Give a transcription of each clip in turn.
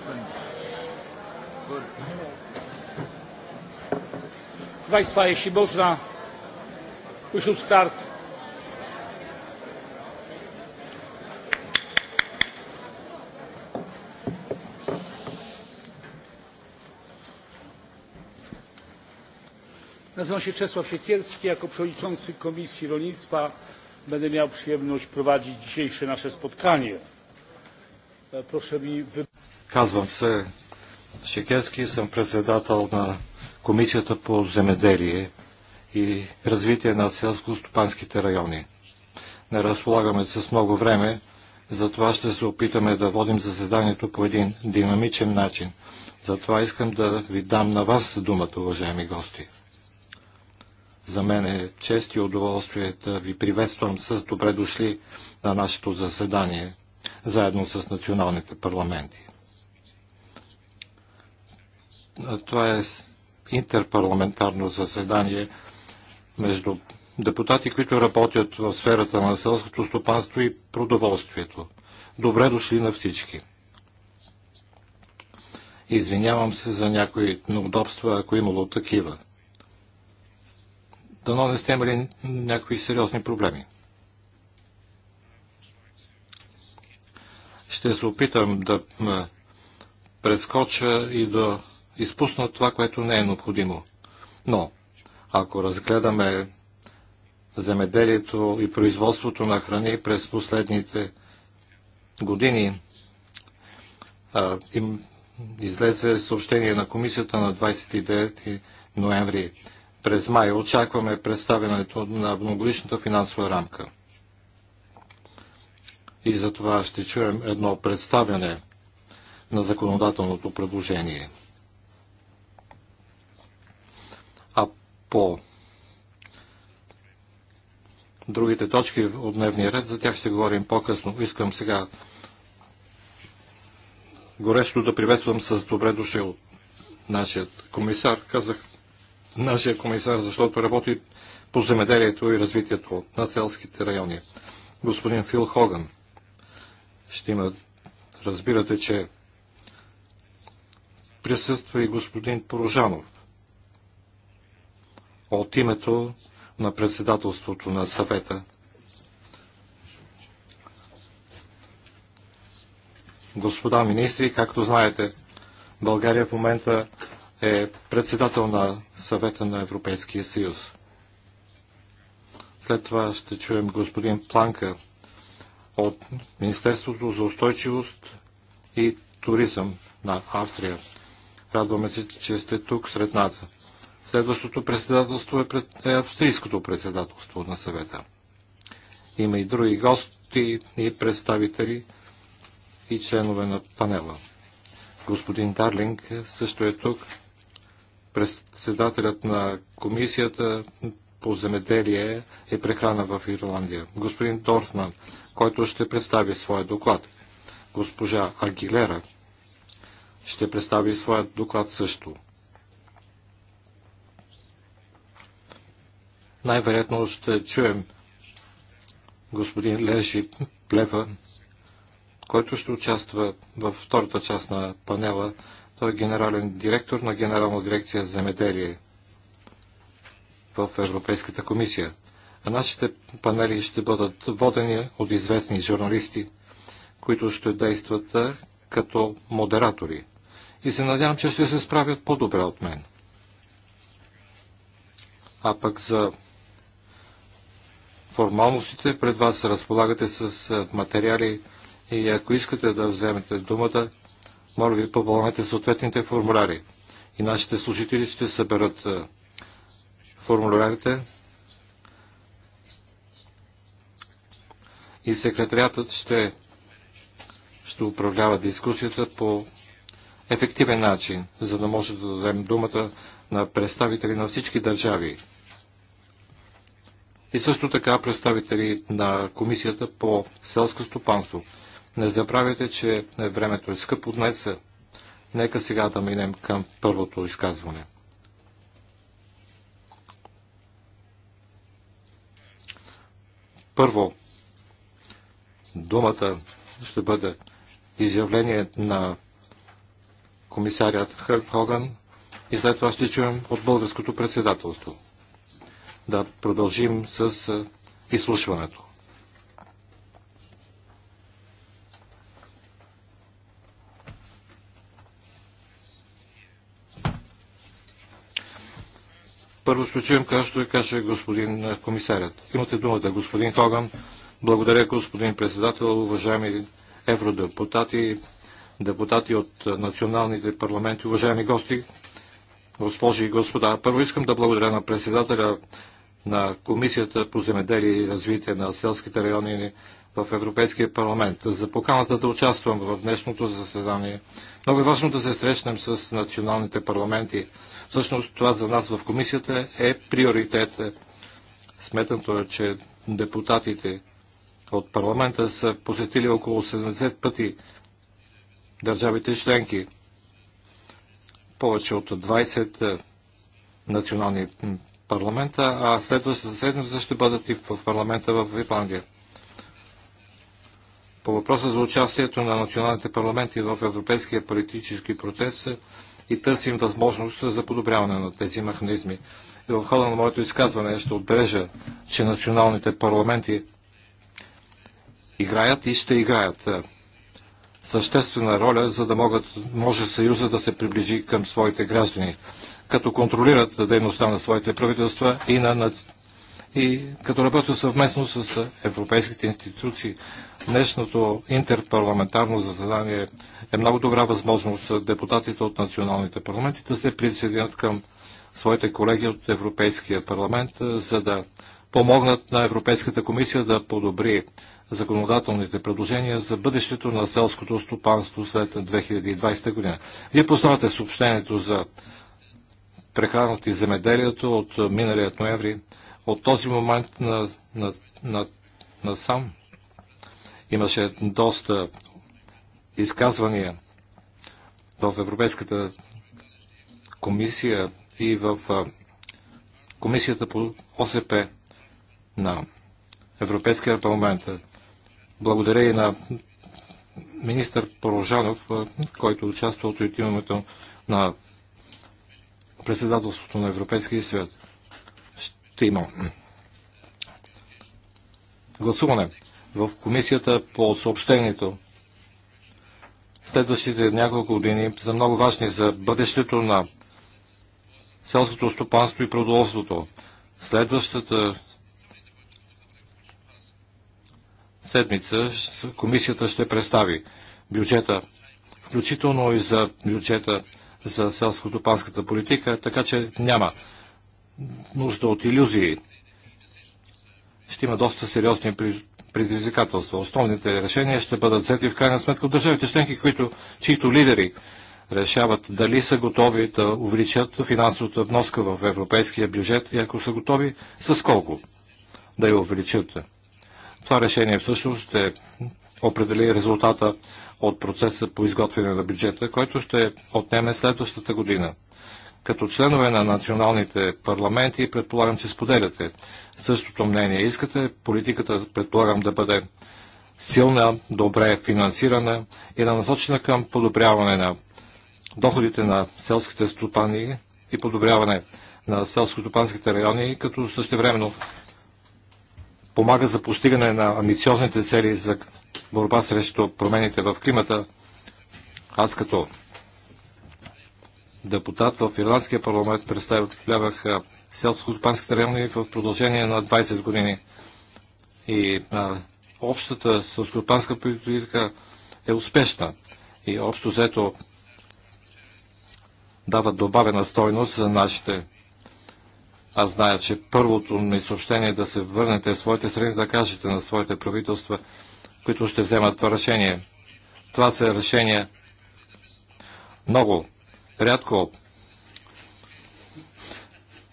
Proszę Państwa, jeśli można, już should start. Nazywam się Czesław Siekierski. Jako przewodniczący Komisji Rolnictwa będę miał przyjemność prowadzić dzisiejsze nasze spotkanie. Proszę mi wybrać. Казвам се Шекерски, съм председател на Комисията по земеделие и развитие на селско-стопанските райони. Не разполагаме с много време, затова ще се опитаме да водим заседанието по един динамичен начин. Затова искам да ви дам на вас думата, уважаеми гости. За мен е чест и удоволствие да ви приветствам с добре дошли на нашето заседание, заедно с националните парламенти. Това е интерпарламентарно заседание между депутати, които работят в сферата на селското стопанство и продоволствието. Добре дошли на всички. Извинявам се за някои неудобства, ако имало такива. Дано не сте имали някои сериозни проблеми. Ще се опитам да прескоча и да изпуснат това, което не е необходимо. Но, ако разгледаме земеделието и производството на храни през последните години, а, им излезе съобщение на комисията на 29 ноември. През май очакваме представянето на многоличната финансова рамка. И за това ще чуем едно представяне на законодателното предложение. по другите точки от дневния ред, за тях ще говорим по-късно. Искам сега горещо да приветствам с добре дошъл нашият комисар. Казах нашия комисар, защото работи по земеделието и развитието на селските райони. Господин Фил Хоган ще има, разбирате, че присъства и господин Порожанов – от името на председателството на съвета. Господа министри, както знаете, България в момента е председател на съвета на Европейския съюз. След това ще чуем господин Планка от Министерството за устойчивост и туризъм на Австрия. Радваме се, че сте тук сред нас. Следващото председателство е, пред, е австрийското председателство на съвета. Има и други гости и представители и членове на панела. Господин Дарлинг също е тук. Председателят на комисията по земеделие и е прехрана в Ирландия. Господин Дорфман, който ще представи своя доклад. Госпожа Агилера ще представи своя доклад също. Най-вероятно ще чуем господин Лежи Плева, който ще участва във втората част на панела. Той е генерален директор на Генерална дирекция земеделие в Европейската комисия. А нашите панели ще бъдат водени от известни журналисти, които ще действат като модератори. И се надявам, че ще се справят по-добре от мен. А пък за формалностите. Пред вас разполагате с материали и ако искате да вземете думата, моля ви попълнете съответните формуляри. И нашите служители ще съберат формулярите и секретариатът ще, ще управлява дискусията по ефективен начин, за да може да дадем думата на представители на всички държави и също така представители на Комисията по селско стопанство. Не забравяйте, че времето е скъпо днес. Нека сега да минем към първото изказване. Първо, думата ще бъде изявление на комисарят Хърб Хоган и след това ще чуем от българското председателство да продължим с изслушването. Първо ще чуем какво ще каже господин комисарят. Имате думата, господин Хоган. Благодаря, господин председател, уважаеми евродепутати, депутати от националните парламенти, уважаеми гости, госпожи и господа. Първо искам да благодаря на председателя на Комисията по земеделие и развитие на селските райони в Европейския парламент за поканата да участвам в днешното заседание. Много е важно да се срещнем с националните парламенти. Всъщност това за нас в комисията е приоритет. Сметнато е, че депутатите от парламента са посетили около 70 пъти държавите членки. Повече от 20 е, национални парламента, а следващата седмица ще бъдат и в парламента в Ирландия. По въпроса за участието на националните парламенти в европейския политически процес и търсим възможност за подобряване на тези механизми. И в хода на моето изказване ще отбележа, че националните парламенти играят и ще играят е, съществена роля, за да могат, може Съюза да се приближи към своите граждани като контролират дейността на своите правителства и, на, и като работят съвместно с европейските институции. Днешното интерпарламентарно заседание е много добра възможност депутатите от националните парламенти да се присъединят към своите колеги от Европейския парламент, е, за да помогнат на Европейската комисия да подобри законодателните предложения за бъдещето на селското стопанство след 2020 година. Вие познавате съобщението за прехранват и земеделието от миналият ноември. От този момент на, на, на, на сам имаше доста изказвания в Европейската комисия и в комисията по ОСП на Европейския парламент. Благодаря и на министър Порожанов, който участва от името на председателството на Европейския съвет. Ще има гласуване в комисията по съобщението. Следващите няколко години са много важни за бъдещето на селското стопанство и продоволството. Следващата седмица комисията ще представи бюджета, включително и за бюджета за селско-топанската политика, така че няма нужда от иллюзии. Ще има доста сериозни предизвикателства. Основните решения ще бъдат взети в крайна сметка от държавите членки, които, чието лидери решават дали са готови да увеличат финансовата вноска в европейския бюджет и ако са готови, с колко да я увеличат. Това решение всъщност ще определи резултата от процеса по изготвяне на бюджета, който ще отнеме следващата година. Като членове на националните парламенти, предполагам, че споделяте същото мнение. Искате политиката, предполагам, да бъде силна, добре финансирана и да насочена към подобряване на доходите на селските стопани и подобряване на селско-стопанските райони, като същевременно помага за постигане на амбициозните цели за борба срещу промените в климата. Аз като депутат в Ирландския парламент представлявах селско-стопанските райони в продължение на 20 години. И а, общата стопанска политика е успешна и общо взето дава добавена стойност за нашите. Аз зная, че първото ми съобщение е да се върнете в своите страни, да кажете на своите правителства – които ще вземат това решение. Това са решения много рядко.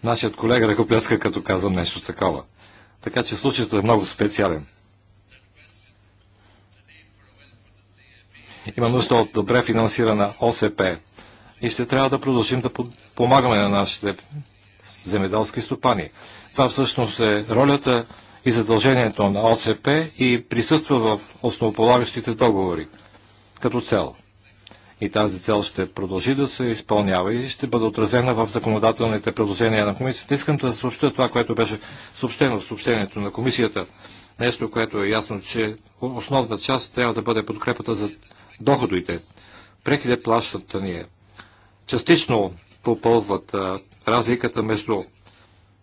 Нашият колега ръкопляска, като казвам нещо такова. Така че случаят е много специален. Има нужда от добре финансирана ОСП и ще трябва да продължим да помагаме на нашите земеделски стопани. Това всъщност е ролята и задължението на ОСП и присъства в основополагащите договори като цел. И тази цел ще продължи да се изпълнява и ще бъде отразена в законодателните предложения на комисията. Искам да съобща това, което беше съобщено в съобщението на комисията. Нещо, което е ясно, че основна част трябва да бъде подкрепата за доходите. Преките да плащат ние. Частично попълват разликата между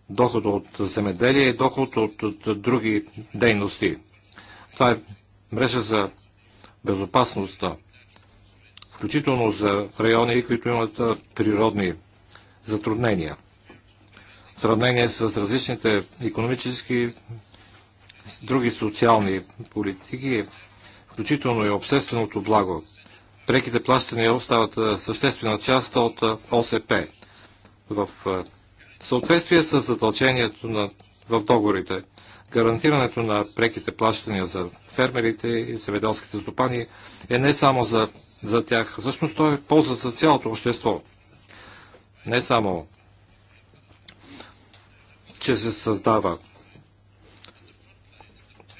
доход от земеделие и доход от, от, други дейности. Това е мрежа за безопасността, включително за райони, които имат природни затруднения. В сравнение с различните економически, с други социални политики, включително и общественото благо, преките плащания остават съществена част от ОСП в в съответствие с задължението на, в договорите, гарантирането на преките плащания за фермерите и земеделските стопани е не само за, за тях. Всъщност той е полза за цялото общество. Не само, че се създава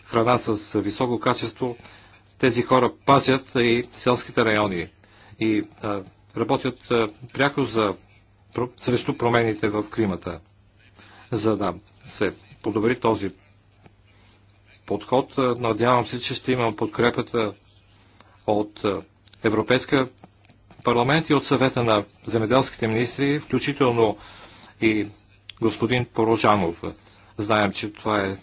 храна с високо качество, тези хора пазят и селските райони и а, работят а, пряко за срещу промените в климата. За да се подобри този подход, надявам се, че ще имам подкрепата от Европейска парламент и от съвета на земеделските министри, включително и господин Порожанов. Знаем, че това е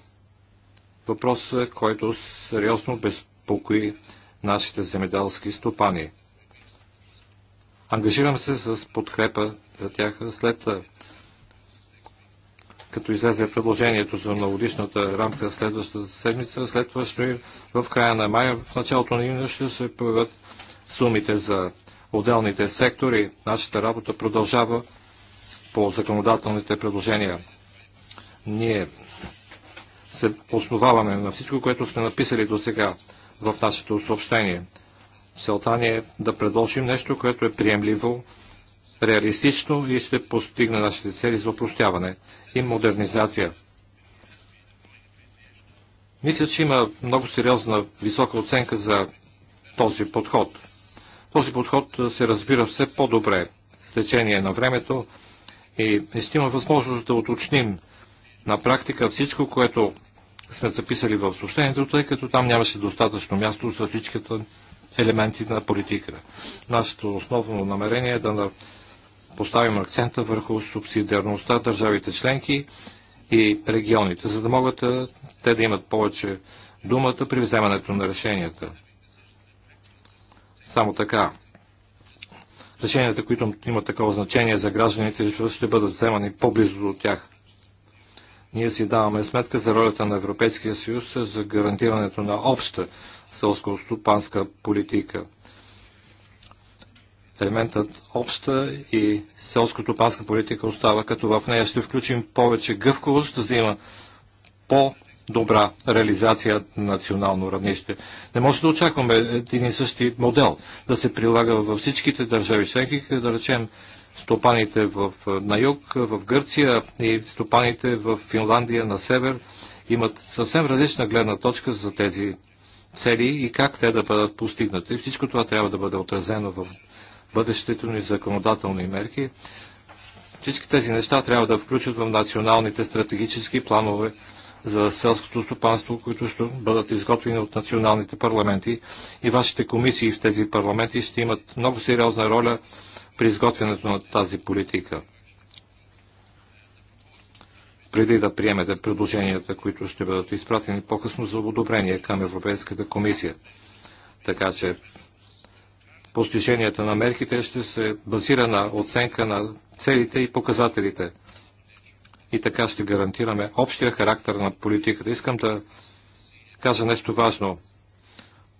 въпрос, който сериозно безпокои нашите земеделски стопани. Ангажирам се с подкрепа за тях след като излезе предложението за новодишната рамка следващата седмица. След това ще в края на мая, в началото на юни ще се появят сумите за отделните сектори. Нашата работа продължава по законодателните предложения. Ние се основаваме на всичко, което сме написали до сега в нашето съобщение. Целта ни е да предложим нещо, което е приемливо, реалистично и ще постигне нашите цели за опростяване и модернизация. Мисля, че има много сериозна висока оценка за този подход. Този подход се разбира все по-добре с течение на времето и ще има възможност да уточним на практика всичко, което сме записали в съобщението, тъй като там нямаше достатъчно място за всичката елементите на политиката. Нашето основно намерение е да поставим акцента върху субсидиарността държавите членки и регионите, за да могат те да имат повече думата при вземането на решенията. Само така. Решенията, които имат такова значение за гражданите, ще бъдат вземани по-близо до тях. Ние си даваме сметка за ролята на Европейския съюз за гарантирането на обща селско-стопанска политика. Елементът обща и селско-стопанска политика остава, като в нея ще включим повече гъвкавост, за да има по-добра реализация на национално равнище. Не може да очакваме един и същи модел да се прилага във всичките държави членки, да речем стопаните в, на юг, в Гърция и стопаните в Финландия на север имат съвсем различна гледна точка за тези цели и как те да бъдат постигнати. Всичко това трябва да бъде отразено в бъдещето ни законодателни мерки. Всички тези неща трябва да включат в националните стратегически планове за селското стопанство, които ще бъдат изготвени от националните парламенти и вашите комисии в тези парламенти ще имат много сериозна роля при изготвянето на тази политика преди да приемете предложенията, които ще бъдат изпратени по-късно за одобрение към Европейската комисия. Така че постиженията на мерките ще се базира на оценка на целите и показателите. И така ще гарантираме общия характер на политиката. Искам да кажа нещо важно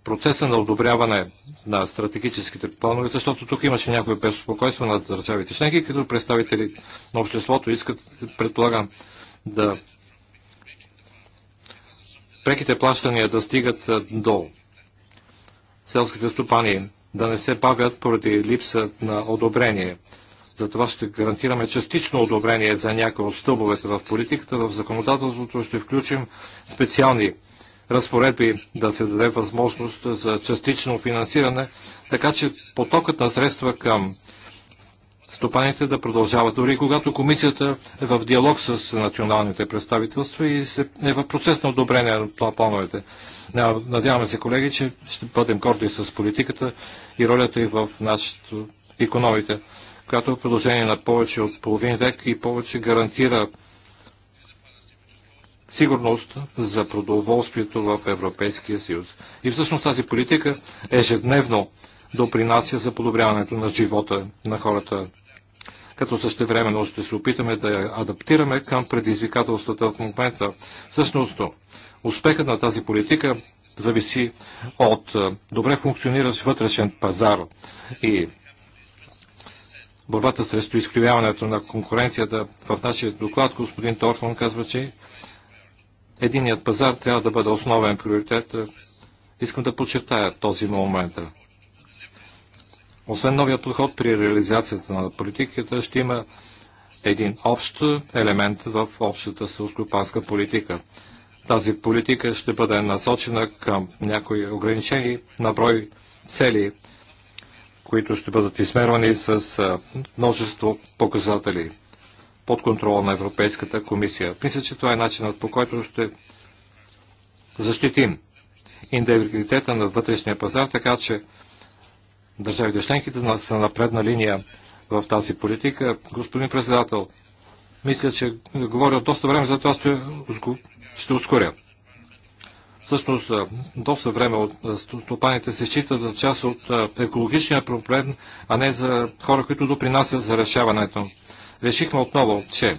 процеса на одобряване на стратегическите планове, защото тук имаше някои безпокойство на държавите членки, като представители на обществото искат, предполагам, да преките плащания да стигат до селските стопани, да не се бавят поради липса на одобрение. Затова ще гарантираме частично одобрение за някои от стълбовете в политиката. В законодателството ще включим специални разпоредби да се даде възможност за частично финансиране, така че потокът на средства към стопаните да продължават, дори когато комисията е в диалог с националните представителства и е в процес на одобрение на плановете. Надяваме се, колеги, че ще бъдем горди с политиката и ролята и в нашата економите, която в продължение на повече от половин век и повече гарантира сигурност за продоволствието в Европейския съюз. И всъщност тази политика ежедневно допринася за подобряването на живота на хората, като същевременно ще се опитаме да я адаптираме към предизвикателствата в момента. Всъщност, успехът на тази политика зависи от е, добре функциониращ вътрешен пазар и борбата срещу изкривяването на конкуренцията. В нашия доклад господин Торфон казва, че Единият пазар трябва да бъде основен приоритет. Искам да подчертая този момент. Освен новия подход при реализацията на политиката, ще има един общ елемент в общата селскопанска политика. Тази политика ще бъде насочена към някои ограничени на брой цели, които ще бъдат измервани с множество показатели под контрола на Европейската комисия. Мисля, че това е начинът по който ще защитим интегритета на вътрешния пазар, така че държавите членките са на предна линия в тази политика. Господин председател, мисля, че говоря от доста време, затова ще, ще ускоря. Всъщност, доста време от стопаните се считат за част от екологичния проблем, а не за хора, които допринасят за решаването решихме отново, че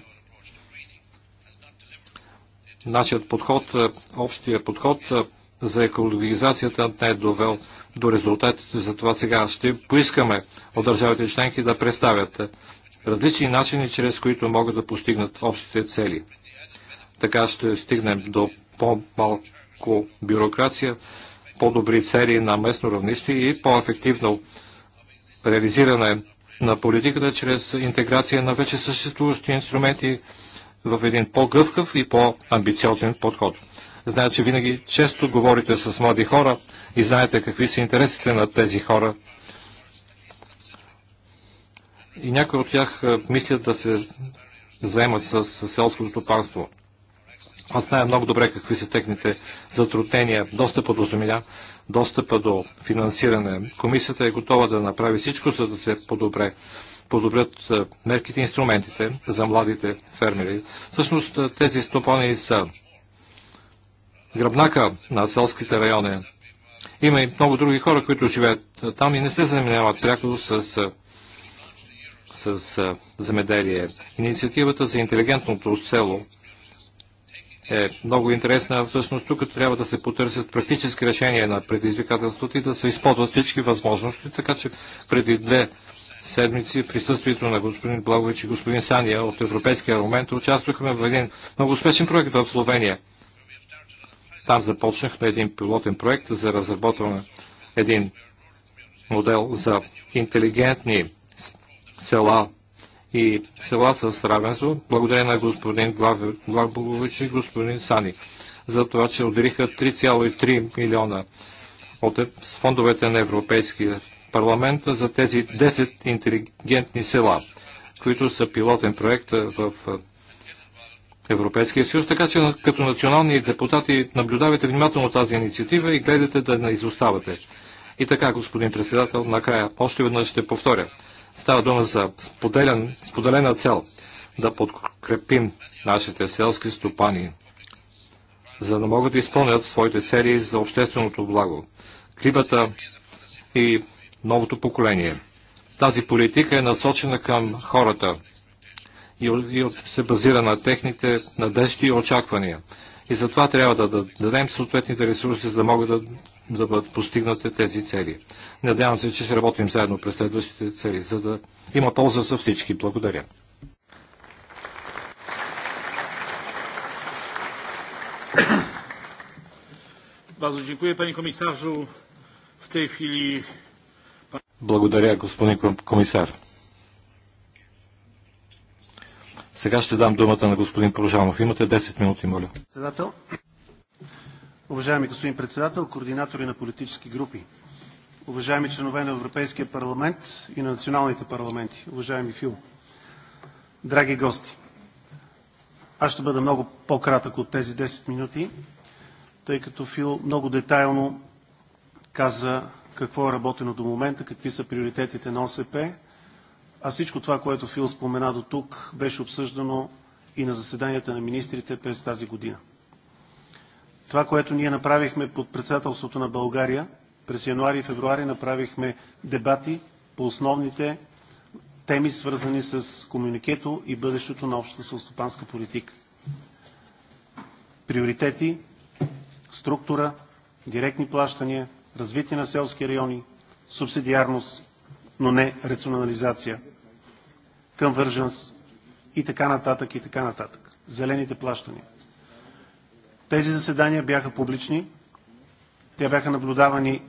нашият подход, е, общия подход е, за екологизацията не е довел до резултатите. Затова сега ще поискаме от държавите членки да представят е, различни начини, чрез които могат да постигнат общите цели. Така ще стигнем до по-малко бюрокрация, по-добри цели на местно равнище и по-ефективно реализиране на политиката чрез интеграция на вече съществуващи инструменти в един по-гъвкав и по-амбициозен подход. Зная, че винаги често говорите с млади хора и знаете какви са интересите на тези хора. И някои от тях мислят да се заемат с селското стопанство. Аз знае много добре какви са техните затруднения, достъпа до земя, достъпа до финансиране. Комисията е готова да направи всичко, за да се подобре подобрят е, мерките и инструментите за младите фермери. Всъщност е, тези стопани са гръбнака на селските райони. Има и много други хора, които живеят е, там и не се заминяват пряко с, с земеделие. Инициативата за интелигентното село е много интересна. Всъщност тук трябва да се потърсят практически решения на предизвикателството и да се използват всички възможности, така че преди две седмици присъствието на господин Благович и господин Сания от Европейския момент участвахме в един много успешен проект в Словения. Там започнахме един пилотен проект за разработване един модел за интелигентни села и села с равенство. Благодаря на господин Главбогович и господин Сани за това, че отделиха 3,3 милиона от е- фондовете на Европейския парламент за тези 10 интелигентни села, които са пилотен проект в е, Европейския съюз, така че като национални депутати наблюдавате внимателно тази инициатива и гледате да не изоставате. И така, господин председател, накрая още веднъж ще повторя. Става дума за споделен, споделена цел да подкрепим нашите селски стопани, за да могат да изпълнят своите цели за общественото благо, климата и новото поколение. Тази политика е насочена към хората и, и се базира на техните надежди и очаквания. И затова трябва да дадем съответните ресурси, за да могат да да бъдат постигнати тези цели. Надявам се, че ще работим заедно през следващите цели, за да има полза за всички. Благодаря. Bardzo dziękuję panie komisarzu. W tej chwili Благодаря, господин комисар. Сега ще дам думата на господин Прожанов. Имате 10 минути, моля. Уважаеми господин председател, координатори на политически групи, уважаеми членове на Европейския парламент и на националните парламенти, уважаеми Фил, драги гости! Аз ще бъда много по-кратък от тези 10 минути, тъй като Фил много детайлно каза какво е работено до момента, какви са приоритетите на ОСП, а всичко това, което Фил спомена до тук, беше обсъждано и на заседанията на министрите през тази година. Това, което ние направихме под председателството на България през януари и февруари, направихме дебати по основните теми, свързани с комуникето и бъдещето на общата селскостопанска политика. Приоритети, структура, директни плащания, развитие на селски райони, субсидиарност, но не рационализация, конвържънс и така нататък, и така нататък. Зелените плащания. Тези заседания бяха публични. Те бяха наблюдавани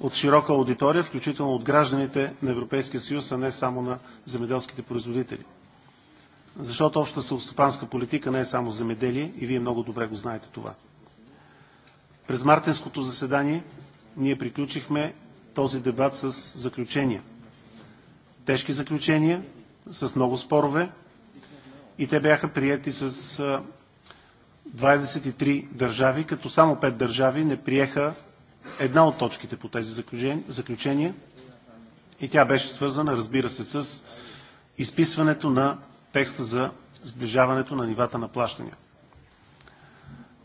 от широка аудитория, включително от гражданите на Европейския съюз, а не само на земеделските производители. Защото общата съвстопанска политика не е само земеделие и вие много добре го знаете това. През мартинското заседание ние приключихме този дебат с заключения. Тежки заключения, с много спорове и те бяха прияти с 23 държави, като само 5 държави не приеха една от точките по тези заключения и тя беше свързана, разбира се, с изписването на текста за сближаването на нивата на плащания.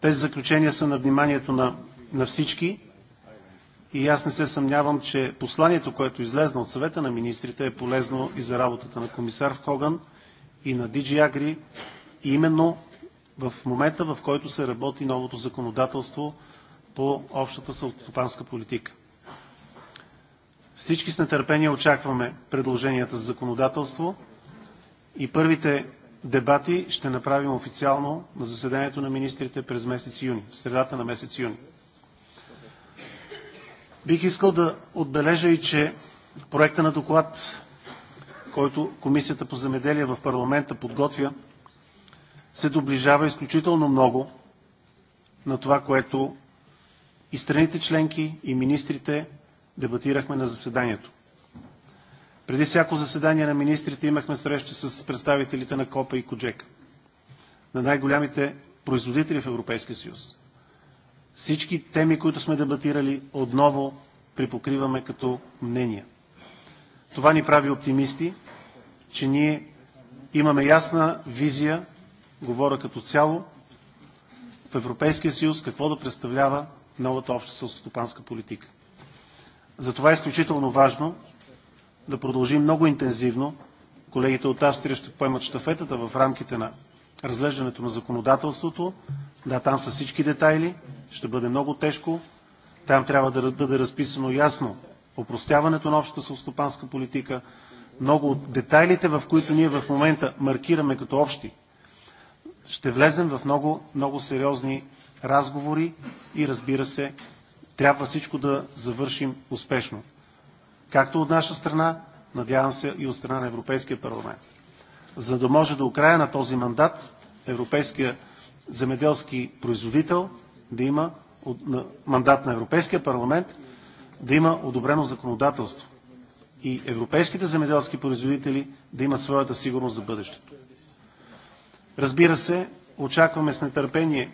Тези заключения са на вниманието на, на всички и аз не се съмнявам, че посланието, което излезна от съвета на министрите е полезно и за работата на комисар Хоган и на DG Agri, и именно в момента, в който се работи новото законодателство по общата селскостопанска политика. Всички с нетърпение очакваме предложенията за законодателство и първите дебати ще направим официално на заседанието на министрите през месец юни, в средата на месец юни. Бих искал да отбележа и, че проекта на доклад, който Комисията по земеделие в парламента подготвя се доближава изключително много на това, което и страните членки, и министрите дебатирахме на заседанието. Преди всяко заседание на министрите имахме среща с представителите на КОПА и КОДЖЕК, на най-голямите производители в Европейския съюз. Всички теми, които сме дебатирали, отново припокриваме като мнения. Това ни прави оптимисти, че ние имаме ясна визия говоря като цяло, в Европейския съюз какво да представлява новата обща селскостопанска политика. Затова е изключително важно да продължим много интензивно. Колегите от Австрия ще поемат штафетата в рамките на разглеждането на законодателството. Да, там са всички детайли. Ще бъде много тежко. Там трябва да бъде разписано ясно опростяването на общата селскостопанска политика. Много от детайлите, в които ние в момента маркираме като общи ще влезем в много, много сериозни разговори и разбира се, трябва всичко да завършим успешно. Както от наша страна, надявам се и от страна на Европейския парламент. За да може до края на този мандат Европейския земеделски производител да има мандат на Европейския парламент да има одобрено законодателство и европейските земеделски производители да имат своята сигурност за бъдещето. Разбира се, очакваме с нетърпение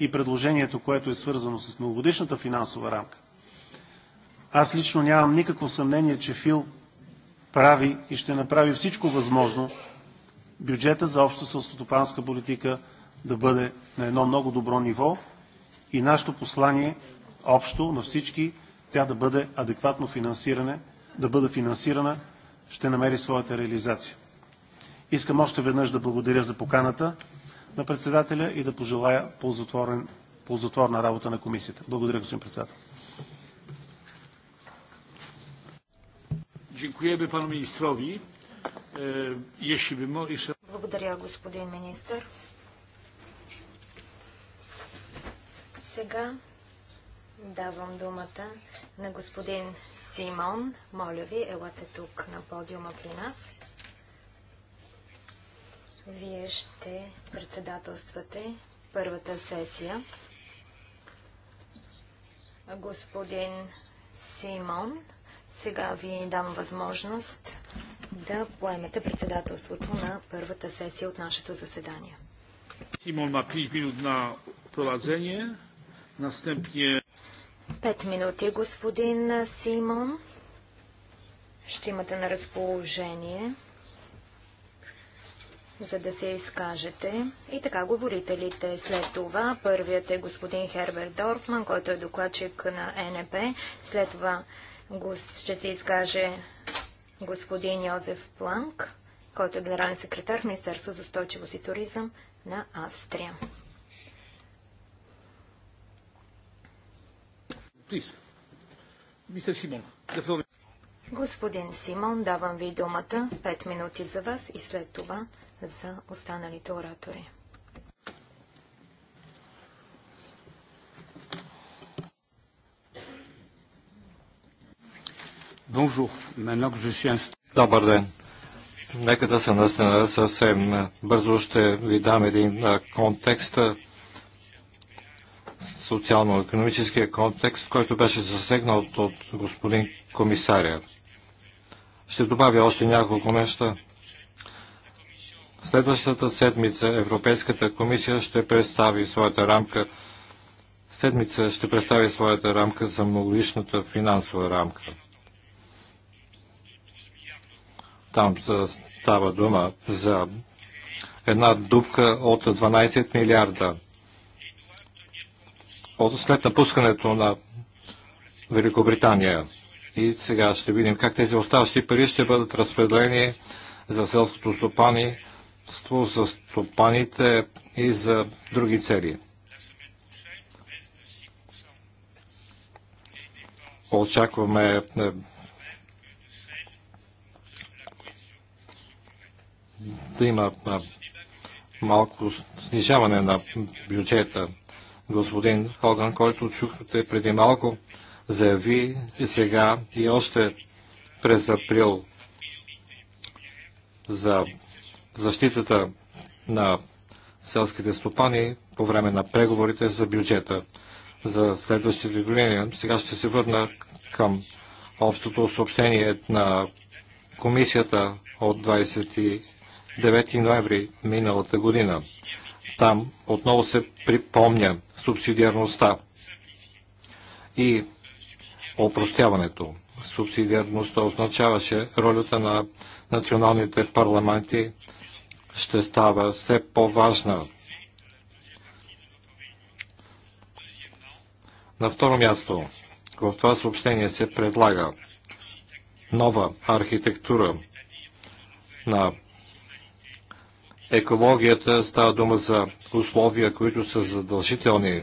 и предложението, което е свързано с новогодишната финансова рамка. Аз лично нямам никакво съмнение, че ФИЛ прави и ще направи всичко възможно бюджета за обща сълстотопанска политика да бъде на едно много добро ниво и нашето послание общо на всички тя да бъде адекватно финансиране, да бъде финансирана, ще намери своята реализация. Искам още веднъж да благодаря за поканата на председателя и да пожелая ползотворна работа на комисията. Благодаря, господин председател. E, благодаря, господин министър. Сега давам думата на господин Симон. Моля ви, елате тук на подиума при нас. Вие ще председателствате първата сесия. Господин Симон, сега ви дам възможност да поемете председателството на първата сесия от нашето заседание. Симон на 5 минути на поразение. Настъпне... Пет минути, господин Симон. Ще имате на разположение за да се изкажете. И така, говорителите след това. Първият е господин Херберт Дорфман, който е докладчик на НП. След това ще се изкаже господин Йозеф Планк, който е генерален секретар в Министерство за устойчивост и туризъм на Австрия. Господин Симон, давам ви думата. Пет минути за вас и след това за останалите оратори. Добър ден. Нека да се настана съвсем бързо. Ще ви дам един контекст, социално-економическия контекст, който беше засегнат от господин комисаря. Ще добавя още няколко неща. Следващата седмица Европейската комисия ще представи своята рамка седмица ще представи своята рамка за многоличната финансова рамка. Там става дума за една дупка от 12 милиарда. От след напускането на Великобритания. И сега ще видим как тези оставащи пари ще бъдат разпределени за селското стопани за стопаните и за други цели. Очакваме е, да има е, малко снижаване на бюджета. Господин Хоган, който чухте преди малко, заяви и сега и още през април за защитата на селските стопани по време на преговорите за бюджета за следващите години. Сега ще се върна към общото съобщение на комисията от 29 ноември миналата година. Там отново се припомня субсидиарността и опростяването. Субсидиарността означаваше ролята на националните парламенти ще става все по-важна. На второ място, в това съобщение се предлага нова архитектура на екологията. Става дума за условия, които са задължителни.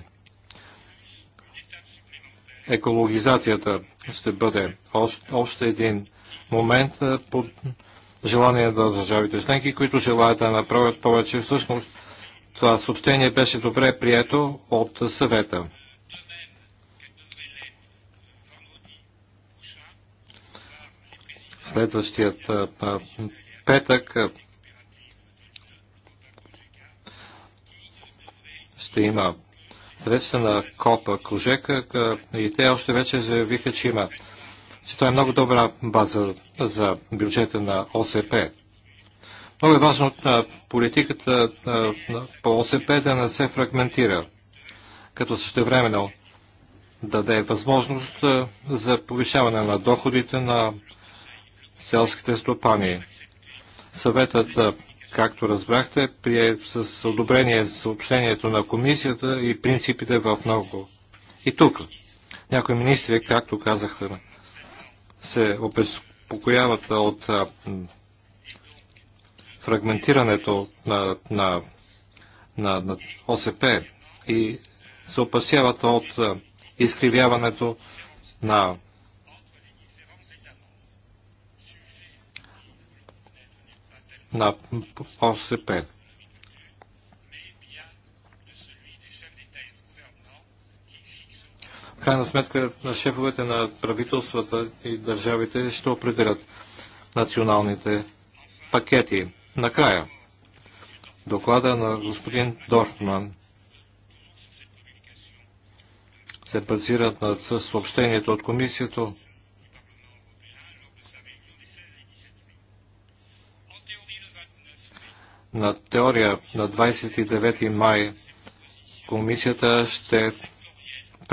Екологизацията ще бъде още един момент, желание на държавите членки, които желаят да направят повече. Всъщност това съобщение беше добре прието от съвета. Следващият петък ще има среща на Копа Кожека и те още вече заявиха, че има че това е много добра база за бюджета на ОСП. Много е важно на политиката по ОСП да не се фрагментира, като същевременно даде възможност за повишаване на доходите на селските стопани. Съветът, както разбрахте, прие с одобрение съобщението на комисията и принципите в много. И тук някои министри, както казахме, се обезпокояват от фрагментирането на, на, на, на ОСП и се опасяват от изкривяването на на ОСП. крайна сметка на шефовете на правителствата и държавите ще определят националните пакети. Накрая, доклада на господин Дорфман се базират на съобщението от комисията на теория на 29 май комисията ще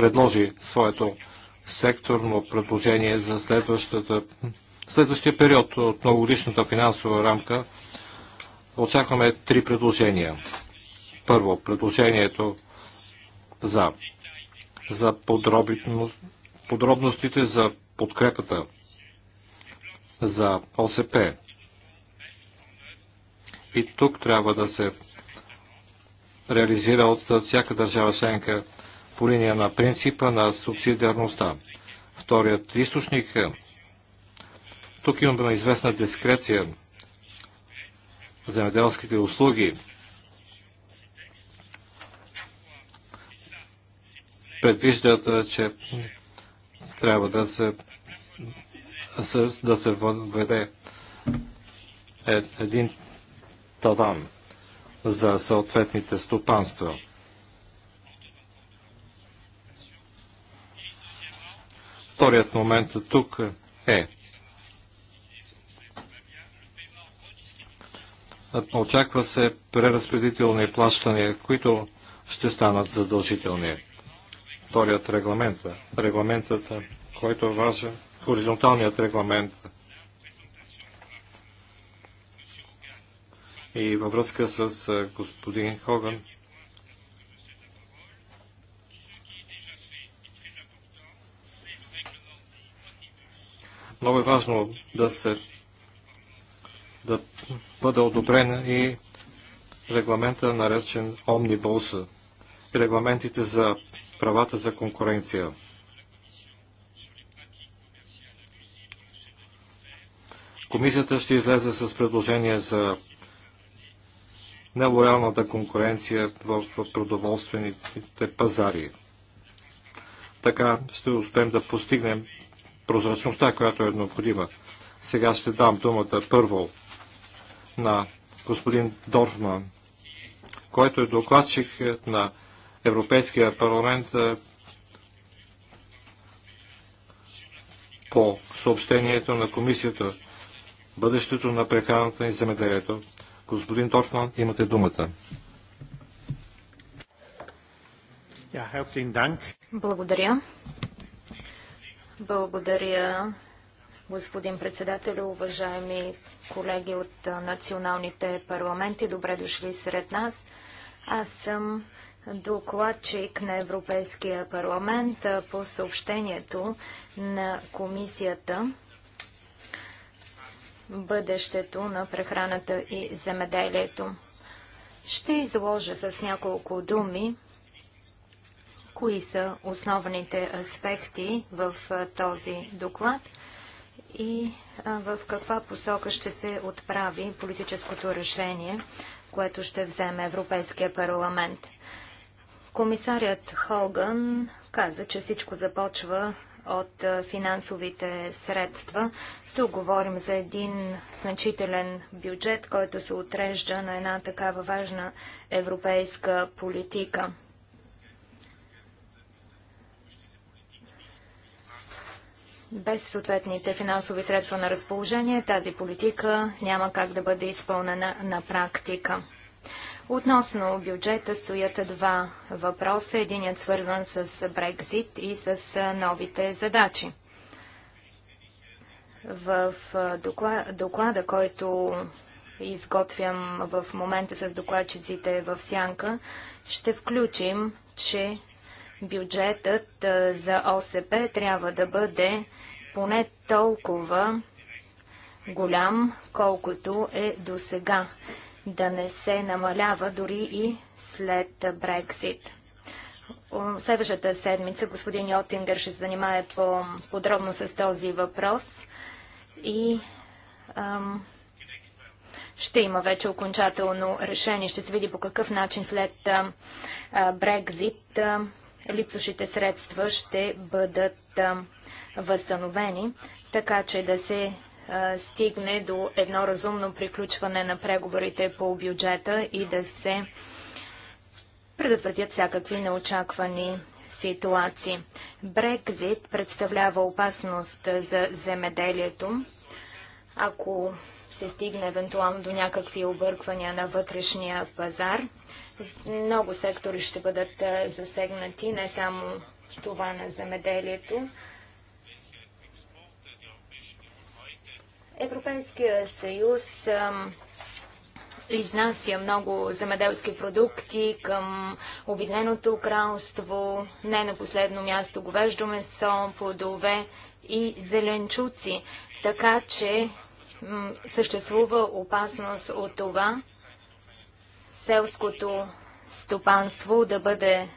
предложи своето секторно предложение за следващата, следващия период от многогодишната финансова рамка. Очакваме три предложения. Първо, предложението за, за подробно, подробностите за подкрепата за ОСП. И тук трябва да се реализира от всяка държава членка по линия на принципа на субсидиарността. Вторият източник е, тук имаме известна дискреция. Земеделските услуги предвиждат, че трябва да се, да се въведе е, един талан за съответните стопанства. Вторият момент тук е Очаква се преразпределителни плащания, които ще станат задължителни. Вторият регламент, регламентът, който е важен, хоризонталният регламент и във връзка с господин Хоган, Много е важно да се да бъде одобрен и регламента наречен Omnibus и регламентите за правата за конкуренция. Комисията ще излезе с предложение за нелоялната конкуренция в продоволствените пазари. Така ще успеем да постигнем прозрачността, която е необходима. Сега ще дам думата първо на господин Дорфман, който е докладчик на Европейския парламент е, по съобщението на комисията Бъдещето на прехраната и земеделието. Господин Дорфман, имате думата. Благодаря. Благодаря, господин председател, уважаеми колеги от националните парламенти. Добре дошли сред нас. Аз съм докладчик на Европейския парламент по съобщението на комисията бъдещето на прехраната и земеделието. Ще изложа с няколко думи кои са основните аспекти в този доклад и в каква посока ще се отправи политическото решение, което ще вземе Европейския парламент. Комисарят Хоган каза, че всичко започва от финансовите средства. Тук говорим за един значителен бюджет, който се отрежда на една такава важна европейска политика. без съответните финансови средства на разположение тази политика няма как да бъде изпълнена на практика. Относно бюджета стоят два въпроса. Единият свързан с Брекзит и с новите задачи. В доклада, доклада който изготвям в момента с докладчиците в Сянка, ще включим, че бюджетът за ОСП трябва да бъде поне толкова голям, колкото е до сега, да не се намалява дори и след Брексит. Следващата седмица господин Йотингър ще се занимае по подробно с този въпрос и ам, ще има вече окончателно решение. Ще се види по какъв начин след Брекзит липсващите средства ще бъдат ам, възстановени, така че да се стигне до едно разумно приключване на преговорите по бюджета и да се предотвратят всякакви неочаквани ситуации. Брекзит представлява опасност за земеделието. Ако се стигне евентуално до някакви обърквания на вътрешния пазар, много сектори ще бъдат засегнати, не само това на земеделието. Европейския съюз изнася много земеделски продукти към Обединеното кралство, не на последно място говеждо месо, плодове и зеленчуци. Така че съществува опасност от това селското стопанство да бъде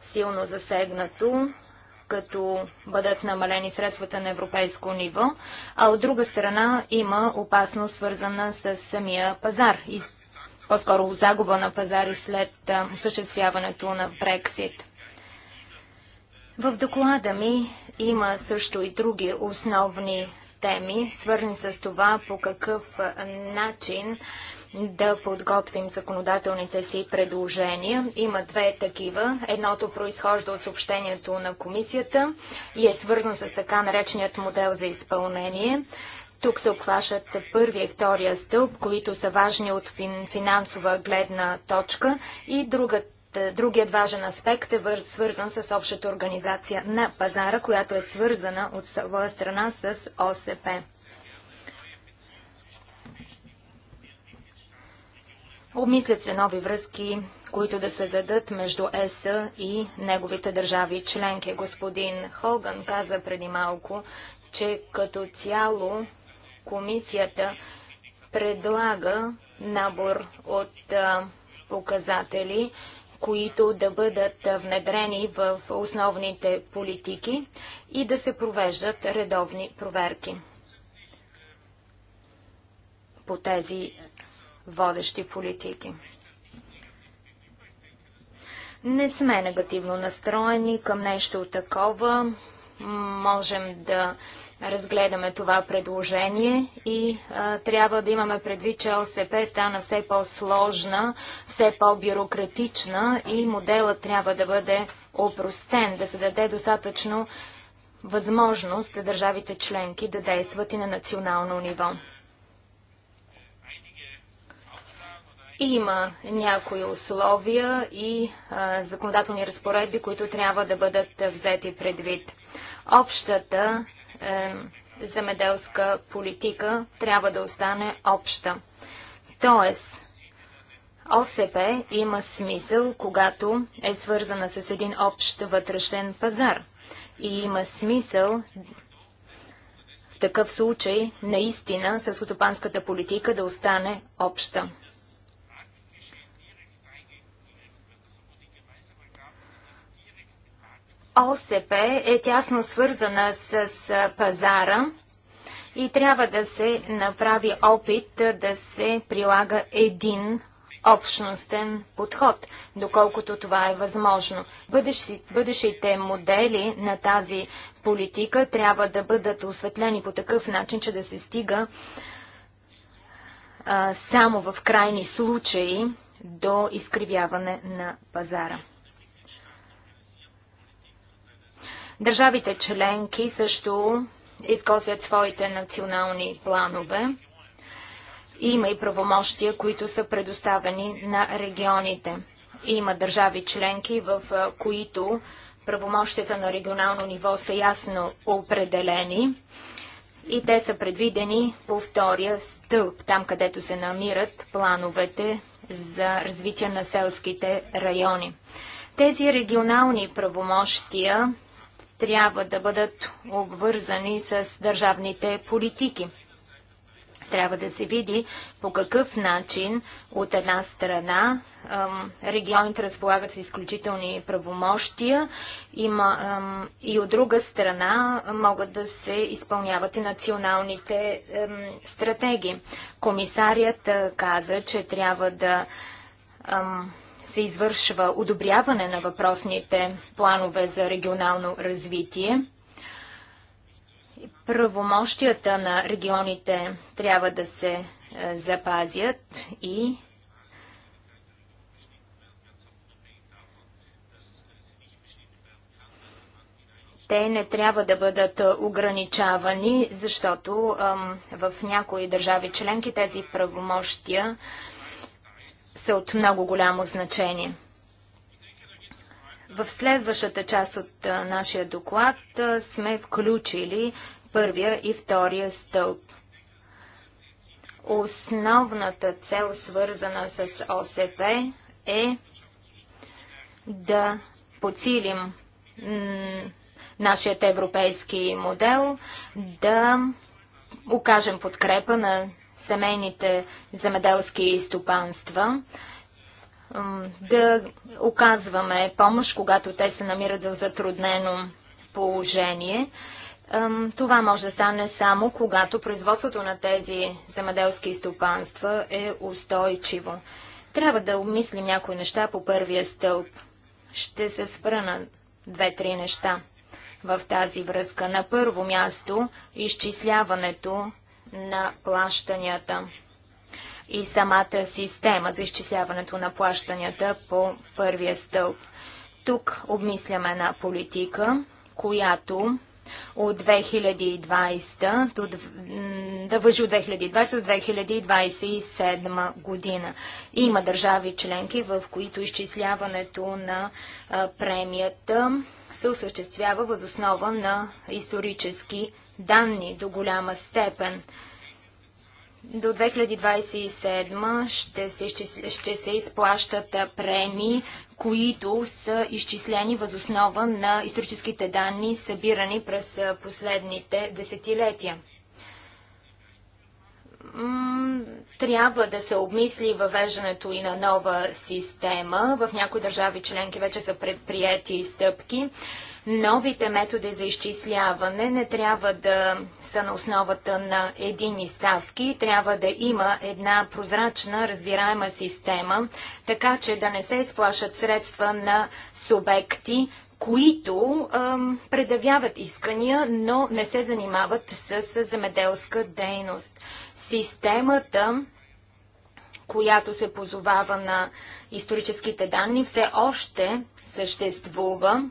силно засегнато като бъдат намалени средствата на европейско ниво, а от друга страна има опасност свързана с самия пазар и по-скоро загуба на пазари след осъществяването на Брексит. В доклада ми има също и други основни теми, свързани с това по какъв начин да подготвим законодателните си предложения. Има две такива. Едното произхожда от съобщението на комисията и е свързано с така нареченият модел за изпълнение. Тук се обхващат първия и втория стълб, които са важни от фин, финансова гледна точка и другата Другият важен аспект е свързан с общата организация на пазара, която е свързана от своя страна с ОСП. Обмислят се нови връзки, които да се дадат между ЕС и неговите държави членки. Господин Холган каза преди малко, че като цяло комисията предлага набор от показатели, които да бъдат внедрени в основните политики и да се провеждат редовни проверки по тези водещи политики. Не сме негативно настроени към нещо такова. Можем да разгледаме това предложение и а, трябва да имаме предвид, че ОСП стана все по-сложна, все по-бюрократична и моделът трябва да бъде опростен, да се даде достатъчно възможност държавите членки да действат и на национално ниво. Има някои условия и а, законодателни разпоредби, които трябва да бъдат взети предвид. Общата е, земеделска политика трябва да остане обща. Тоест, ОСП има смисъл, когато е свързана с един общ вътрешен пазар. И има смисъл в такъв случай наистина селскотопанската политика да остане обща. ОСП е тясно свързана с, пазара и трябва да се направи опит да се прилага един общностен подход, доколкото това е възможно. бъдещите модели на тази политика трябва да бъдат осветлени по такъв начин, че да се стига само в крайни случаи до изкривяване на пазара. Държавите членки също изготвят своите национални планове. Има и правомощия, които са предоставени на регионите. Има държави членки, в които правомощията на регионално ниво са ясно определени и те са предвидени по втория стълб, там където се намират плановете за развитие на селските райони. Тези регионални правомощия трябва да бъдат обвързани с държавните политики. Трябва да се види по какъв начин от една страна регионите разполагат с изключителни правомощия има, и от друга страна могат да се изпълняват и националните стратегии. Комисарият каза, че трябва да се извършва одобряване на въпросните планове за регионално развитие. Правомощията на регионите трябва да се е, запазят и те не трябва да бъдат ограничавани, защото в някои държави членки тези правомощия са от много голямо значение. В следващата част от нашия доклад сме включили първия и втория стълб. Основната цел, свързана с ОСП, е да подсилим нашият европейски модел, да окажем подкрепа на семейните замеделски стопанства, да оказваме помощ, когато те се намират в затруднено положение. Това може да стане само когато производството на тези земеделски стопанства е устойчиво. Трябва да обмислим някои неща по първия стълб. Ще се спра на две-три неща в тази връзка. На първо място изчисляването на плащанията и самата система за изчисляването на плащанията по първия стълб. Тук обмисляме една политика, която от 2020 до, да въжи от 2020 до 2027 година. Има държави членки, в които изчисляването на премията се осъществява възоснова на исторически данни до голяма степен. До 2027 ще се, ще се изплащат премии, които са изчислени възоснова на историческите данни, събирани през последните десетилетия трябва да се обмисли въвеждането и на нова система. В някои държави членки вече са предприяти стъпки. Новите методи за изчисляване не трябва да са на основата на едини ставки, трябва да има една прозрачна, разбираема система, така че да не се изплашат средства на субекти, които ам, предавяват искания, но не се занимават с земеделска дейност. Системата, която се позовава на историческите данни, все още съществува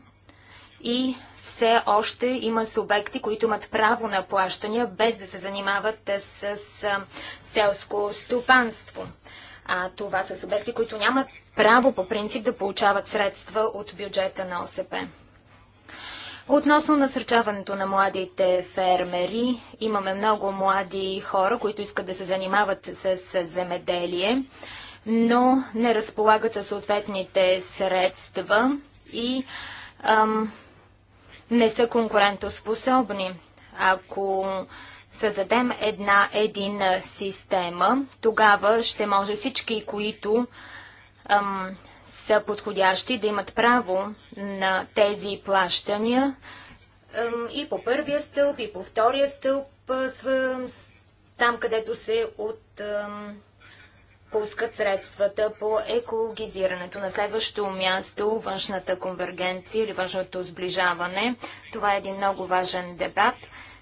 и все още има субекти, които имат право на плащания, без да се занимават с, с селско стопанство. А това са субекти, които нямат право по принцип да получават средства от бюджета на ОСП. Относно насърчаването на младите фермери, имаме много млади хора, които искат да се занимават с земеделие, но не разполагат със съответните средства и ам, не са конкурентоспособни. Ако създадем една единна система, тогава ще може всички, които ам, са подходящи да имат право на тези плащания ам, и по първия стълб, и по втория стълб, там където се от... Ам, пускат средствата по екологизирането. На следващото място външната конвергенция или външното сближаване. Това е един много важен дебат.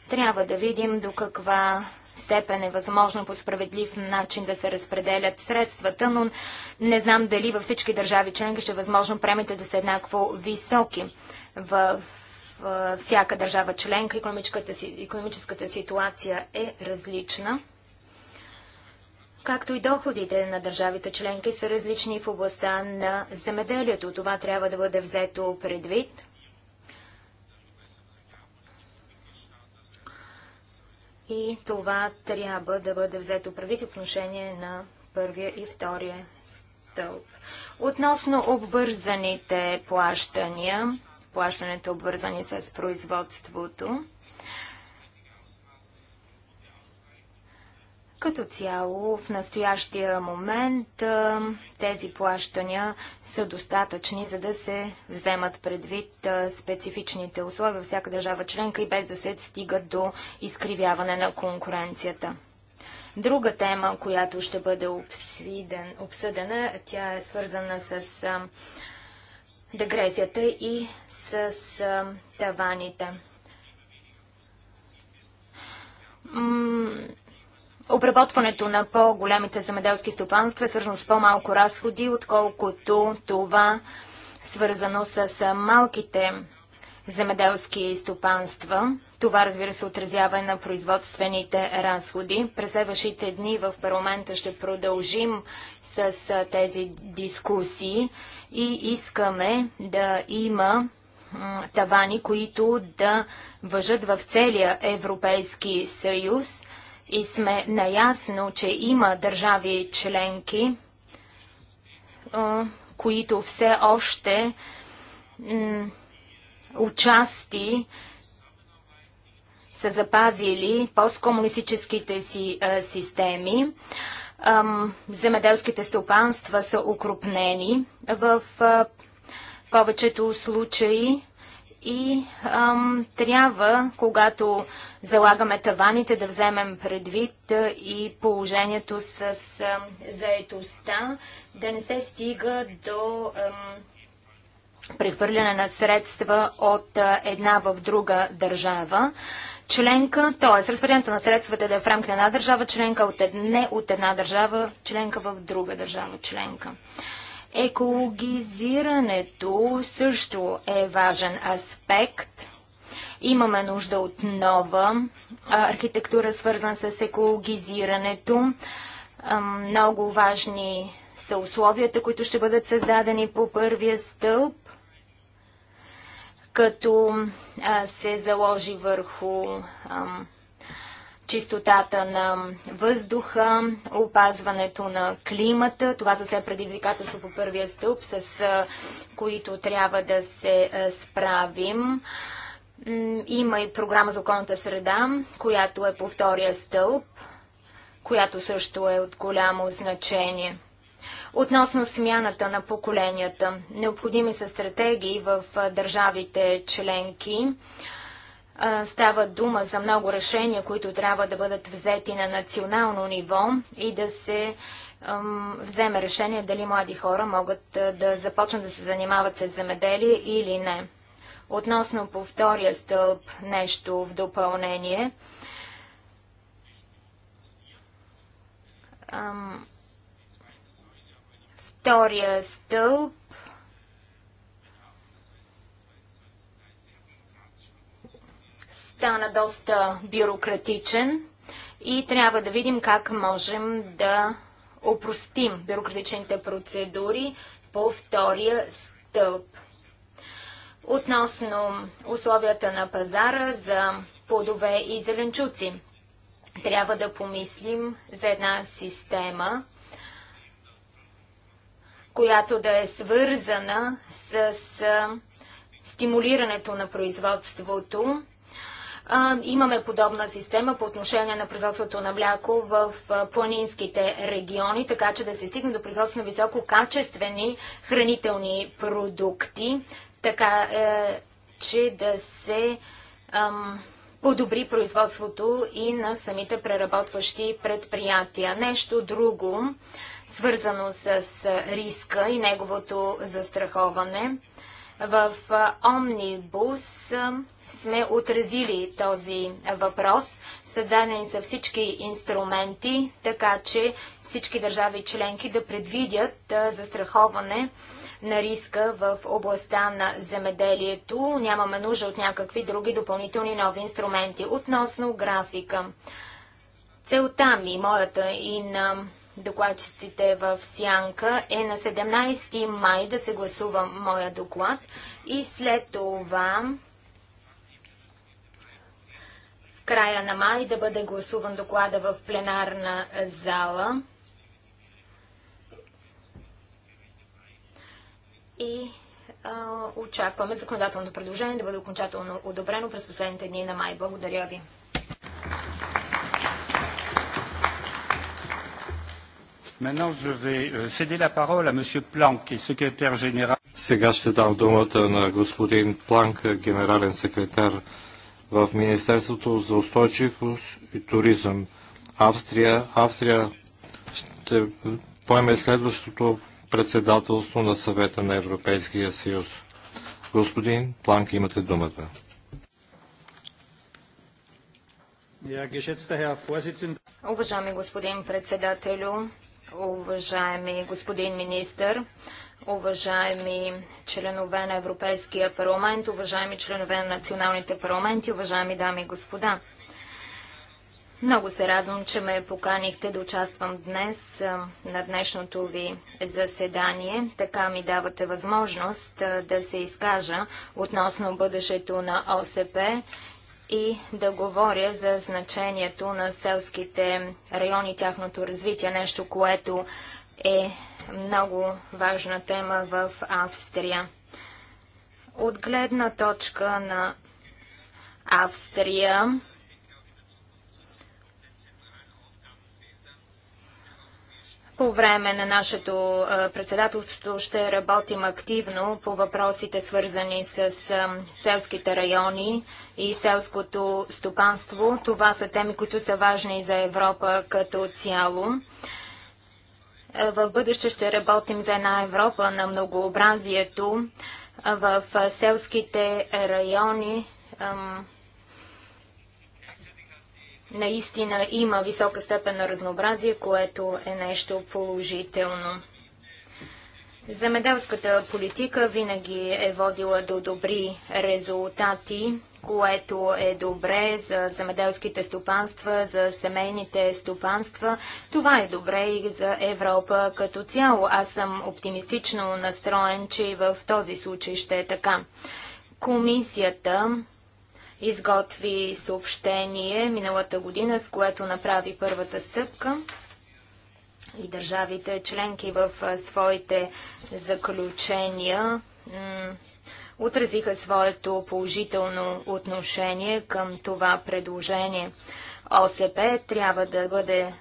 Трябва да видим до каква степен е възможно по справедлив начин да се разпределят средствата, но не знам дали във всички държави членки ще е възможно премите да са еднакво високи. В всяка държава членка економическата, економическата ситуация е различна както и доходите на държавите членки са различни в областта на земеделието. Това трябва да бъде взето предвид. И това трябва да бъде взето предвид отношение на първия и втория стълб. Относно обвързаните плащания, плащането е обвързани с производството, Като цяло в настоящия момент тези плащания са достатъчни, за да се вземат предвид специфичните условия всяка държава членка и без да се стига до изкривяване на конкуренцията. Друга тема, която ще бъде обсиден, обсъдена, тя е свързана с дегресията и с таваните. Обработването на по големите земеделски стопанства е свързано с по-малко разходи, отколкото това свързано с малките земеделски стопанства. Това, разбира се, отразява на производствените разходи. През следващите дни в парламента ще продължим с тези дискусии и искаме да има тавани, които да въжат в целия Европейски съюз и сме наясно, че има държави членки, които все още участи са запазили посткомунистическите си системи. земеделските стопанства са укрупнени в повечето случаи и ам, трябва, когато залагаме таваните, да вземем предвид и положението с ам, заетостта, да не се стига до ам, прехвърляне на средства от а, една в друга държава членка, т.е. разпределението на средствата да е в рамките на една държава членка, от, не от една държава членка в друга държава членка. Екологизирането също е важен аспект. Имаме нужда от нова архитектура, свързана с екологизирането. Много важни са условията, които ще бъдат създадени по първия стълб, като се заложи върху чистотата на въздуха, опазването на климата. Това са все предизвикателства по първия стълб, с които трябва да се справим. Има и програма за околната среда, която е по втория стълб, която също е от голямо значение. Относно смяната на поколенията, необходими са стратегии в държавите членки. Става дума за много решения, които трябва да бъдат взети на национално ниво и да се вземе решение дали млади хора могат да започнат да се занимават с земеделие или не. Относно по втория стълб нещо в допълнение. Втория стълб стана доста бюрократичен и трябва да видим как можем да опростим бюрократичните процедури по втория стълб. Относно условията на пазара за плодове и зеленчуци, трябва да помислим за една система, която да е свързана с стимулирането на производството имаме подобна система по отношение на производството на мляко в планинските региони, така че да се стигне до производство на висококачествени хранителни продукти, така е, че да се подобри производството и на самите преработващи предприятия. Нещо друго, свързано с риска и неговото застраховане. В Омнибус сме отразили този въпрос. Създадени са всички инструменти, така че всички държави членки да предвидят застраховане на риска в областта на земеделието. Нямаме нужда от някакви други допълнителни нови инструменти. Относно графика. Целта ми, моята и на докладчиците в Сянка е на 17 май да се гласува моя доклад и след това края на май да бъде гласуван доклада в пленарна зала. И а, очакваме законодателното предложение да бъде окончателно одобрено през последните дни на май. Благодаря ви. Euh, Сега ще дам думата на господин Планк, генерален секретар в Министерството за устойчивост и туризъм. Австрия, Австрия ще поеме следващото председателство на съвета на Европейския съюз. Господин Планк, имате думата. Уважаеми господин председателю, уважаеми господин министър, уважаеми членове на Европейския парламент, уважаеми членове на националните парламенти, уважаеми дами и господа. Много се радвам, че ме поканихте да участвам днес на днешното ви заседание. Така ми давате възможност да се изкажа относно бъдещето на ОСП и да говоря за значението на селските райони, тяхното развитие, нещо, което е много важна тема в Австрия. От гледна точка на Австрия, По време на нашето председателство ще работим активно по въпросите свързани с селските райони и селското стопанство. Това са теми, които са важни за Европа като цяло. Е, в бъдеще ще работим за една Европа на многообразието е, в е, селските райони. Наистина има висока степен на разнообразие, което е нещо положително. Замеделската политика винаги е водила до добри резултати което е добре за земеделските стопанства, за семейните стопанства. Това е добре и за Европа като цяло. Аз съм оптимистично настроен, че и в този случай ще е така. Комисията изготви съобщение миналата година, с което направи първата стъпка и държавите членки в своите заключения отразиха своето положително отношение към това предложение. ОСП трябва да бъде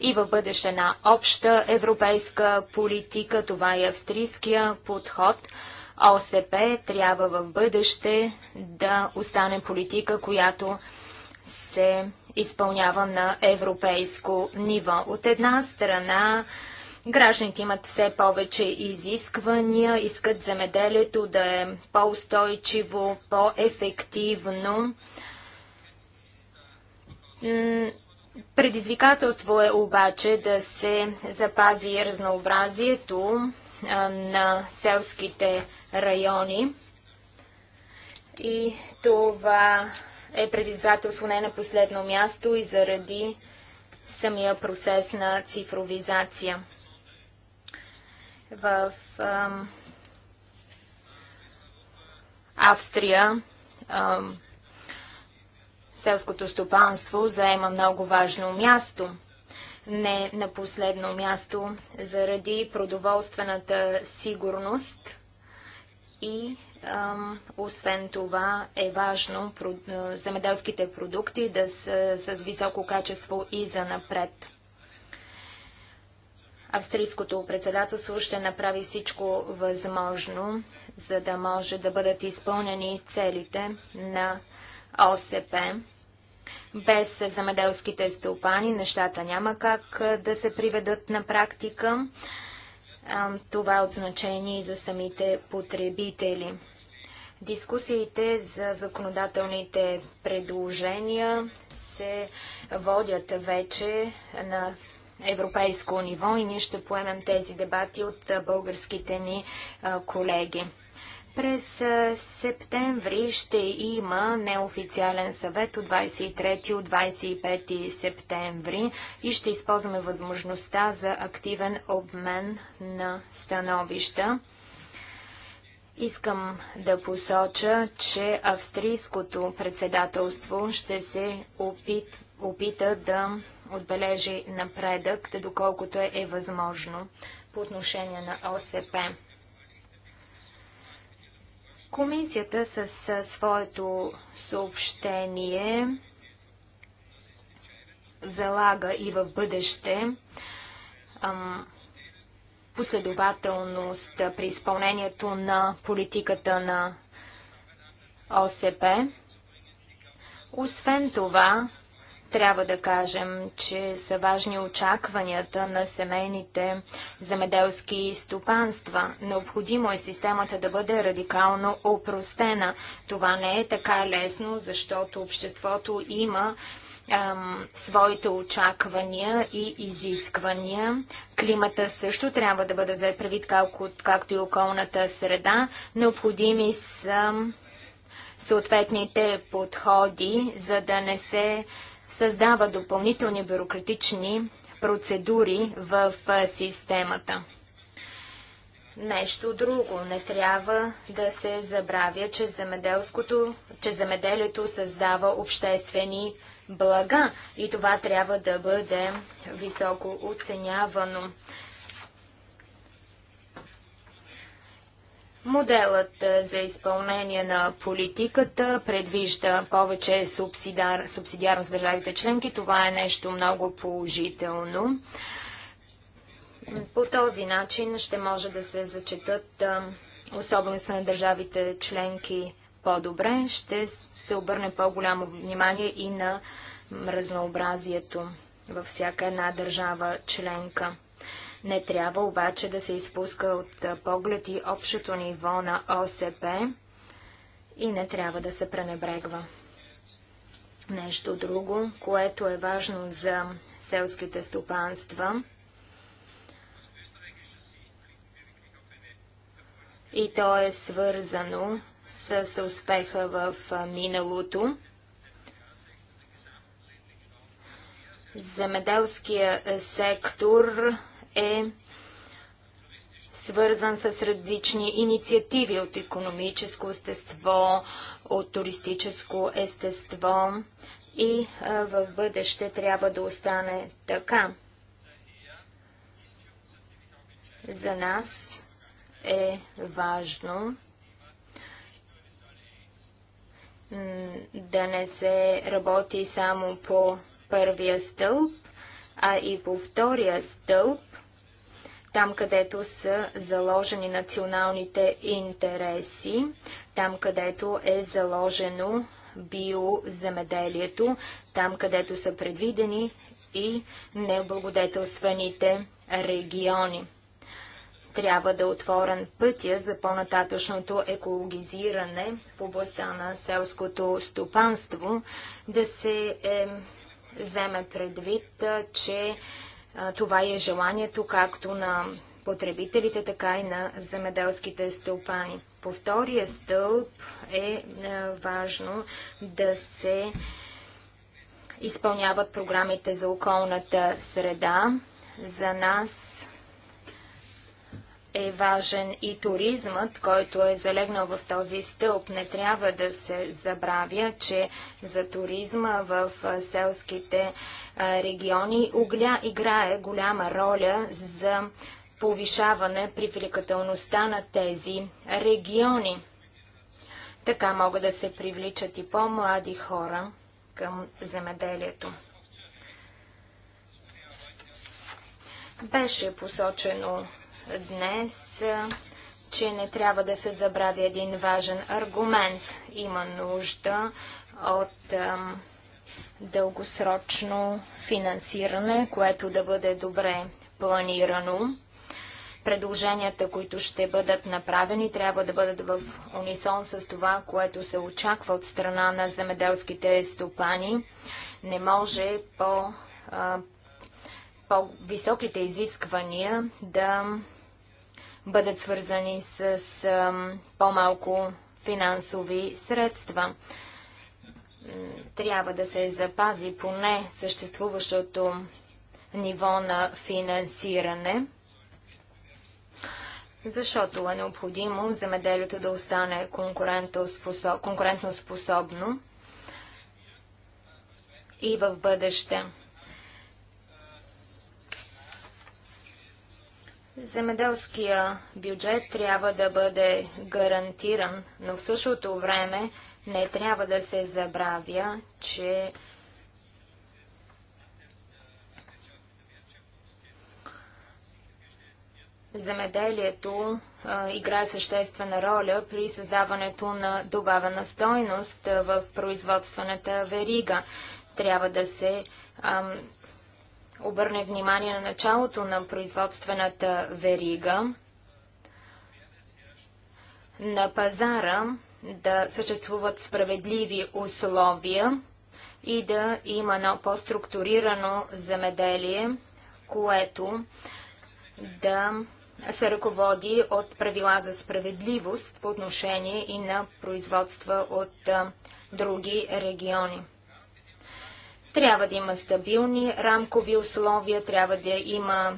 и в бъдеще на обща европейска политика. Това е австрийския подход. ОСП трябва в бъдеще да остане политика, която се изпълнява на европейско ниво. От една страна Гражданите имат все повече изисквания, искат земеделието да е по-устойчиво, по-ефективно. Предизвикателство е обаче да се запази разнообразието на селските райони. И това е предизвикателство не на последно място и заради самия процес на цифровизация. В ам, Австрия ам, селското стопанство заема много важно място. Не на последно място заради продоволствената сигурност и освен това е важно земеделските продукти да са с високо качество и за напред. Австрийското председателство ще направи всичко възможно, за да може да бъдат изпълнени целите на ОСП. Без замеделските стопани нещата няма как да се приведат на практика. Това е от значение и за самите потребители. Дискусиите за законодателните предложения се водят вече на европейско ниво и ние ще поемем тези дебати от българските ни колеги. През септември ще има неофициален съвет от 23 от 25 септември и ще използваме възможността за активен обмен на становища. Искам да посоча, че австрийското председателство ще се опит, опита да отбележи напредък, доколкото е възможно по отношение на ОСП. Комисията със своето съобщение залага и в бъдеще последователност при изпълнението на политиката на ОСП. Освен това, трябва да кажем, че са важни очакванията на семейните замеделски стопанства. Необходимо е системата да бъде радикално опростена. Това не е така лесно, защото обществото има ем, своите очаквания и изисквания. Климата също трябва да бъде взет правит, както, както и околната среда. Необходими са съответните подходи, за да не се създава допълнителни бюрократични процедури в системата. Нещо друго. Не трябва да се забравя, че, земеделското, че земеделието създава обществени блага и това трябва да бъде високо оценявано. Моделът е, за изпълнение на политиката предвижда повече субсидар, субсидиарност държавите членки. Това е нещо много положително. По този начин ще може да се зачетат е, особеността на държавите членки по-добре. Ще се обърне по-голямо внимание и на разнообразието във всяка една държава членка. Не трябва обаче да се изпуска от поглед и общото ниво на ОСП и не трябва да се пренебрегва. Нещо друго, което е важно за селските стопанства и то е свързано с успеха в миналото. Земеделския сектор е свързан с различни инициативи от економическо естество, от туристическо естество и в бъдеще трябва да остане така. За нас е важно да не се работи само по първия стълб, а и по втория стълб – там където са заложени националните интереси, там където е заложено биоземеделието, там където са предвидени и необлагодетелстваните региони. Трябва да е отворен пътя за по-нататъчното екологизиране в областта на селското стопанство, да се е, вземе предвид, че това е желанието както на потребителите, така и на земеделските стълпани. По втория стълб е, е важно да се изпълняват програмите за околната среда. За нас е важен и туризмът, който е залегнал в този стълб. Не трябва да се забравя, че за туризма в селските региони угля играе голяма роля за повишаване привлекателността на тези региони. Така могат да се привличат и по-млади хора към земеделието. Беше посочено днес, че не трябва да се забрави един важен аргумент. Има нужда от дългосрочно финансиране, което да бъде добре планирано. Предложенията, които ще бъдат направени, трябва да бъдат в унисон с това, което се очаква от страна на земеделските стопани. Не може по, високите по-високите изисквания да бъдат свързани с по-малко финансови средства. Трябва да се запази поне съществуващото ниво на финансиране, защото е необходимо земеделието да остане конкурентоспособно и в бъдеще. Земеделския бюджет трябва да бъде гарантиран, но в същото време не трябва да се забравя, че Земеделието играе съществена роля при създаването на добавена стойност в производствената верига. Трябва да се ам, обърне внимание на началото на производствената верига, на пазара да съществуват справедливи условия и да има едно по-структурирано земеделие, което да се ръководи от правила за справедливост по отношение и на производства от други региони. Трябва да има стабилни рамкови условия, трябва да има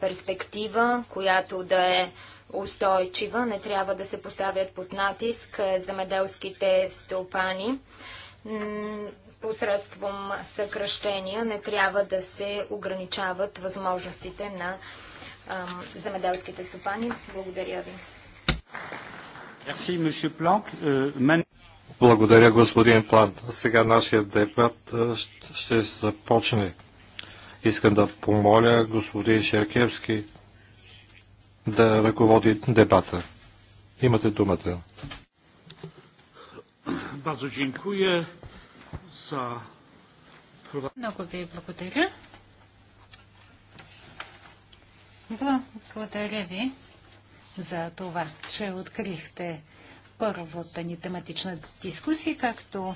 перспектива, която да е устойчива, не трябва да се поставят под натиск е, замеделските стопани. Посредством съкръщения не трябва да се ограничават възможностите на замеделските стопани. Благодаря ви. Merci, благодаря, господин План. Сега нашия дебат ще започне. Искам да помоля господин Шеркевски да ръководи дебата. Имате думата. Много ви благодаря. Благодаря ви за това, че открихте първата ни тематична дискусия. Както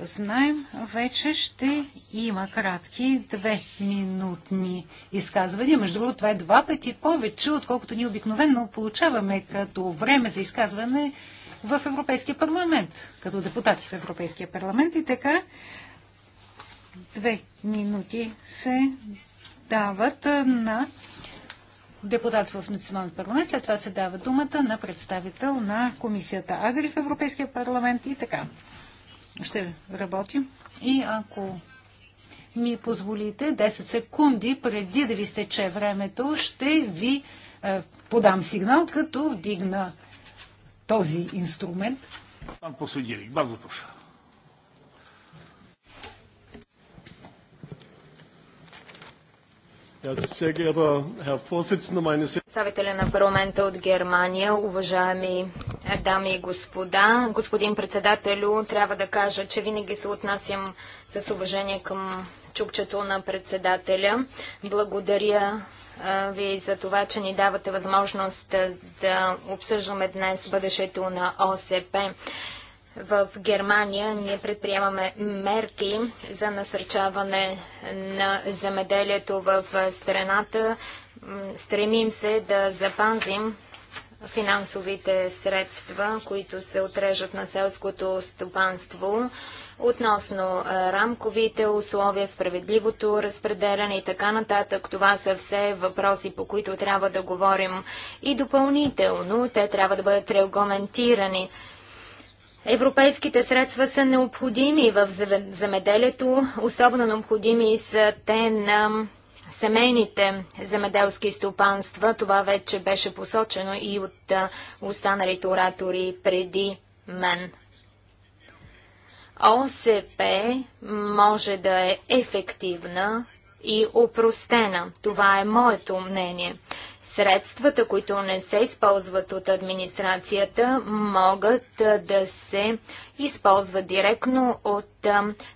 знаем, вече ще има кратки две минутни изказвания. Между другото, това е два пъти повече, отколкото ние обикновено получаваме като време за изказване в Европейския парламент, като депутати в Европейския парламент. И така, две минути се дават на депутат в Националния парламент. След това се дава думата на представител на комисията Агри в Европейския парламент и така. Ще работим. И ако ми позволите 10 секунди преди да ви стече времето, ще ви е, подам сигнал, като вдигна този инструмент. Пан Посудирик, бързо проша. Представителя на парламента от Германия, уважаеми дами и господа, господин председателю, трябва да кажа, че винаги се отнасям с уважение към чукчето на председателя. Благодаря ви за това, че ни давате възможност да обсъждаме днес бъдещето на ОСП в Германия ние предприемаме мерки за насърчаване на земеделието в страната. Стремим се да запазим финансовите средства, които се отрежат на селското стопанство относно рамковите условия, справедливото разпределяне и така нататък. Това са все въпроси, по които трябва да говорим и допълнително. Те трябва да бъдат регламентирани. Европейските средства са необходими в замеделието, особено необходими са те на семейните замеделски стопанства. Това вече беше посочено и от останалите оратори преди мен. ОСП може да е ефективна и опростена. Това е моето мнение средствата, които не се използват от администрацията, могат да се използват директно от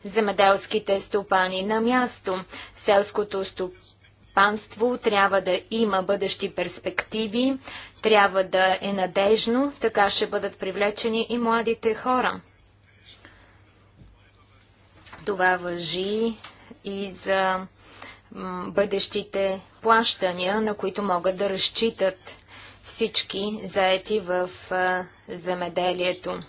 земеделските стопани на място. Селското стопанство трябва да има бъдещи перспективи, трябва да е надежно, така ще бъдат привлечени и младите хора. Това въжи и за бъдещите плащания, на които могат да разчитат всички заети в а, замеделието.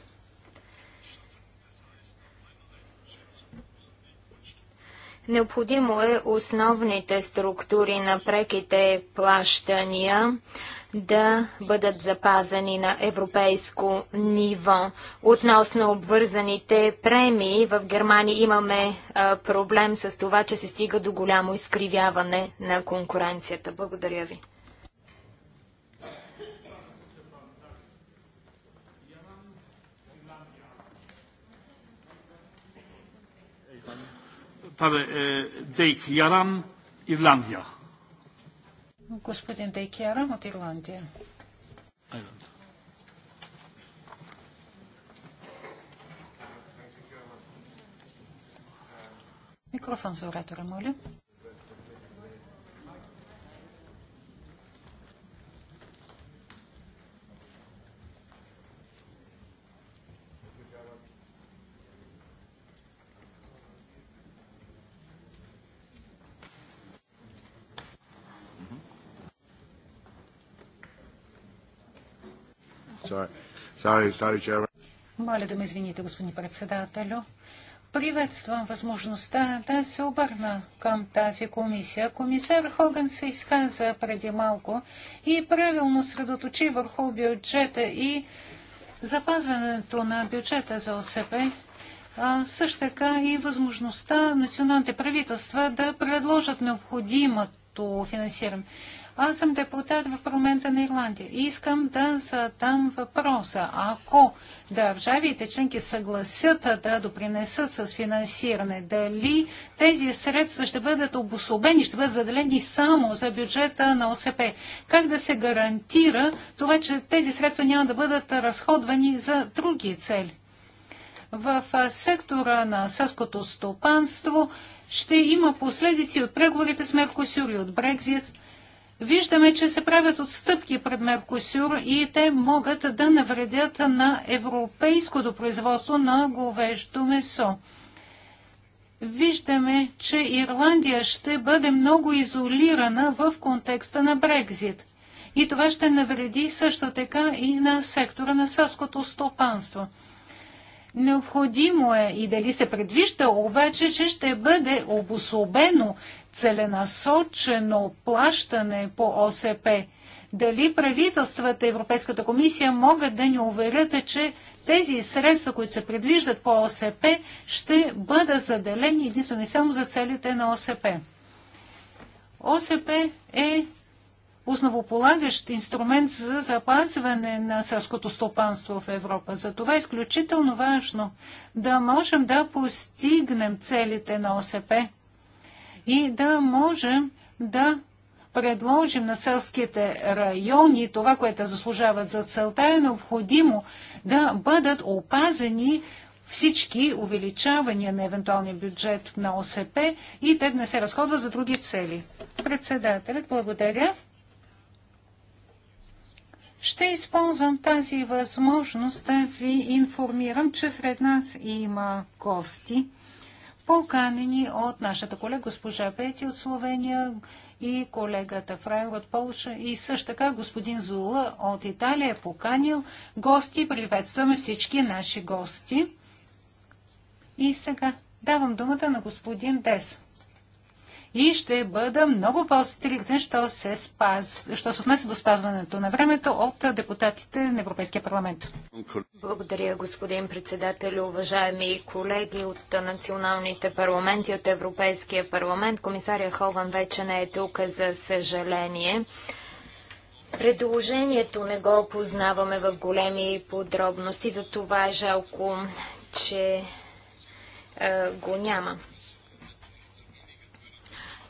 Необходимо е основните структури на преките плащания да бъдат запазени на европейско ниво. Относно обвързаните премии, в Германия имаме проблем с това, че се стига до голямо изкривяване на конкуренцията. Благодаря ви. Дейк Яран, Ирландия. Господин Дейк Яран от Ирландия. Айранд. Микрофон за оратора, моля. Моля да ме извините, господин председателю. Приветствам възможността да се обърна към тази комисия. Комисар Хоган се изказа преди малко и правилно средоточи върху бюджета и запазването на бюджета за ОСП, а също така и възможността националните правителства да предложат необходимото финансиране. Аз съм депутат в парламента на Ирландия. и Искам да задам въпроса. Ако държавите членки съгласят да допринесат с финансиране, дали тези средства ще бъдат обособени, ще бъдат заделени само за бюджета на ОСП? Как да се гарантира това, че тези средства няма да бъдат разходвани за други цели? в сектора на съското стопанство ще има последици от преговорите с Меркосюр и от Брекзит виждаме, че се правят отстъпки пред Меркосюр и те могат да навредят на европейското производство на говеждо месо. Виждаме, че Ирландия ще бъде много изолирана в контекста на Брекзит. И това ще навреди също така и на сектора на селското стопанство. Необходимо е и дали се предвижда обаче, че ще бъде обособено целенасочено плащане по ОСП. Дали правителствата и Европейската комисия могат да ни уверят, че тези средства, които се предвиждат по ОСП, ще бъдат заделени единствено и само за целите на ОСП. ОСП е основополагащ инструмент за запазване на селското стопанство в Европа. За това е изключително важно да можем да постигнем целите на ОСП и да можем да предложим на селските райони това, което заслужават за целта, е необходимо да бъдат опазени всички увеличавания на евентуалния бюджет на ОСП и те да не се разходват за други цели. Председателят, благодаря. Ще използвам тази възможност да ви информирам, че сред нас има гости, поканени от нашата колега госпожа Пети от Словения и колегата Фрайл от Полша и също така господин Зула от Италия е поканил гости. Приветстваме всички наши гости. И сега давам думата на господин Дес и ще бъда много по-стриктен, що се, спаз... що се отнася до спазването на времето от депутатите на Европейския парламент. Благодаря, господин председател, уважаеми колеги от националните парламенти, от Европейския парламент. Комисаря Холван вече не е тук, за съжаление. Предложението не го познаваме в големи подробности, за това е жалко, че е, го няма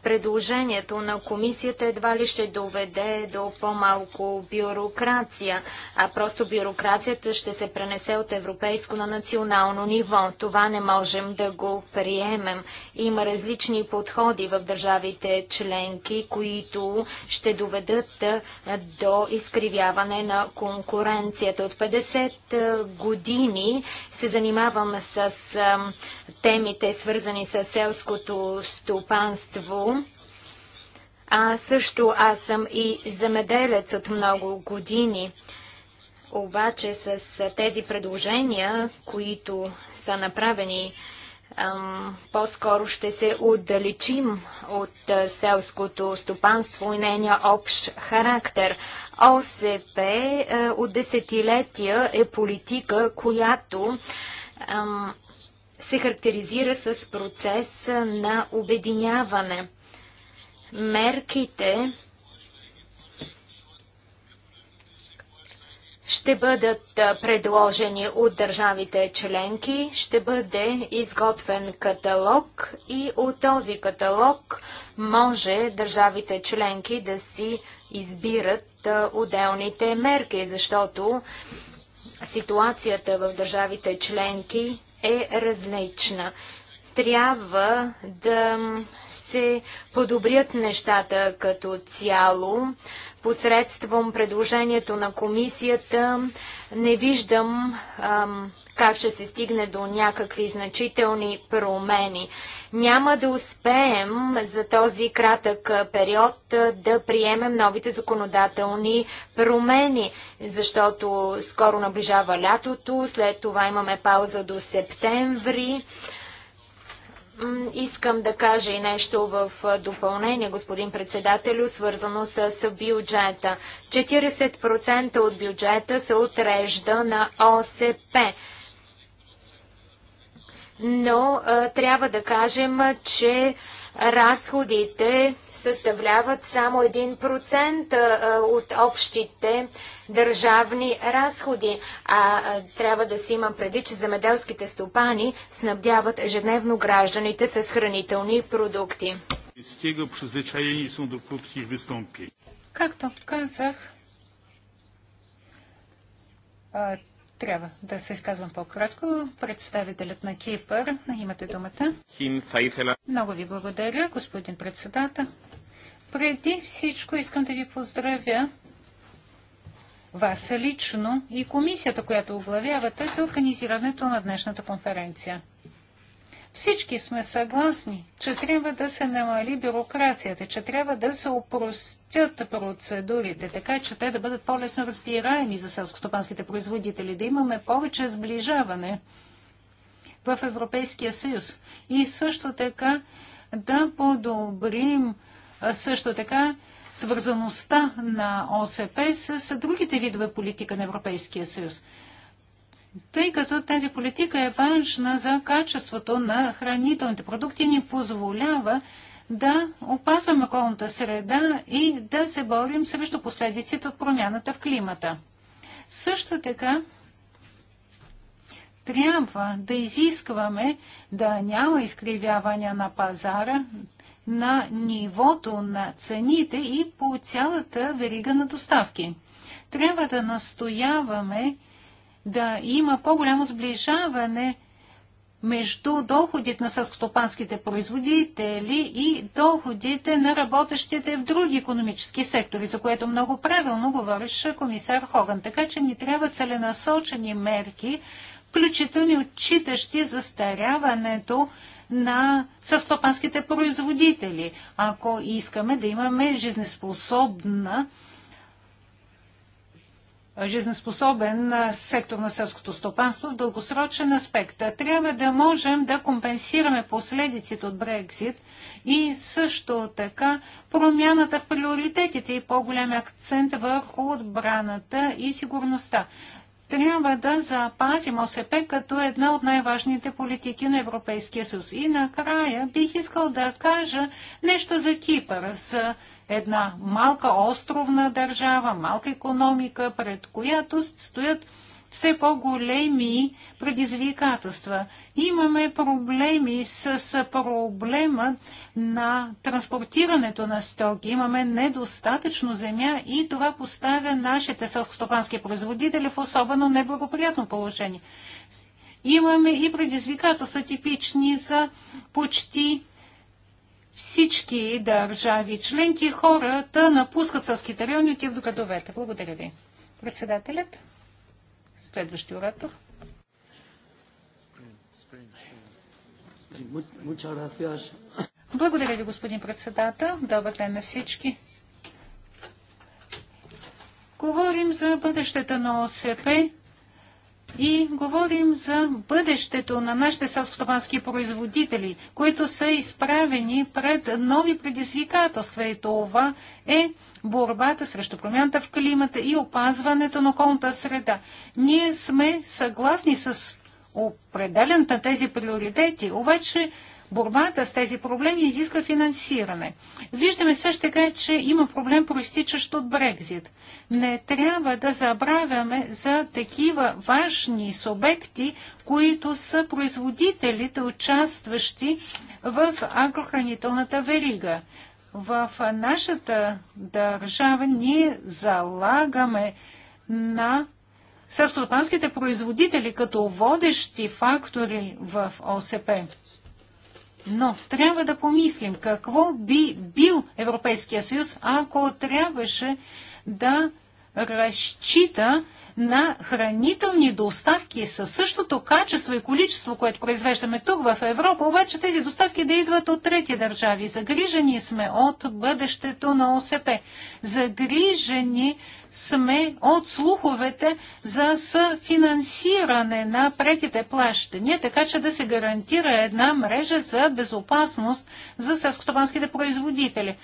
предложението на комисията едва ли ще доведе до по-малко бюрокрация, а просто бюрокрацията ще се пренесе от европейско на национално ниво. Това не можем да го приемем. Има различни подходи в държавите членки, които ще доведат до изкривяване на конкуренцията. От 50 години се занимавам с темите, свързани с селското стопанство а също аз съм и земеделец от много години. Обаче с тези предложения, които са направени, по-скоро ще се отдалечим от селското стопанство и нейния общ характер. ОСП от десетилетия е политика, която се характеризира с процес на обединяване мерките ще бъдат предложени от държавите членки, ще бъде изготвен каталог и от този каталог може държавите членки да си избират отделните мерки, защото ситуацията в държавите членки е различна. Трябва да се подобрят нещата като цяло. Посредством предложението на комисията не виждам ам, как ще се стигне до някакви значителни промени. Няма да успеем за този кратък период да приемем новите законодателни промени, защото скоро наближава лятото, след това имаме пауза до септември. Искам да кажа и нещо в допълнение, господин председателю, свързано с бюджета. 40% от бюджета се отрежда на ОСП. Но трябва да кажем, че Разходите съставляват само 1% от общите държавни разходи, а трябва да се има преди, че замеделските стопани снабдяват ежедневно гражданите с хранителни продукти. Както казах, трябва да се изказвам по-кратко. Представителят на Кипър, имате думата. Много ви благодаря, господин председател. Преди всичко искам да ви поздравя вас лично и комисията, която оглавявате за организирането на днешната конференция. Всички сме съгласни, че трябва да се намали бюрокрацията, че трябва да се упростят процедурите, така че те да бъдат по-лесно разбираеми за селскостопанските производители, да имаме повече сближаване в Европейския съюз и също така да подобрим също така свързаността на ОСП с другите видове политика на Европейския съюз тъй като тази политика е важна за качеството на хранителните продукти ни позволява да опазваме околната среда и да се борим срещу последиците от промяната в климата. Също така, трябва да изискваме да няма изкривявания на пазара, на нивото на цените и по цялата верига на доставки. Трябва да настояваме да има по-голямо сближаване между доходите на съскотопанските производители и доходите на работещите в други економически сектори, за което много правилно говореше комисар Хоган. Така че ни трябва целенасочени мерки, включително отчитащи отчитащи застаряването на съскотопанските производители, ако искаме да имаме жизнеспособна жизнеспособен сектор на селското стопанство в дългосрочен аспект. Трябва да можем да компенсираме последиците от Брекзит и също така промяната в приоритетите и по-голям акцент върху отбраната и сигурността. Трябва да запазим ОСП като една от най-важните политики на Европейския съюз. И накрая бих искал да кажа нещо за Кипър, за една малка островна държава, малка економика, пред която стоят все по-големи предизвикателства. Имаме проблеми с, проблема на транспортирането на стоки. Имаме недостатъчно земя и това поставя нашите селскостопански производители в особено неблагоприятно положение. Имаме и предизвикателства типични за почти всички държави членки хората напускат селските райони и отиват в градовете. Благодаря ви. Председателят. Следващи оратор. Благодаря ви, господин председател. Добър ден на всички. Говорим за бъдещето на ОСП и говорим за бъдещето на нашите селскостопански производители, които са изправени пред нови предизвикателства и това е борбата срещу промяната в климата и опазването на околната среда. Ние сме съгласни с определен на тези приоритети, обаче борбата с тези проблеми изисква финансиране. Виждаме също така, че има проблем проистичащ от Брекзит. Не трябва да забравяме за такива важни субекти, които са производителите, участващи в агрохранителната верига. В нашата държава ние залагаме на селскостопанските производители като водещи фактори в ОСП. Но трябва да помислим какво би бил Европейския съюз, ако трябваше да разчита на хранителни доставки със същото качество и количество, което произвеждаме тук в Европа, обаче тези доставки да идват от трети държави. Загрижени сме от бъдещето на ОСП. Загрижени сме от слуховете за съфинансиране на преките плащания, така че да се гарантира една мрежа за безопасност за селскостопанските производители.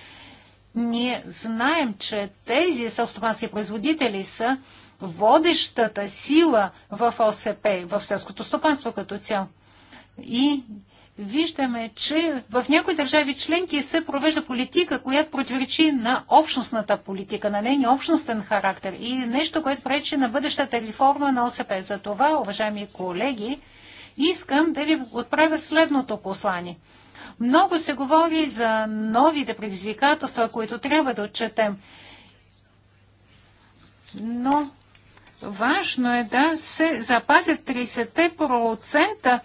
Ние знаем, че тези селскостопански производители са водещата сила в ОСП, в селското стопанство като цяло. И виждаме, че в някои държави членки се провежда политика, която противоречи на общностната политика, на нейния общностен характер и нещо, което пречи на бъдещата реформа на ОСП. За това, уважаеми колеги, искам да ви отправя следното послание. Много се говори за новите предизвикателства, които трябва да отчетем. Но Важно е да се запазят 30%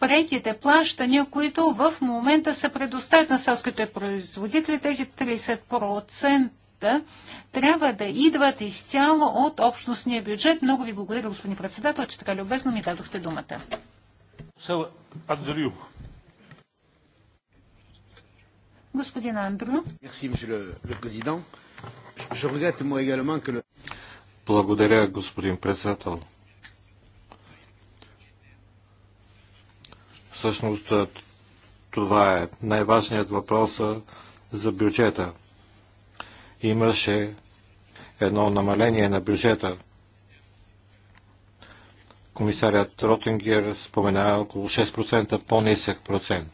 преките плащания, които в момента се предоставят на селските производители. Тези 30% трябва да идват изцяло от общностния бюджет. Много ви благодаря, господин председател, че така любезно ми дадохте думата. Господин Андрю. Merci, monsieur le, Je regrette moi également que le... Благодаря, господин председател. Всъщност това е най-важният въпрос за бюджета. Имаше едно намаление на бюджета. Комисарят Ротингер спомена около 6% по-нисък процент.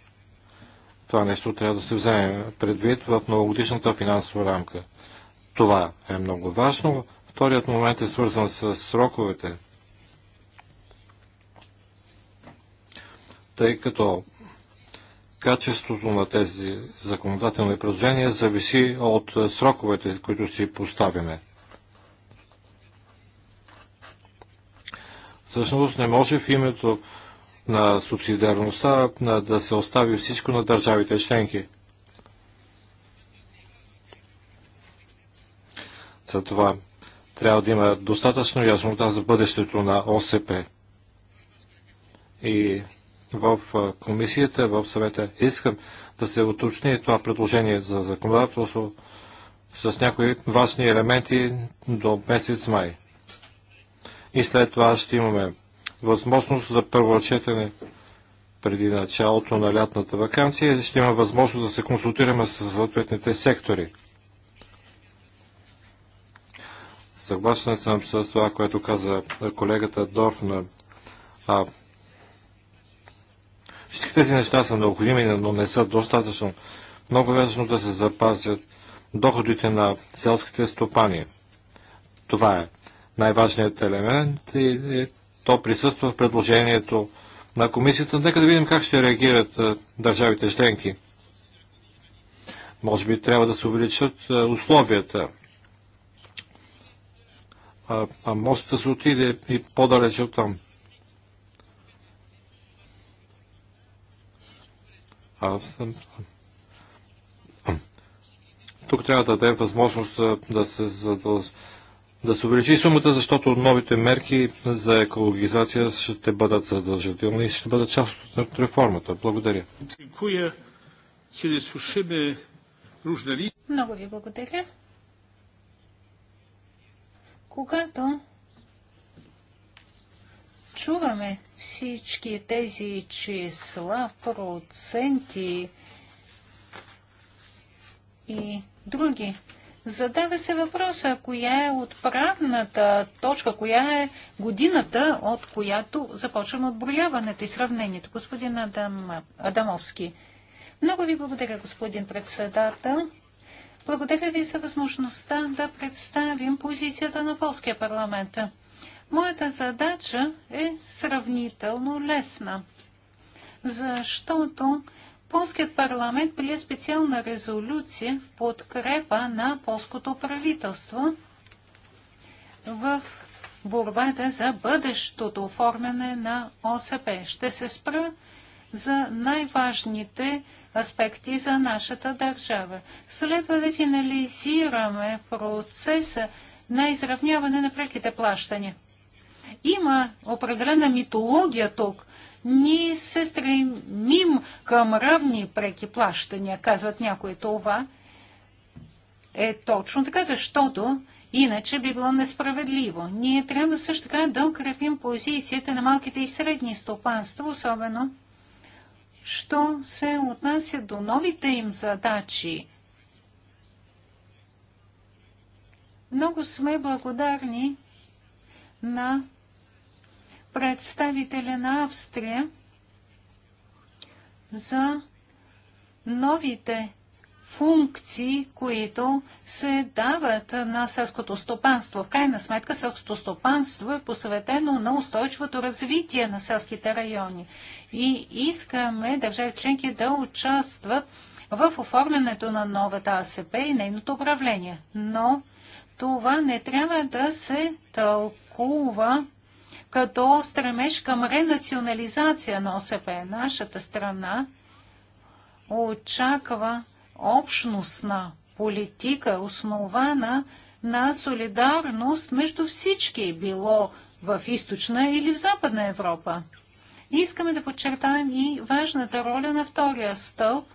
Това нещо трябва да се вземе предвид в многогодишната финансова рамка. Това е много важно. Вторият момент е свързан с сроковете. Тъй като качеството на тези законодателни предложения зависи от сроковете, които си поставяме. Всъщност не може в името на субсидиарността да се остави всичко на държавите членки. Затова трябва да има достатъчно яснота за бъдещето на ОСП. И в комисията, в съвета искам да се уточни това предложение за законодателство с някои важни елементи до месец май. И след това ще имаме възможност за първо четене преди началото на лятната вакансия. Ще има възможност да се консултираме с съответните сектори. Съгласен съм с това, което каза колегата Дорфна. А, всички тези неща са необходими, но не са достатъчно. Много е важно да се запазят доходите на селските стопани. Това е най-важният елемент и, и то присъства в предложението на комисията. Нека да видим как ще реагират а, държавите членки. Може би трябва да се увеличат а, условията а, а може да се отиде и по-далеч от там. А, тук трябва да даде възможност да се задължи да се увеличи сумата, защото новите мерки за екологизация ще бъдат задължителни и ще бъдат част от реформата. Благодаря. Много ви благодаря. Когато чуваме всички тези числа, проценти и други, задава се въпроса, коя е отправната точка, коя е годината, от която започваме отброяването и сравнението. Господин Адам, Адамовски. Много ви благодаря, господин председател. Благодаря ви за възможността да представим позицията на полския парламент. Моята задача е сравнително лесна, защото полският парламент прие специална резолюция в подкрепа на полското правителство в борбата за бъдещото оформяне на ОСП. Ще се спра за най-важните аспекти за нашата държава. Следва да финализираме процеса на изравняване на преките плащания. Има определена митология тук. Ние се стремим към равни преки плащания, казват някои това. Е точно така, защото Иначе би било несправедливо. Ние трябва също така да укрепим позицията на малките и средни стопанства, особено Що се отнася до новите им задачи, много сме благодарни на представителя на Австрия за новите функции, които се дават на селското стопанство. В крайна сметка селското стопанство е посветено на устойчивото развитие на селските райони и искаме държавите членки да участват в оформянето на новата АСП и нейното управление. Но това не трябва да се тълкува като стремеж към ренационализация на ОСП. Нашата страна очаква общностна политика, основана на солидарност между всички, било в източна или в западна Европа. Искаме да подчертаем и важната роля на втория стълб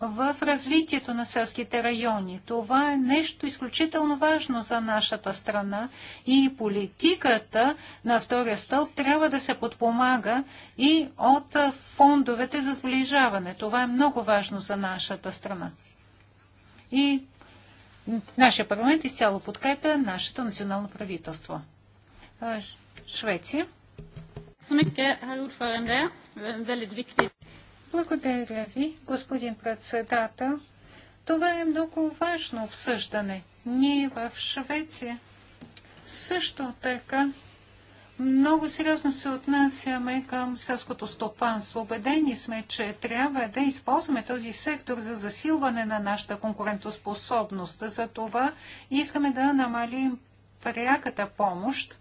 в развитието на селските райони. Това е нещо изключително важно за нашата страна и политиката на втория стълб трябва да се подпомага и от фондовете за сближаване. Това е много важно за нашата страна. И нашия парламент изцяло подкрепя нашето национално правителство. Швеция. Благодаря ви, господин председател. Това е много важно обсъждане. Ние в Швеция също така много сериозно се отнасяме към селското стопанство. Обедени сме, че трябва да използваме този сектор за засилване на нашата конкурентоспособност. За това искаме да намалим пряката помощ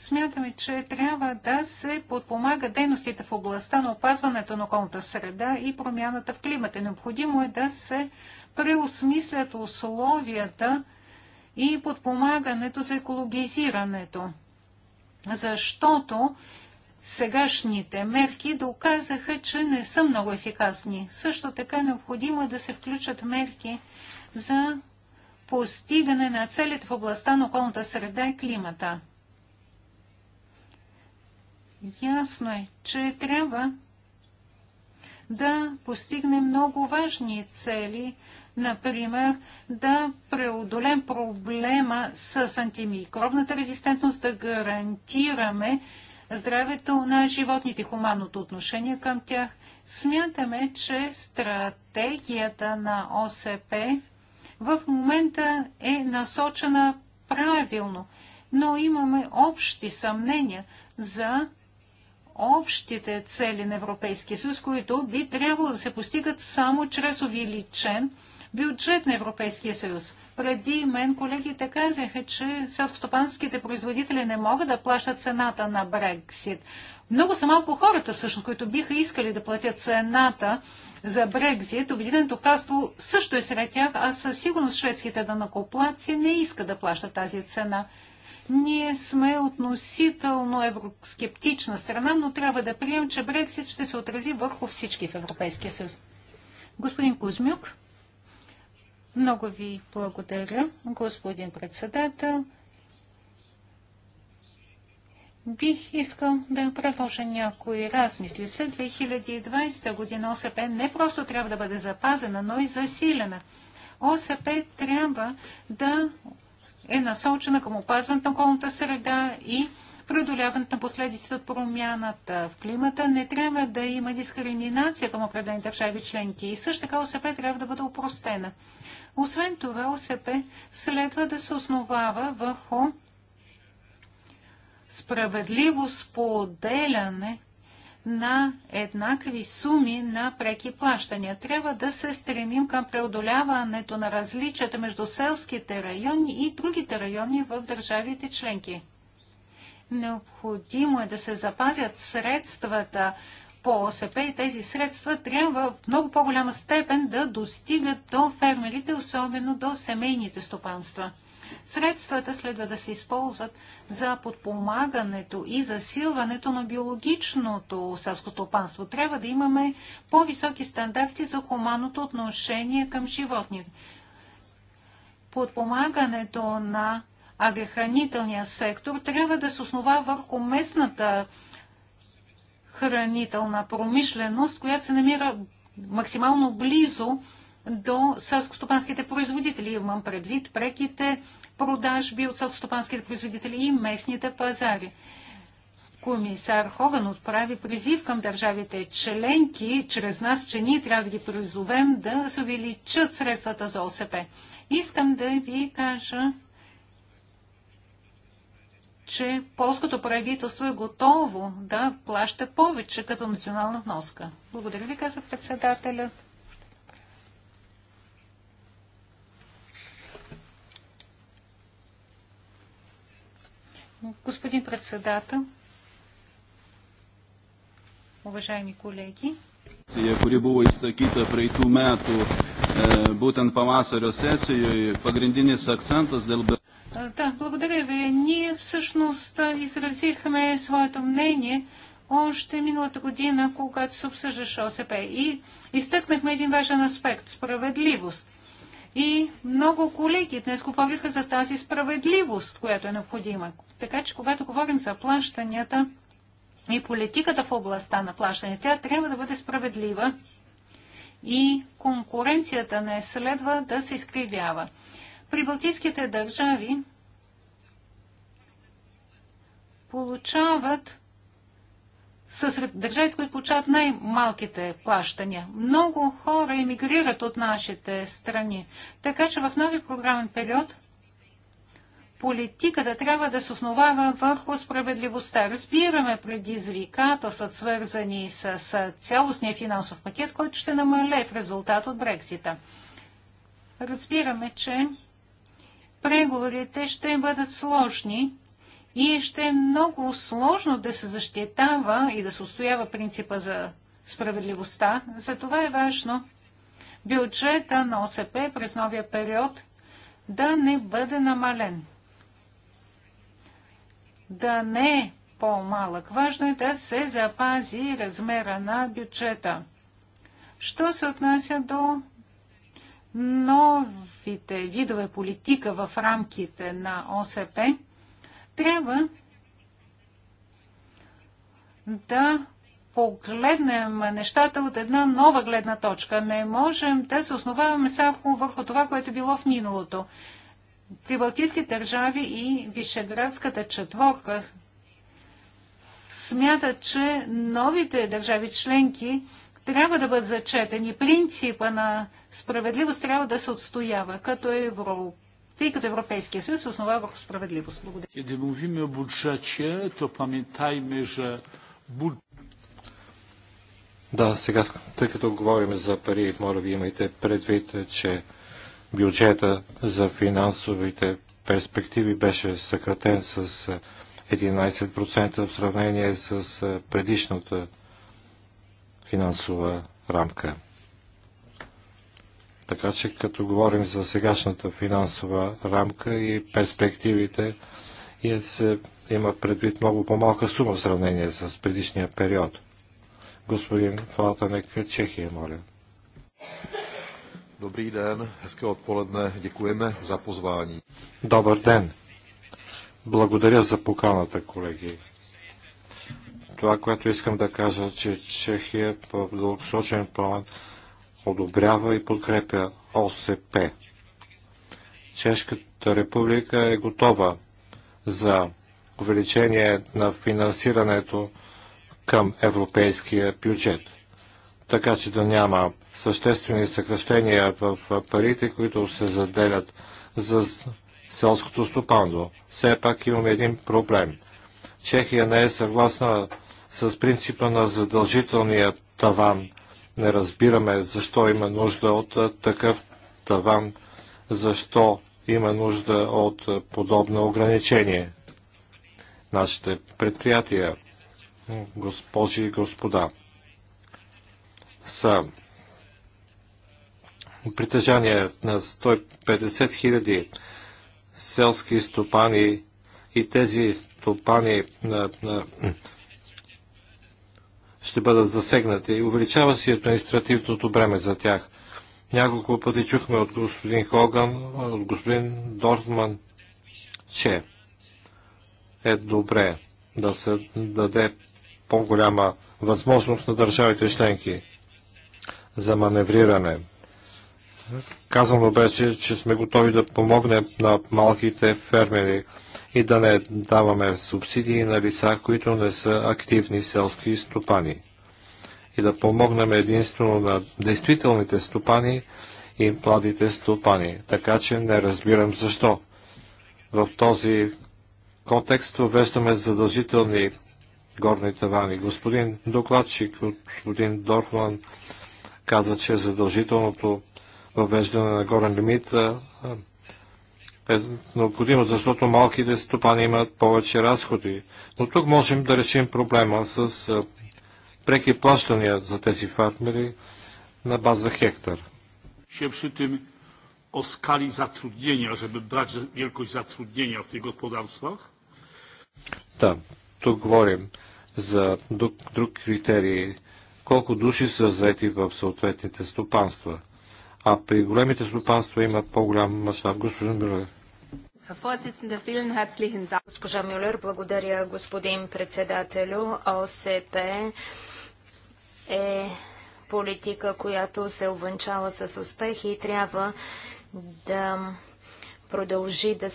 смятаме, че трябва да се подпомага дейностите в областта на опазването на околната среда и промяната в климата. Необходимо е да се преосмислят условията и подпомагането за екологизирането. Защото сегашните мерки доказаха, че не са много ефикасни. Също така е необходимо е да се включат мерки за постигане на целите в областта на околната среда и климата. Ясно е, че трябва да постигне много важни цели, например да преодолем проблема с антимикробната резистентност, да гарантираме здравето на животните, хуманното отношение към тях. Смятаме, че стратегията на ОСП в момента е насочена правилно, но имаме общи съмнения за общите цели на Европейския съюз, които би трябвало да се постигат само чрез увеличен бюджет на Европейския съюз. Преди мен колегите казаха, че селскостопанските производители не могат да плащат цената на Брексит. Много са малко хората, всъщност, които биха искали да платят цената за Брекзит. Обединеното кралство също е сред тях, а със сигурност шведските данакоплаци не искат да плащат тази цена. Ние сме относително евроскептична страна, но трябва да прием, че Брексит ще се отрази върху всички в Европейския съюз. Господин Кузмюк, много ви благодаря, господин председател. Бих искал да продължа някои размисли. След 2020 година ОСП не просто трябва да бъде запазена, но и засилена. ОСП трябва да е насочена към опазването на околната среда и преодоляването на последиците от промяната в климата. Не трябва да има дискриминация към определени държави членки и също така ОСП трябва да бъде упростена. Освен това, ОСП следва да се основава върху справедливо споделяне на еднакви суми на преки плащания. Трябва да се стремим към преодоляването на различията между селските райони и другите райони в държавите членки. Необходимо е да се запазят средствата по ОСП и тези средства трябва в много по-голяма степен да достигат до фермерите, особено до семейните стопанства. Средствата следва да се използват за подпомагането и засилването на биологичното селско стопанство. Трябва да имаме по-високи стандарти за хуманното отношение към животни. Подпомагането на агрохранителния сектор трябва да се основа върху местната хранителна промишленост, която се намира максимално близо до селскостопанските производители. Имам предвид преките продажби от селскостопанските производители и местните пазари. Комисар Хоган отправи призив към държавите членки, чрез нас, че ние трябва да ги призовем да се увеличат средствата за ОСП. Искам да ви кажа, че полското правителство е готово да плаща повече като национална вноска. Благодаря ви, каза председателят. Господин председател, уважаеми колеги, Сия, kuri buvo išsakyta praeitų metų būtent pavasario sesijoje, pagrindinis акцентът дел... Е, да, благодаря ви. Ние всъщност е, изразихме своето мнение още миналата година, когато се обсъждаше ОСП. И изтъкнахме един важен аспект – справедливост. И много колеги днес говориха за тази справедливост, която е необходима. Така че, когато говорим за плащанията и политиката в областта на плащанията, тя трябва да бъде справедлива и конкуренцията не следва да се изкривява. При балтийските държави получават са сред държавите, които получават най-малките плащания. Много хора емигрират от нашите страни. Така че в нови програмен период политиката трябва да се основава върху справедливостта. Разбираме предизвикателствата, свързани с, цялостния финансов пакет, който ще намалее в резултат от Брексита. Разбираме, че преговорите ще бъдат сложни и ще е много сложно да се защитава и да се устоява принципа за справедливостта. Затова е важно бюджета на ОСП през новия период да не бъде намален. Да не е по-малък. Важно е да се запази размера на бюджета. Що се отнася до новите видове политика в рамките на ОСП, трябва да погледнем нещата от една нова гледна точка. Не можем да се основаваме само върху това, което е било в миналото. Прибалтийски държави и Вишеградската четворка смятат, че новите държави членки трябва да бъдат зачетени. Принципа на справедливост трябва да се отстоява. Като Европа тъй като Европейския съюз се основава върху справедливост. Благодаря. Да, сега, тъй като говорим за пари, моля ви имайте предвид, че бюджета за финансовите перспективи беше съкратен с 11% е, в сравнение с е, предишната финансова рамка. Така че като говорим за сегашната финансова рамка и перспективите, и се има предвид много по-малка сума в сравнение с предишния период. Господин Фалтанек, Чехия, моля. Dobrý den, hezké odpoledne, děkujeme za pozvání. Добър ден. Благодаря за поканата, колеги. Това, което искам да кажа, че Чехия в дългосрочен план одобрява и подкрепя ОСП. Чешката република е готова за увеличение на финансирането към европейския бюджет, така че да няма съществени съкръщения в парите, които се заделят за селското стопанство. Все пак имаме един проблем. Чехия не е съгласна с принципа на задължителния таван не разбираме защо има нужда от такъв таван, защо има нужда от подобно ограничение. Нашите предприятия, госпожи и господа, са притежание на 150 хиляди селски стопани и тези стопани на, на, ще бъдат засегнати. Увеличава си административното бреме за тях. Няколко пъти чухме от господин Хоган, от господин Дортман, че е добре да се даде по-голяма възможност на държавите членки за маневриране. Казано беше, че сме готови да помогнем на малките фермери и да не даваме субсидии на лица, които не са активни селски стопани. И да помогнем единствено на действителните стопани и младите стопани. Така че не разбирам защо. В този контекст въвеждаме задължителни горни тавани. Господин докладчик, господин Дорфман, каза, че задължителното въвеждане на горен лимит е необходимо, защото малките стопани имат повече разходи. Но тук можем да решим проблема с преки плащания за тези фармери на база хектар. Ще е Да, тук говорим за друг, друг критерий. Колко души са заети в съответните стопанства? А при големите стопанства имат по-голям мащаб, господин Мюллер. Госпожа Мюллер, благодаря господин председателю. ОСП е политика, която се увенчава с успех и трябва да продължи да,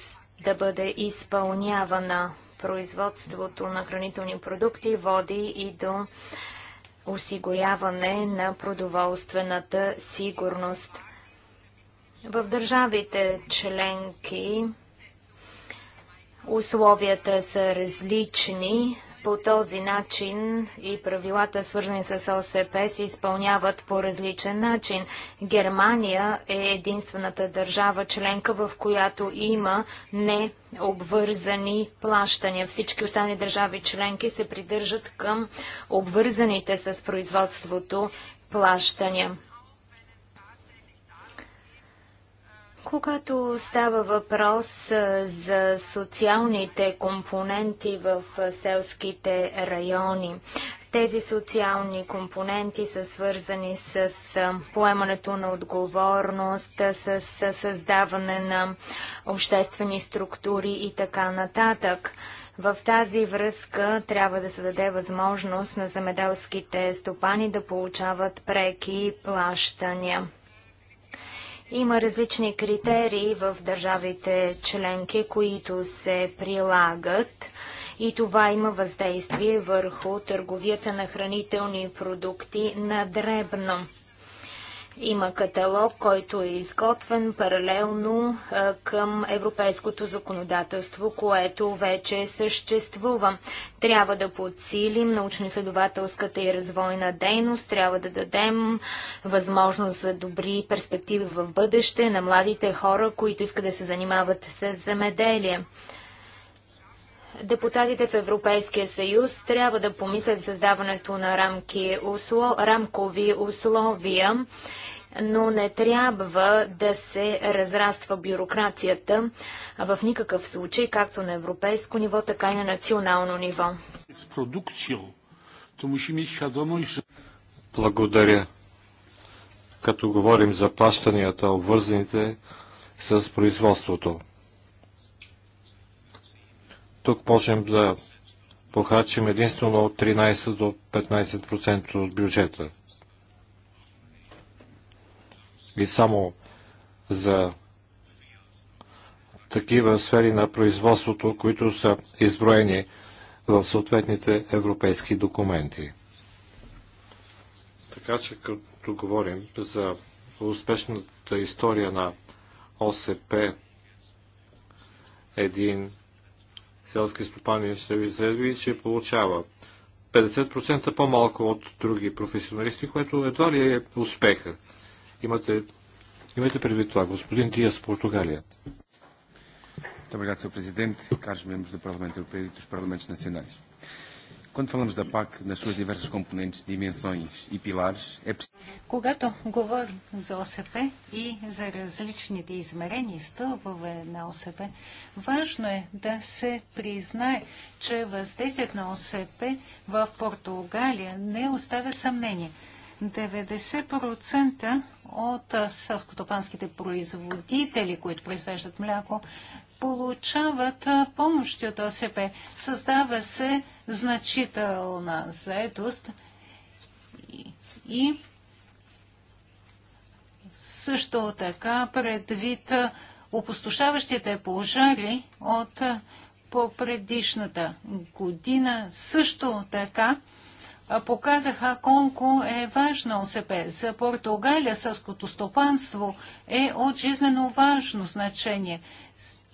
да бъде изпълнявана. Производството на хранителни продукти води и до осигуряване на продоволствената сигурност. В държавите членки Условията са различни. По този начин и правилата, свързани с ОСП, се изпълняват по различен начин. Германия е единствената държава членка, в която има необвързани плащания. Всички останали държави членки се придържат към обвързаните с производството плащания. Когато става въпрос за социалните компоненти в селските райони, тези социални компоненти са свързани с поемането на отговорност, с създаване на обществени структури и така нататък. В тази връзка трябва да се даде възможност на замеделските стопани да получават преки плащания. Има различни критерии в държавите членки, които се прилагат и това има въздействие върху търговията на хранителни продукти на дребно. Има каталог, който е изготвен паралелно към европейското законодателство, което вече съществува. Трябва да подсилим научно-изследователската и развойна дейност, трябва да дадем възможност за добри перспективи в бъдеще на младите хора, които искат да се занимават с земеделие. Депутатите в Европейския съюз трябва да помислят създаването на рамки, услов, рамкови условия, но не трябва да се разраства бюрокрацията в никакъв случай, както на европейско ниво, така и на национално ниво. Благодаря. Като говорим за плащанията, обвързаните с производството. Тук можем да похарчим единствено от 13 до 15% от бюджета. И само за такива сфери на производството, които са изброени в съответните европейски документи. Така че като говорим за успешната история на ОСП, един селски стопани ще ви заяви, че получава 50% по-малко от други професионалисти, което едва ли е успеха. Имате, имате предвид това, господин Диас, Португалия. Muito obrigado, Sr. Presidente, парламент е и парламент Parlamento Europeu Quando falamos da PAC nas suas diversas componentes, dimensões и e pilares, е Когато говорим за ОСП и за различните измерения и стълбове на ОСП, важно е да се признае, че въздействието на ОСП в Португалия не оставя съмнение. 90% от селскотопанските производители, които произвеждат мляко, получават помощи от ОСП. Създава се значителна заетост и също така предвид опустошаващите пожари от по-предишната година също така показаха колко е важна ОСП. За Португалия Съското стопанство е от жизнено важно значение –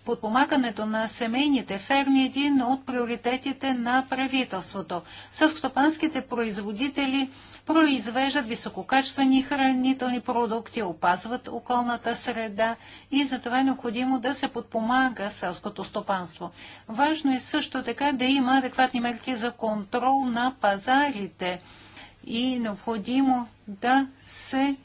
подпомагането на семейните ферми е един от приоритетите на правителството. Съвскостопанските производители произвеждат висококачествени хранителни продукти, опазват околната среда и затова е необходимо да се подпомага селското стопанство. Важно е също така да има адекватни мерки за контрол на пазарите и необходимо да се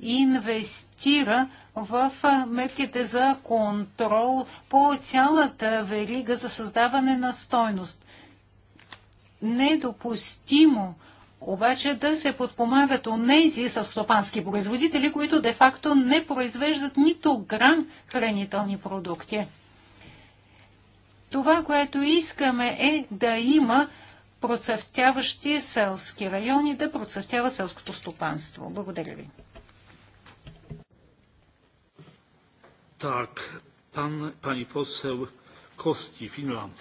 инвестира в мерките за контрол по цялата верига за създаване на стойност. Недопустимо обаче да се подпомагат онези стопански производители, които де-факто не произвеждат нито грам хранителни продукти. Това, което искаме е да има процъфтяващи селски райони, да процъфтява селското стопанство. Благодаря ви. Tak, pan, pani poseł Kosti, Finland.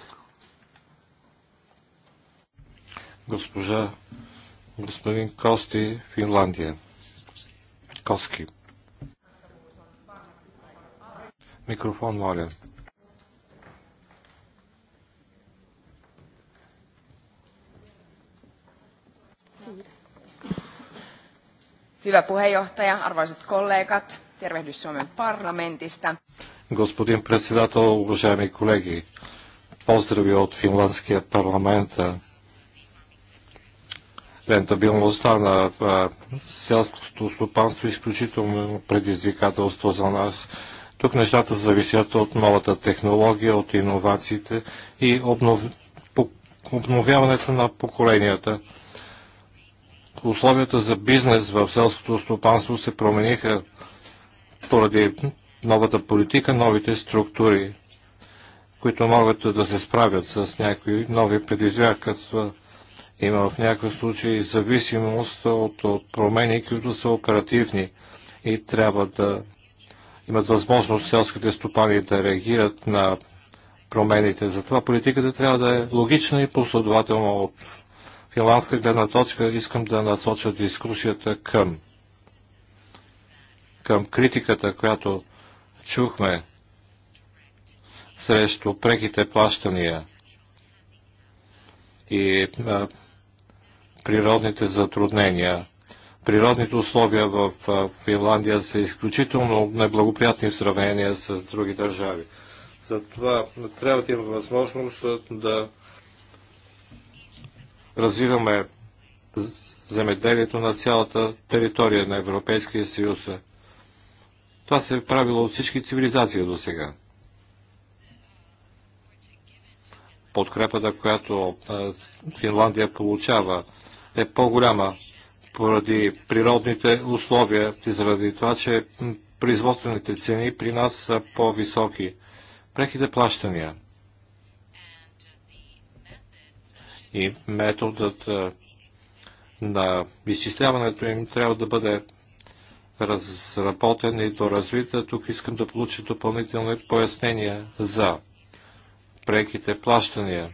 Госпожа, господин Кости, Финландия. Коски. Микрофон, моля. Hyvä puheenjohtaja, arvoisat kollegat. Господин председател, уважаеми колеги, поздрави от финландския парламент. Рентабилността на селското стопанство е изключително предизвикателство за нас. Тук нещата зависят от новата технология, от иновациите и обнов... обновяването на поколенията. Условията за бизнес в селското стопанство се промениха поради новата политика, новите структури, които могат да се справят с някои нови предизвикателства. Има в някои случаи зависимост от, от промени, които са оперативни и трябва да имат възможност селските стопани да реагират на промените. Затова политиката трябва да е логична и последователна от финландска гледна точка. Искам да насоча дискусията към към критиката, която чухме срещу преките плащания и а, природните затруднения. Природните условия в а, Финландия са изключително неблагоприятни в сравнение с други държави. Затова трябва да има възможност да развиваме земеделието на цялата територия на Европейския съюз. Това се е правило от всички цивилизации до сега. Подкрепата, която Финландия получава, е по-голяма поради природните условия и заради това, че производствените цени при нас са по-високи. Преките плащания и методът на изчисляването им трябва да бъде разработен и доразвита. Тук искам да получа допълнителни пояснения за преките плащания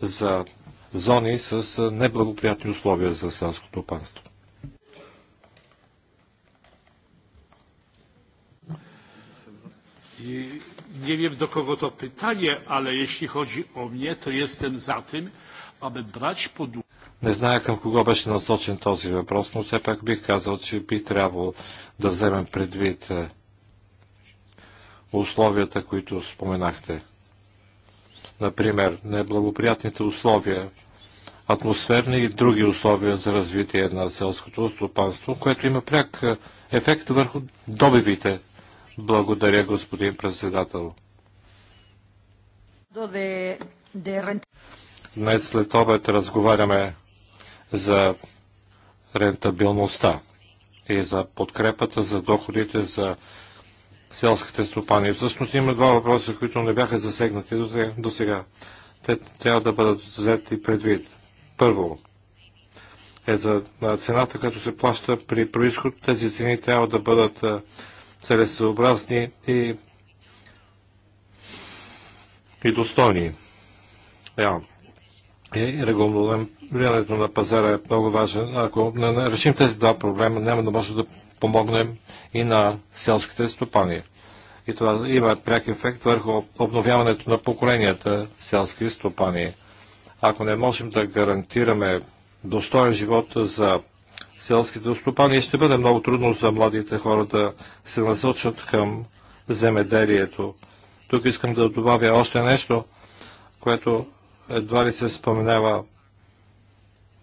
за зони с неблагоприятни условия за селското панство. Nie wiem do kogo to pytanie, ale jeśli chodzi o mnie, to jestem za tym, aby brać pod uwagę. Не зная към кого беше насочен този въпрос, но все пак бих казал, че би трябвало да вземем предвид е, условията, които споменахте. Например, неблагоприятните условия, атмосферни и други условия за развитие на селското стопанство, което има пряк е, ефект върху добивите. Благодаря, господин председател. Днес след обед разговаряме за рентабилността и за подкрепата за доходите за селските стопани. Всъщност има два въпроса, които не бяха засегнати до сега. Те трябва да бъдат взети предвид. Първо е за цената, като се плаща при происход. Тези цени трябва да бъдат целесообразни и, и достойни. Реално и регулирането на пазара е много важен. Ако не решим тези два проблема, няма да може да помогнем и на селските стопани. И това има пряк ефект върху обновяването на поколенията селски стопани. Ако не можем да гарантираме достоен живот за селските стопани, ще бъде много трудно за младите хора да се насочат към земеделието. Тук искам да добавя още нещо, което едва ли се споменава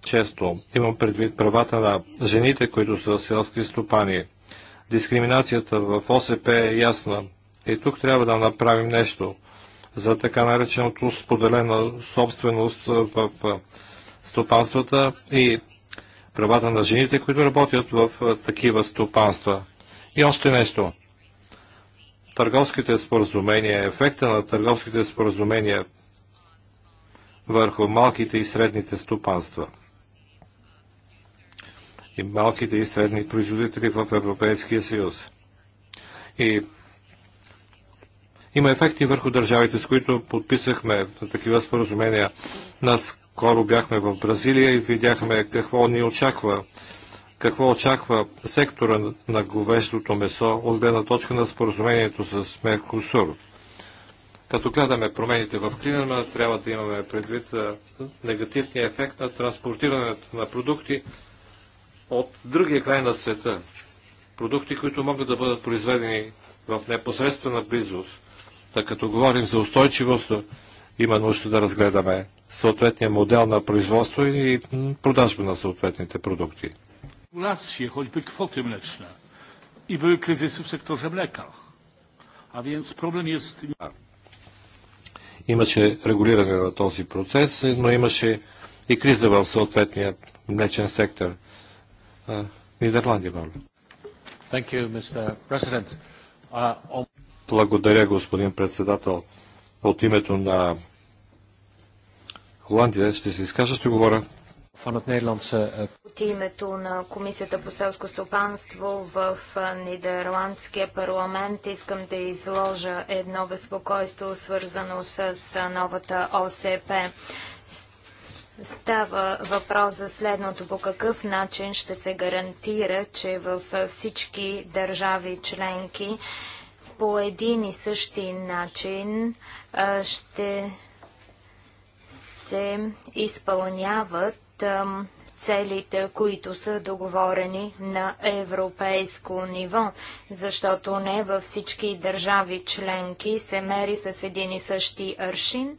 често. Имам предвид правата на жените, които са селски стопани. Дискриминацията в ОСП е ясна и тук трябва да направим нещо за така нареченото споделена собственост в стопанствата и правата на жените, които работят в такива стопанства. И още нещо. Търговските споразумения, ефекта на търговските споразумения върху малките и средните стопанства. И малките и средни производители в Европейския съюз. И има ефекти върху държавите, с които подписахме такива споразумения. Наскоро бяхме в Бразилия и видяхме какво ни очаква какво очаква сектора на говеждото месо от гледна точка на споразумението с Меркосур. Като гледаме промените в климата, трябва да имаме предвид негативния ефект на транспортирането на продукти от другия край на света. Продукти, които могат да бъдат произведени в непосредствена близост. Та като говорим за устойчивост, има нужда да разгледаме съответния модел на производство и продажба на съответните продукти. Регулация, choćby kwoty mleczne i były kryzysy w sektorze mleka. A więc problem jest... Имаше регулиране на този процес, но имаше и криза в съответния млечен сектор. Нидерландия, моля. Благодаря, господин председател. От името на Холандия ще се изкажа, ще говоря. Van het Nederlandse от името на Комисията по селско стопанство в Нидерландския парламент искам да изложа едно безпокойство, свързано с новата ОСП. Става въпрос за следното. По какъв начин ще се гарантира, че в всички държави членки по един и същи начин ще се изпълняват целите, които са договорени на европейско ниво, защото не във всички държави членки се мери с един и същи аршин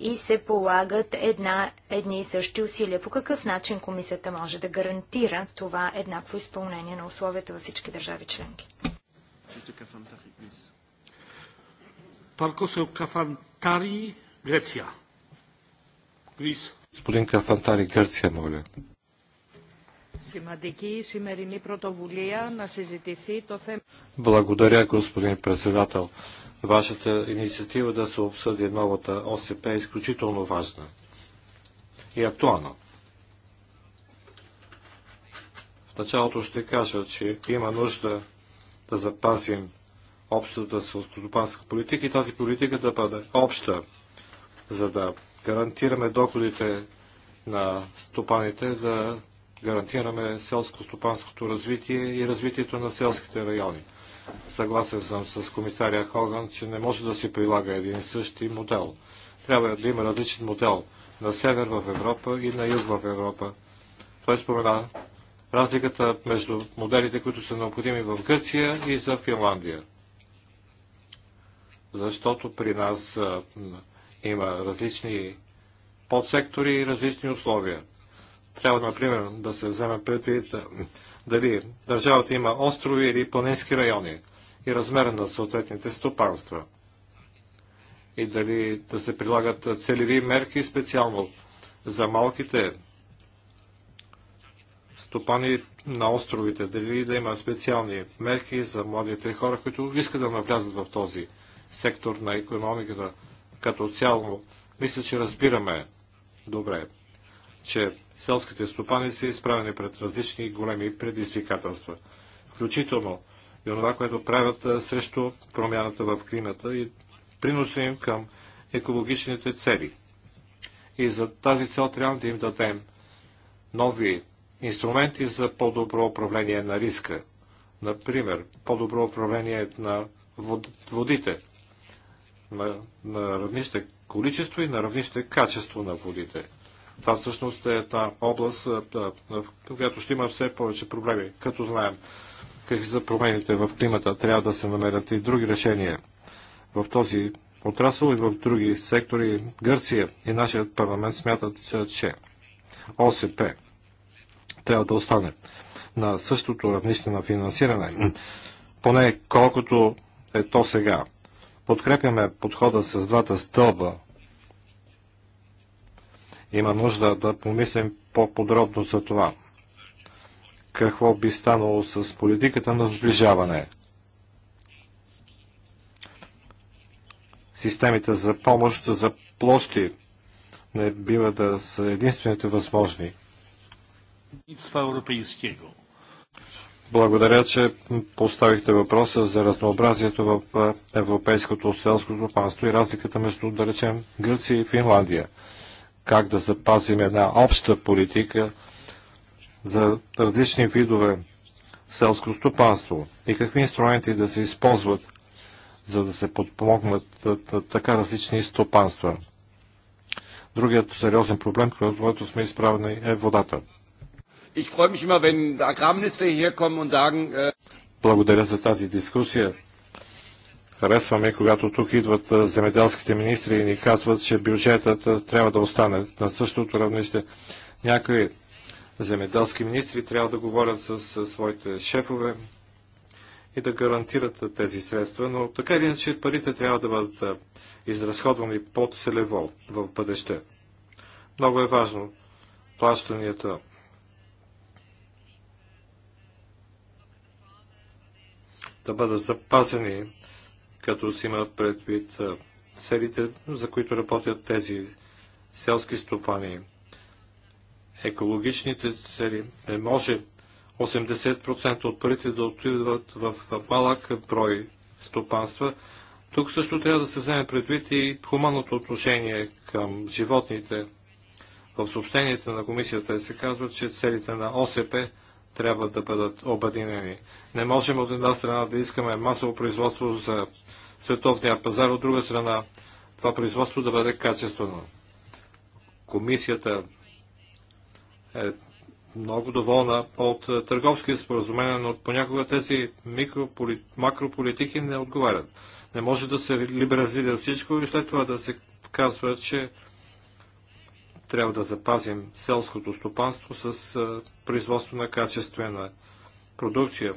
и се полагат една, едни и същи усилия. По какъв начин комисията може да гарантира това еднакво изпълнение на условията във всички държави членки? Паркосел Кафантари, Греция. Господин Кафантари, Гърция, моля σημερινή πρωτοβουλία να συζητηθεί το θέμα. Благодаря, господин председател. Вашата инициатива да се обсъди новата ОСП е изключително важна и актуална. В началото ще кажа, че има нужда да запазим общата селскостопанска политика и тази политика да бъде обща, за да гарантираме доходите на стопаните да гарантираме селско-стопанското развитие и развитието на селските райони. Съгласен съм с комисаря Хоган, че не може да се прилага един и същи модел. Трябва да има различен модел на север в Европа и на юг в Европа. Той спомена разликата между моделите, които са необходими в Гърция и за Финландия. Защото при нас има различни подсектори и различни условия. Трябва, например, да се вземе предвид е, дали държавата има острови или планински райони и размера на съответните стопанства. И дали да се прилагат целеви мерки специално за малките стопани на островите, дали да има специални мерки за младите хора, които искат да навлязат в този сектор на економиката като цяло. Мисля, че разбираме добре, че селските стопани са изправени пред различни големи предизвикателства, включително и онова, което правят срещу промяната в климата и приноса им към екологичните цели. И за тази цел трябва да им дадем нови инструменти за по-добро управление на риска. Например, по-добро управление на водите, на, на равнище количество и на равнище качество на водите. Това всъщност е една област, е, в която ще има все повече проблеми, като знаем какви са промените в климата. Трябва да се намерят и други решения в този отрасъл и в други сектори. Гърция и нашият парламент смятат, че ОСП трябва да остане на същото равнище на финансиране, поне колкото е то сега. Подкрепяме подхода с двата стълба има нужда да помислим по-подробно за това. Какво би станало с политиката на сближаване? Системите за помощ за площи не бива да са единствените възможни. Благодаря, че поставихте въпроса за разнообразието в европейското селско стопанство и разликата между, да речем, Гърция и Финландия как да запазим една обща политика за различни видове селско стопанство и какви инструменти да се използват, за да се подпомогнат така различни стопанства. Другият сериозен проблем, който сме изправени, е водата. Äh, Благодаря за тази дискусия. Харесваме, когато тук идват земеделските министри и ни казват, че бюджетът трябва да остане на същото равнище. Някои земеделски министри трябва да говорят с, с своите шефове и да гарантират тези средства, но така или иначе парите трябва да бъдат изразходвани по-целево в бъдеще. Много е важно плащанията да бъдат запазени като си има предвид целите, за които работят тези селски стопани. Екологичните цели не може 80% от парите да отидат в малък брой стопанства. Тук също трябва да се вземе предвид и хуманното отношение към животните. В съобщенията на комисията се казва, че целите на ОСП трябва да бъдат обединени. Не можем от една страна да искаме масово производство за световния пазар, от друга страна това производство да бъде качествено. Комисията е много доволна от търговски споразумения, но понякога тези макрополитики не отговарят. Не може да се либерализира всичко и след това да се казва, че трябва да запазим селското стопанство с производство на качествена продукция.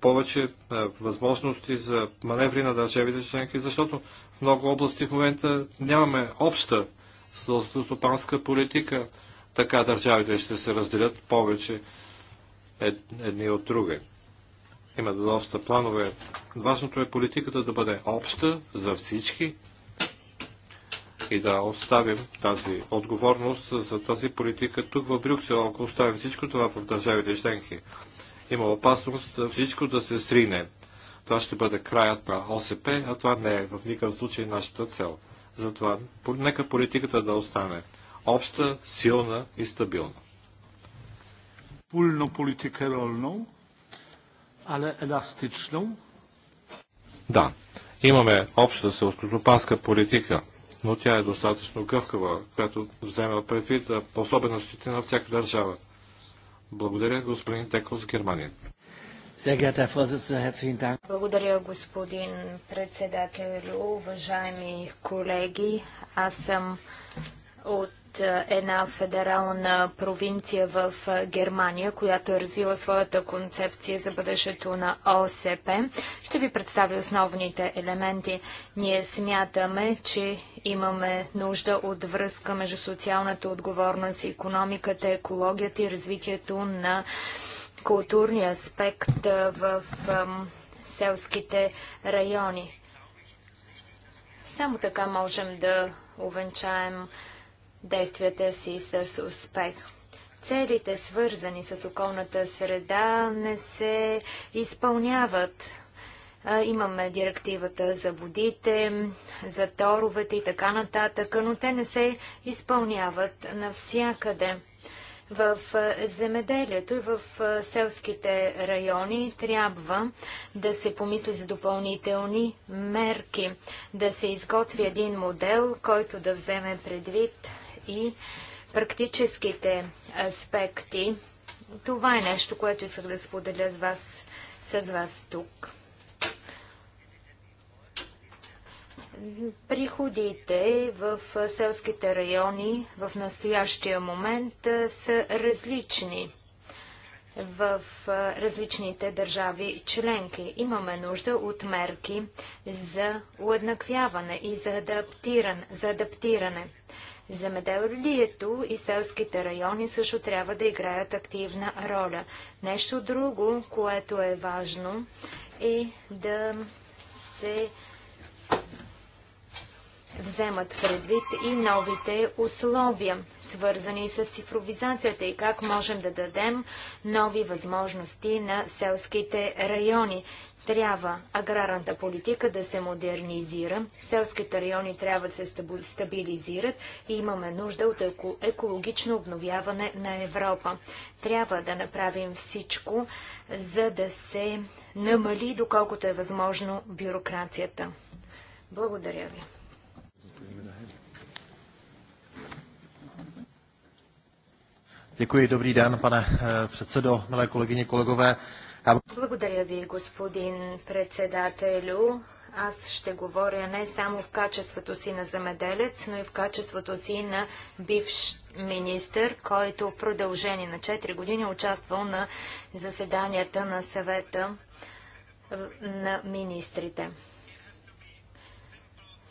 Повече възможности за маневри на държавите членки, защото в много области в момента нямаме обща стопанска политика. Така държавите ще се разделят повече едни от други. Има доста планове. Важното е политиката да бъде обща за всички и да оставим тази отговорност за тази политика тук в Брюксел, ако оставим всичко това в държавите членки. Има опасност всичко да се срине. Това ще бъде краят на ОСП, а това не е в никакъв случай нашата цел. Затова нека политиката да остане обща, силна и стабилна. Пулно политика ролно, але еластично. Да, имаме обща селскостопанска политика, но тя е достатъчно гъвкава, която взема предвид особеностите на всяка държава. Благодаря, господин Теков с Германия. Благодаря, господин председател. Уважаеми колеги, аз съм от е, една федерална провинция в е, Германия, която е развила своята концепция за бъдещето на ОСП. Ще ви представя основните елементи. Ние смятаме, че имаме нужда от връзка между социалната отговорност, економиката, екологията и развитието на културния аспект е, в селските райони. Само така можем да увенчаем действията си с успех. Целите, свързани с околната среда, не се изпълняват. имаме директивата за водите, за торовете и така нататък, но те не се изпълняват навсякъде. В земеделието и в селските райони трябва да се помисли за допълнителни мерки, да се изготви един модел, който да вземе предвид и практическите аспекти. Това е нещо, което исках да споделя с вас, с вас тук. Приходите в селските райони в настоящия момент са различни в различните държави членки. Имаме нужда от мерки за уеднаквяване и за адаптиране. За адаптиране. Земеделието и селските райони също трябва да играят активна роля. Нещо друго, което е важно, е да се вземат предвид и новите условия, свързани с цифровизацията и как можем да дадем нови възможности на селските райони. Трябва аграрната политика да се модернизира, селските райони трябва да се стабилизират и имаме нужда от екологично обновяване на Европа. Трябва да направим всичко, за да се намали доколкото е възможно бюрокрацията. Благодаря ви. Děkuji, dobrý den, pane eh, předsedo, milé kolegyně, kolegové. Благодаря ви, господин председателю. Аз ще говоря не само в качеството си на замеделец, но и в качеството си на бивш министър, който в продължение на 4 години е участвал на заседанията на съвета на министрите.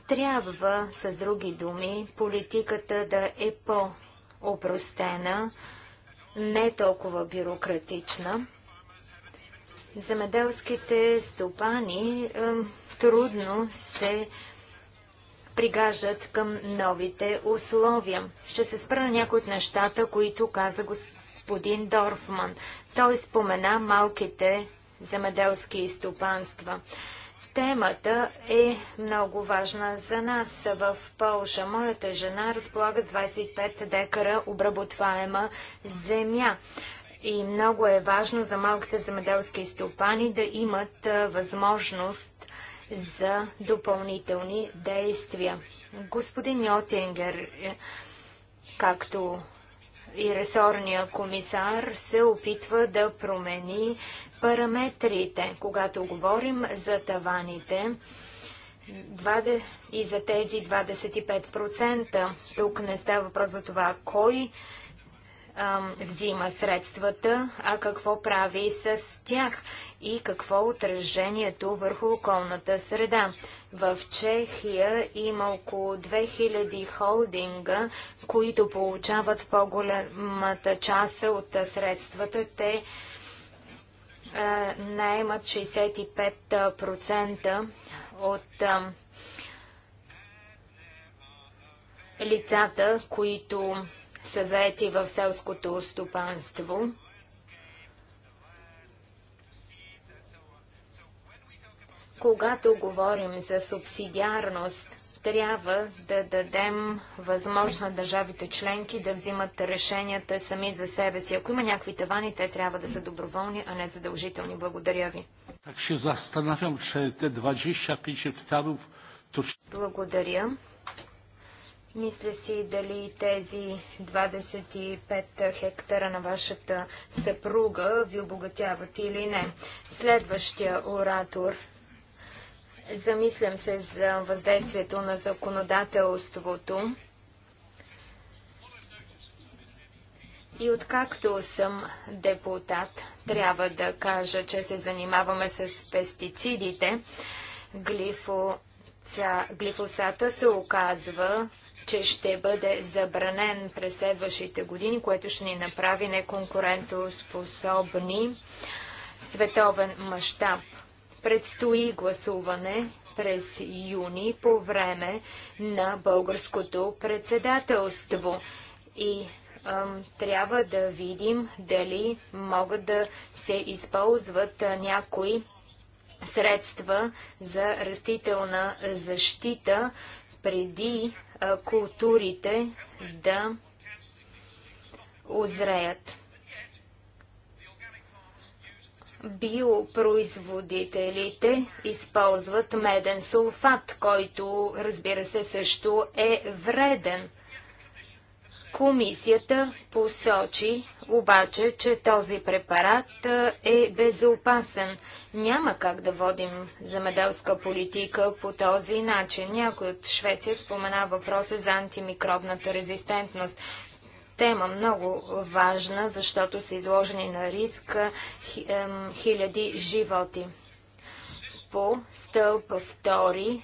Трябва, с други думи, политиката да е по-опростена, не толкова бюрократична Земеделските стопани е, трудно се пригаждат към новите условия. Ще се спра на някои от нещата, които каза господин Дорфман. Той спомена малките земеделски стопанства. Темата е много важна за нас. В Полша моята жена разполага с 25 декара обработваема земя. И много е важно за малките земеделски стопани да имат възможност за допълнителни действия. Господин Йотингер, е, както и ресорния комисар, се опитва да промени параметрите, когато говорим за таваните и за тези 25%. Тук не става въпрос за това кой взима средствата, а какво прави с тях и какво е отражението върху околната среда. В Чехия има около 2000 холдинга, които получават по-голямата част от средствата. Те а, наемат 65% от лицата, които са заети в селското стопанство. Когато говорим за субсидиарност, трябва да дадем възможност на държавите членки да взимат решенията сами за себе си. Ако има някакви тавани, те трябва да са доброволни, а не задължителни. Благодаря ви. Благодаря. Мисля си дали тези 25 хектара на вашата съпруга ви обогатяват или не. Следващия оратор. Замислям се за въздействието на законодателството. И откакто съм депутат, трябва да кажа, че се занимаваме с пестицидите. Глифо... Глифосата се оказва че ще бъде забранен през следващите години, което ще ни направи неконкурентоспособни световен мащаб. Предстои гласуване през юни по време на българското председателство и трябва да видим дали могат да се използват някои средства за растителна защита преди културите да озреят. Биопроизводителите използват меден сулфат, който разбира се също е вреден Комисията посочи обаче, че този препарат е безопасен. Няма как да водим замеделска политика по този начин. Някой от Швеция спомена въпроса за антимикробната резистентност. Тема много важна, защото са изложени на риск хиляди животи. По стълб втори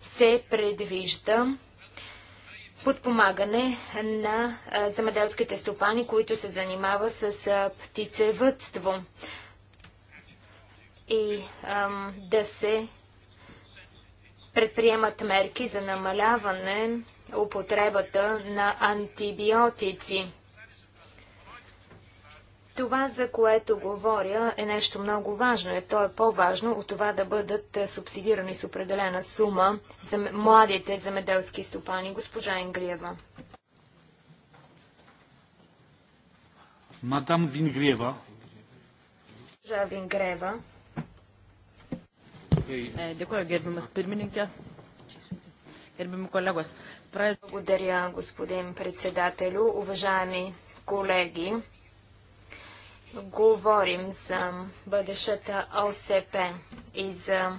се предвижда подпомагане на земеделските стопани, които се занимава с птицевътство и ам, да се предприемат мерки за намаляване употребата на антибиотици. Това, за което говоря, е нещо много важно. Е, то е по-важно от това да бъдат е, субсидирани с определена сума за младите замеделски стопани. Госпожа Ингриева. Мадам Вингриева. Госпожа Вингрева. Е, колегос. Благодаря, господин председателю. Уважаеми колеги, говорим за бъдещата ОСП и за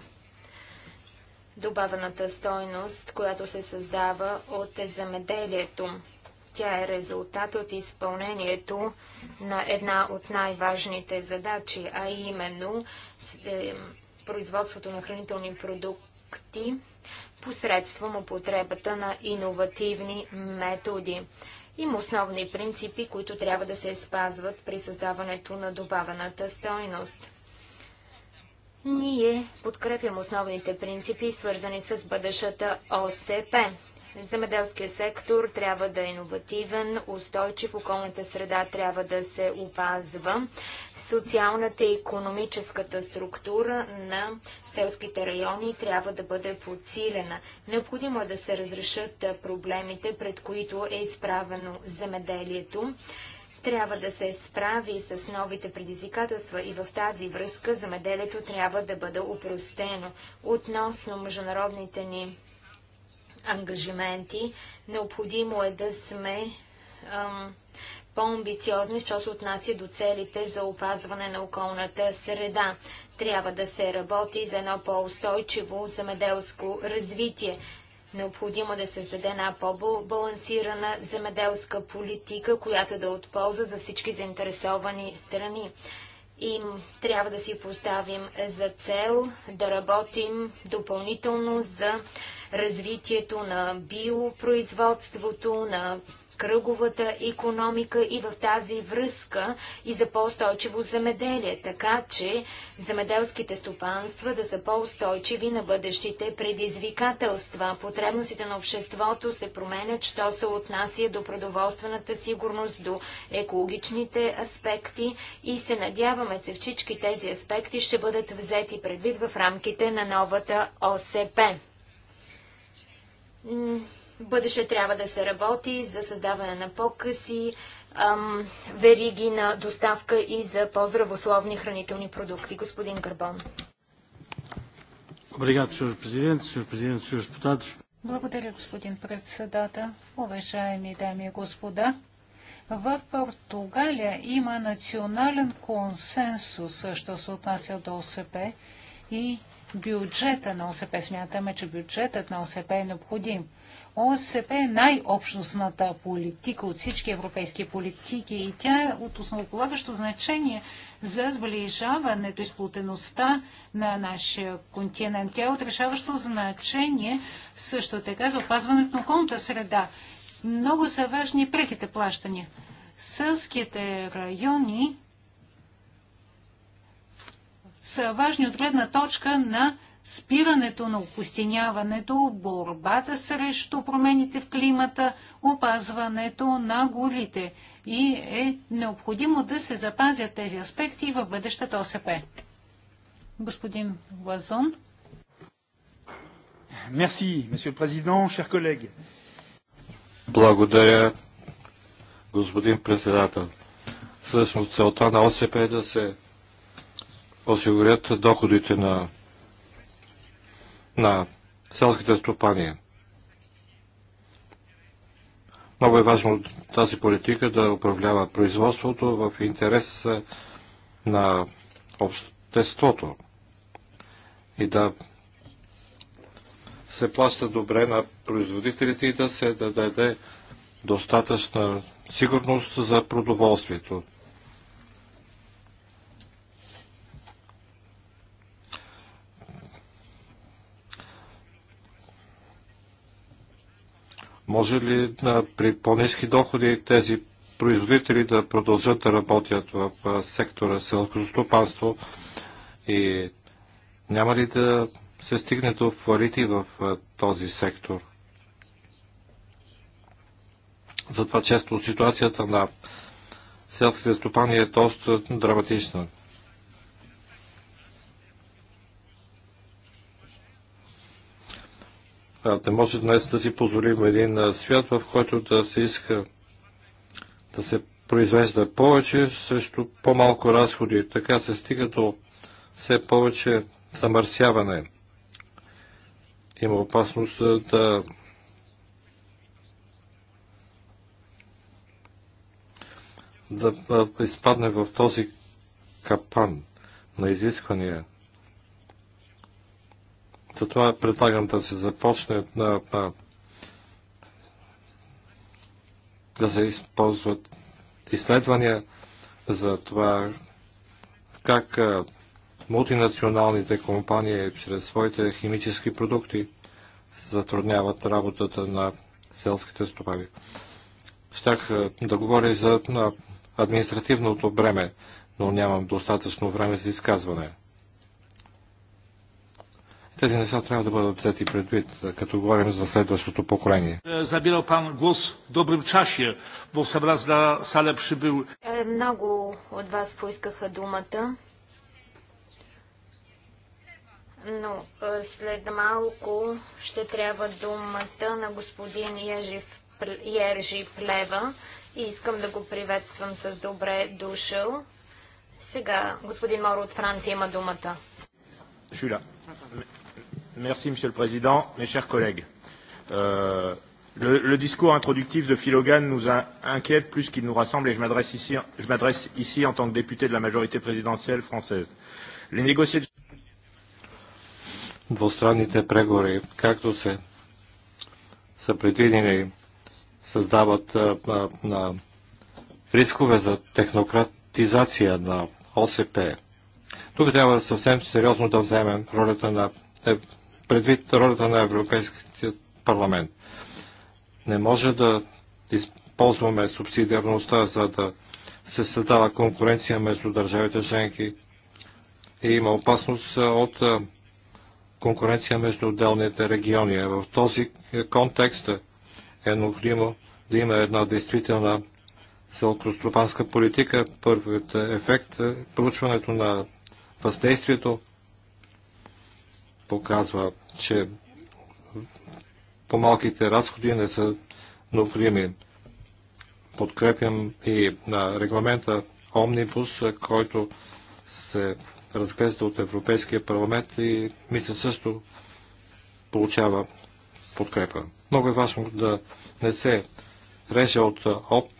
добавената стойност, която се създава от земеделието. Тя е резултат от изпълнението на една от най-важните задачи, а именно е, производството на хранителни продукти посредством употребата на иновативни методи. Има основни принципи, които трябва да се спазват при създаването на добавената стойност. Ние подкрепям основните принципи, свързани с бъдещата ОСП. Земеделския сектор трябва да е иновативен, устойчив, околната среда трябва да се опазва. Социалната и економическата структура на селските райони трябва да бъде подсилена. Необходимо е да се разрешат проблемите, пред които е изправено земеделието трябва да се справи с новите предизвикателства и в тази връзка замеделието трябва да бъде упростено. Относно международните ни ангажименти. Необходимо е да сме по-амбициозни, що се отнася до целите за опазване на околната среда. Трябва да се работи за едно по-устойчиво земеделско развитие. Необходимо да се създаде една по-балансирана земеделска политика, която да е отполза за всички заинтересовани страни. И трябва да си поставим за цел да работим допълнително за развитието на биопроизводството, на кръговата економика и в тази връзка и за по-устойчиво земеделие, така че земеделските стопанства да са по-устойчиви на бъдещите предизвикателства. Потребностите на обществото се променят, що се отнася до продоволствената сигурност, до екологичните аспекти и се надяваме, че всички тези аспекти ще бъдат взети предвид в рамките на новата ОСП бъдеще трябва да се работи за създаване на по-къси вериги на доставка и за по-здравословни хранителни продукти. Господин Гарбон. Благодаря, господин председател. Уважаеми дами и господа, в Португалия има национален консенсус, що се отнася до ОСП и бюджета на ОСП. Смятаме, че бюджетът на ОСП е необходим. ОСП е най-общностната политика от всички европейски политики и тя е от основополагащо значение за сближаването и сплутеността на нашия континент. Тя е от решаващо значение също така за опазването на околната среда. Много са важни преките плащания. Сълските райони са важни от гледна точка на спирането на опустиняването, борбата срещу промените в климата, опазването на горите. И е необходимо да се запазят тези аспекти в бъдещата ОСП. Господин Лазон. Мерси, месье президент, шер колеги. Благодаря, господин председател. Всъщност целта на ОСП е да се осигурят доходите на, на селските стопания. Много е важно тази политика да управлява производството в интерес е, на обществото и да се плаща добре на производителите и да се даде достатъчна сигурност за продоволствието. Може ли при по-низки доходи тези производители да продължат да работят в сектора селското стопанство и няма ли да се стигне до фалити в този сектор? Затова често ситуацията на селските стопани е доста драматична. да може днес да си позволим един свят, в който да се иска да се произвежда повече срещу по-малко разходи. Така се стига до все повече замърсяване. Има опасност да да изпадне в този капан на изисквания. Затова предлагам да се започне на, на, да се използват изследвания за това как мултинационалните компании чрез своите химически продукти затрудняват работата на селските стопани. Щях да говоря и за административното бреме, но нямам достатъчно време за изказване. Тези неща трябва да бъдат взети предвид, като говорим за следващото поколение. Е, забирал пан глас в добрим чаше, в събраз саля прибил. Е, много от вас поискаха думата. Но е, след малко ще трябва думата на господин Ержи Плева и искам да го приветствам с добре дошъл. Сега господин Моро от Франция има думата. Жуля. Merci, Monsieur le Président, mes chers collègues. Euh, le, le discours introductif de Philogan nous a, inquiète plus qu'il nous rassemble et je m'adresse ici, ici en tant que député de la majorité présidentielle française. Les négociations. Двустранните преговори, както се са предвидени, създават а, а, рискове за технократизация на ОСП. Тук трябва съвсем сериозно да вземем ролята на предвид ролята на Европейския парламент. Не може да използваме субсидиарността, за да се създава конкуренция между държавите членки и има опасност от конкуренция между отделните региони. В този контекст е необходимо да има една действителна селкостопанска политика. Първият ефект е проучването на въздействието показва, че по-малките разходи не са необходими. Подкрепям и на регламента Омнибус, който се разглежда от Европейския парламент и мисля също получава подкрепа. Много е важно да не се реже от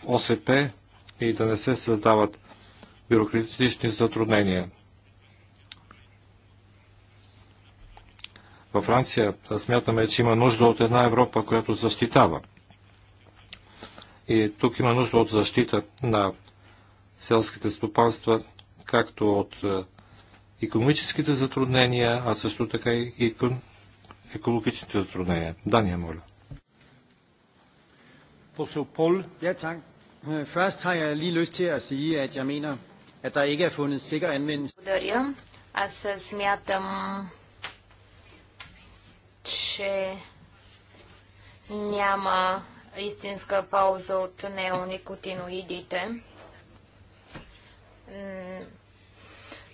ОСП и да не се създават бюрократични затруднения. Във Франция смятаме, че има нужда от една Европа, която защитава. И тук има нужда от защита на селските стопанства, както от економическите затруднения, а също така и екологичните затруднения. Дания, моля. Посол Пол. Ja, tak. Først har jeg lige lyst til at sige, at jeg mener, at der ikke er fundet sikker anvendelse. Благодаря. Аз смятам, че няма истинска полза от неоникотиноидите.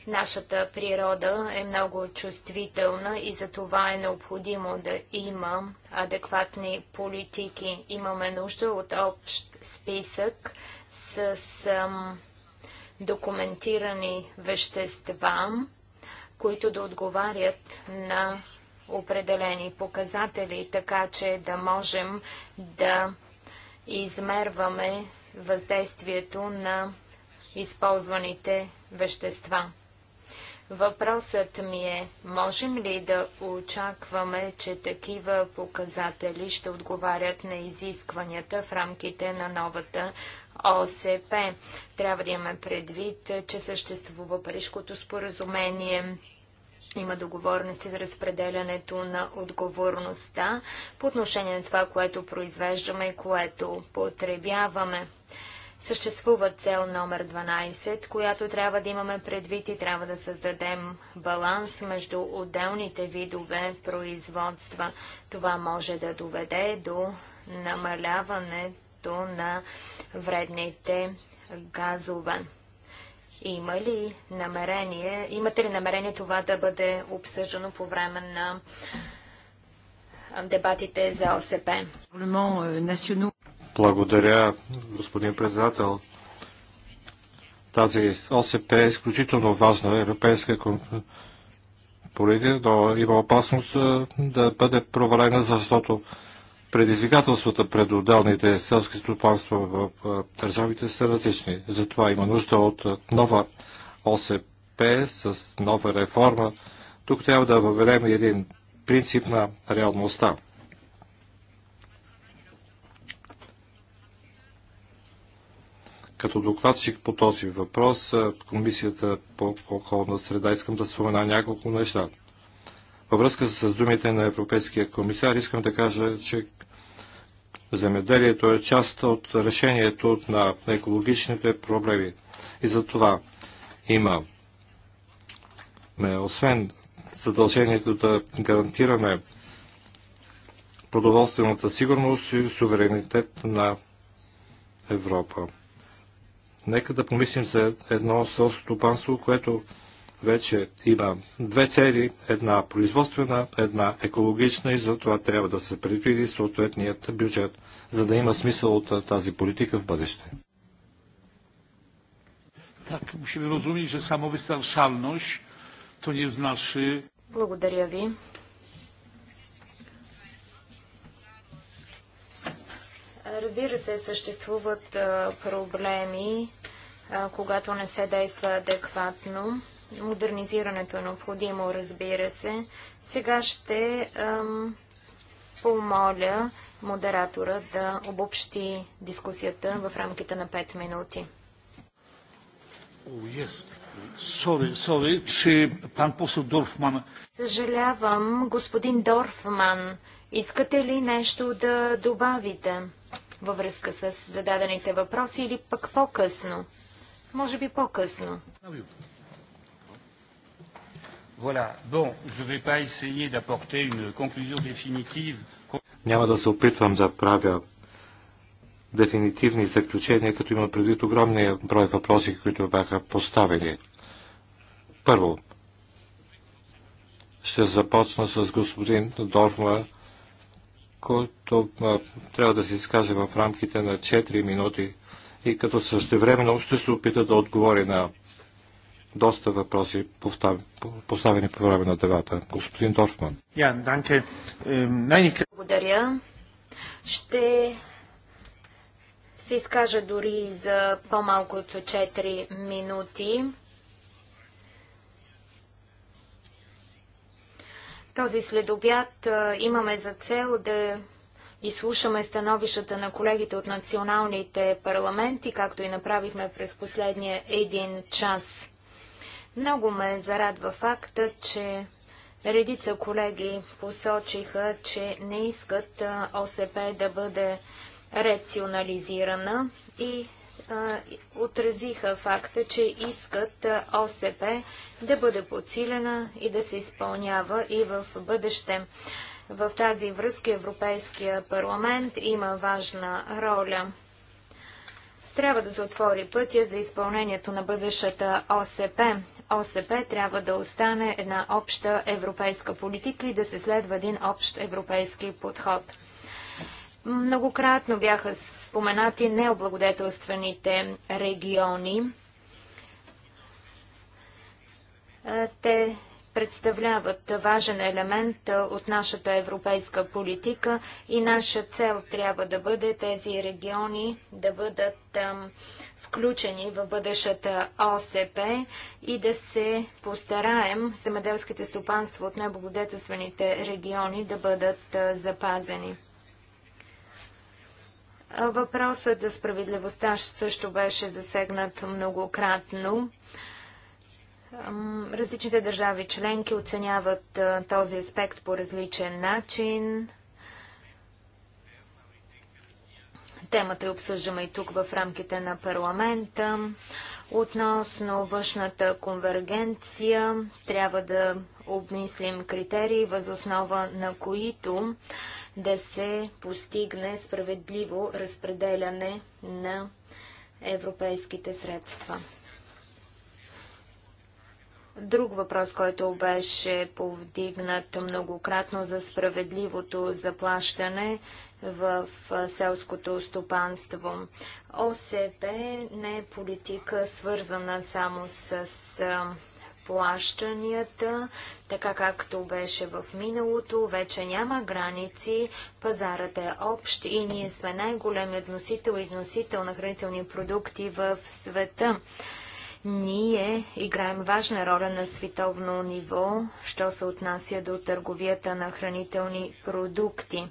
Нашата природа е много чувствителна и за това е необходимо да има адекватни политики. Имаме нужда от общ списък с документирани вещества, които да отговарят на определени показатели, така че да можем да измерваме въздействието на използваните вещества. Въпросът ми е, можем ли да очакваме, че такива показатели ще отговарят на изискванията в рамките на новата ОСП? Трябва да имаме предвид, че съществува Парижкото споразумение, има договорности за разпределянето на отговорността по отношение на това, което произвеждаме и което потребяваме. Съществува цел номер 12, която трябва да имаме предвид и трябва да създадем баланс между отделните видове производства. Това може да доведе до намаляването на вредните газове. Има ли намерение, имате ли намерение това да бъде обсъждано по време на дебатите за ОСП? Благодаря, господин председател. Тази ОСП е изключително важна европейска политика, но има опасност да бъде провалена, защото предизвикателствата пред отделните селски стопанства в държавите са различни. Затова има нужда от нова ОСП с нова реформа. Тук трябва да въведем един принцип на реалността. Като докладчик по този въпрос, Комисията по околна среда искам да спомена няколко неща. Във връзка с думите на Европейския комисар, искам да кажа, че Земеделието е част от решението на екологичните проблеми. И за това има освен задължението да гарантираме продоволствената сигурност и суверенитет на Европа. Нека да помислим за едно селско което вече има две цели, една производствена, една екологична и за това трябва да се предвиди съответният бюджет, за да има смисъл от тази политика в бъдеще. мусим разуми, че само висършалност, то не значи... Благодаря ви. Разбира се, съществуват проблеми, когато не се действа адекватно. Модернизирането е необходимо, разбира се. Сега ще ам, помоля модератора да обобщи дискусията в рамките на 5 минути. sorry, sorry, че пан Дорфман... Съжалявам, господин Дорфман, искате ли нещо да добавите във връзка с зададените въпроси или пък по-късно? Може би по-късно. Voilà. Bon, je vais pas essayer d'apporter une conclusion définitive. Няма да се опитвам да правя дефинитивни заключения, като имам предвид огромния брой въпроси, които бяха поставени. Първо, ще започна с господин Дорфмар, който а, трябва да се изкаже в рамките на 4 минути и като същевременно ще се опита да отговори на доста въпроси поставени по време на дебата. Господин Дорфман. Е, Благодаря. Ще се изкажа дори за по-малко от 4 минути. Този следобят е, имаме за цел да изслушаме становищата на колегите от националните парламенти, както и направихме през последния един час. Много ме зарадва факта, че редица колеги посочиха, че не искат ОСП да бъде рационализирана и отразиха факта, че искат ОСП да бъде подсилена и да се изпълнява и в бъдеще. В тази връзка Европейския парламент има важна роля. Трябва да се отвори пътя за изпълнението на бъдещата ОСП. ОСП трябва да остане една обща европейска политика и да се следва един общ европейски подход. Многократно бяха споменати необлагодетелстваните региони. Е, те представляват важен елемент от нашата европейска политика и наша цел трябва да бъде тези региони да бъдат включени в бъдещата ОСП и да се постараем земеделските стопанства от неблагодетелствените региони да бъдат запазени. Въпросът за справедливостта също беше засегнат многократно. Различните държави членки оценяват този аспект по различен начин. Темата е обсъждаме и тук в рамките на парламента. Относно външната конвергенция, трябва да обмислим критерии, възоснова на които да се постигне справедливо разпределяне на европейските средства. Друг въпрос, който беше повдигнат многократно за справедливото заплащане в селското стопанство. ОСП не е политика свързана само с плащанията, така както беше в миналото, вече няма граници, пазарът е общ и ние сме най-големият носител и износител на хранителни продукти в света. Ние играем важна роля на световно ниво, що се отнася до търговията на хранителни продукти.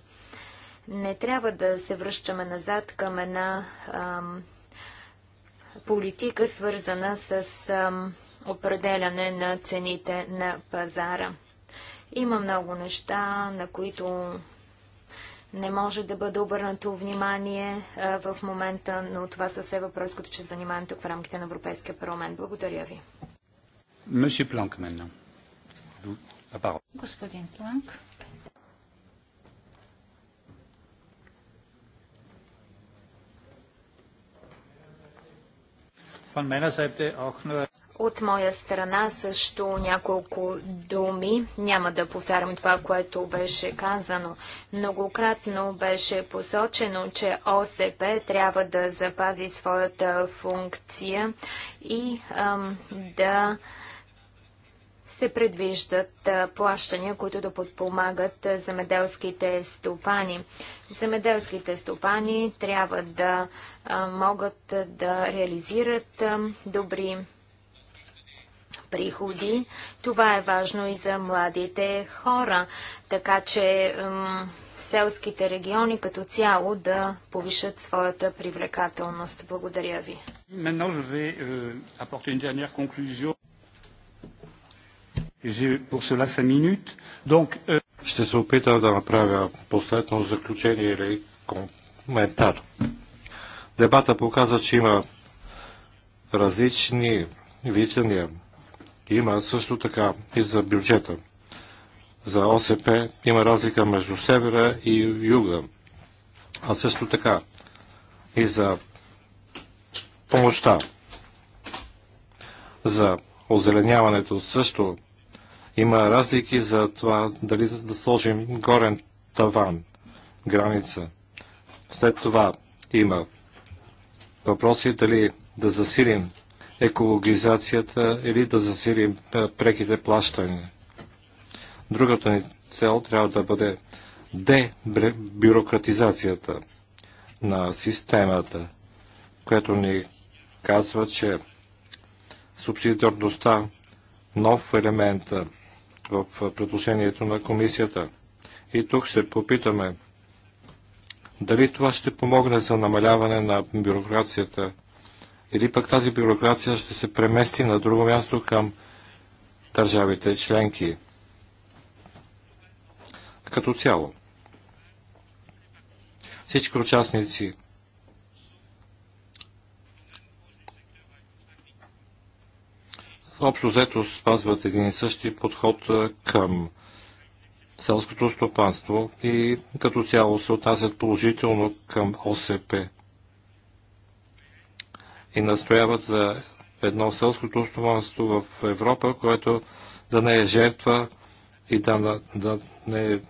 Не трябва да се връщаме назад към една ам, политика, свързана с ам, определяне на цените на пазара. Има много неща, на които не може да бъде обърнато внимание в момента, но това са все въпроси, които ще занимавам тук в рамките на Европейския парламент. Благодаря ви. Планк, Господин Планк. Von meiner Seite auch nur от моя страна също няколко думи. Няма да повтарям това, което беше казано. Многократно беше посочено, че ОСП трябва да запази своята функция и ам, да се предвиждат плащания, които да подпомагат земеделските стопани. Земеделските стопани трябва да а, могат да реализират добри приходи. Това е важно и за младите хора, така че селските региони като цяло да повишат своята привлекателност. Благодаря ви. Euh, euh, Ще се опитам да направя последно заключение или коментар. Дебата показа, че има различни виждания има също така и за бюджета. За ОСП има разлика между севера и юга. А също така и за помощта. За озеленяването също има разлики за това дали да сложим горен таван, граница. След това има въпроси дали да засилим екологизацията или да засилим преките плащания. Другата ни цел трябва да бъде дебюрократизацията на системата, която ни казва, че субсидиорността нов елемент в предложението на комисията. И тук се попитаме дали това ще помогне за намаляване на бюрокрацията или пък тази бюрокрация ще се премести на друго място към държавите членки. Като цяло, всички участници общо взето спазват един и същи подход към селското стопанство и като цяло се отнасят положително към ОСП и настояват за едно селското стоманство в Европа, което да не е жертва и да, да не е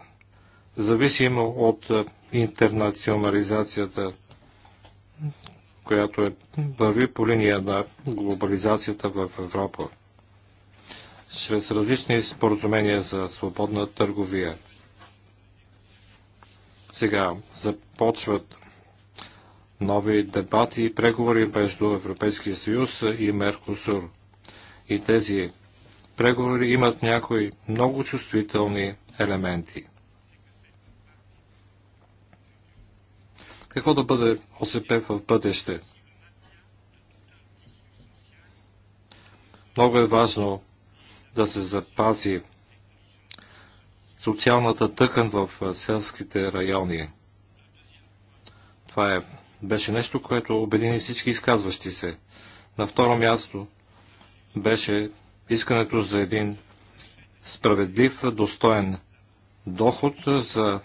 зависимо от интернационализацията, която е, върви по линия на глобализацията в Европа чрез различни споразумения за свободна търговия. Сега започват нови дебати и преговори между Европейския съюз и Меркосур. И тези преговори имат някои много чувствителни елементи. Какво да бъде ОСП в бъдеще? Много е важно да се запази социалната тъкан в селските райони. Това е беше нещо, което обедини всички изказващи се. На второ място беше искането за един справедлив, достоен доход за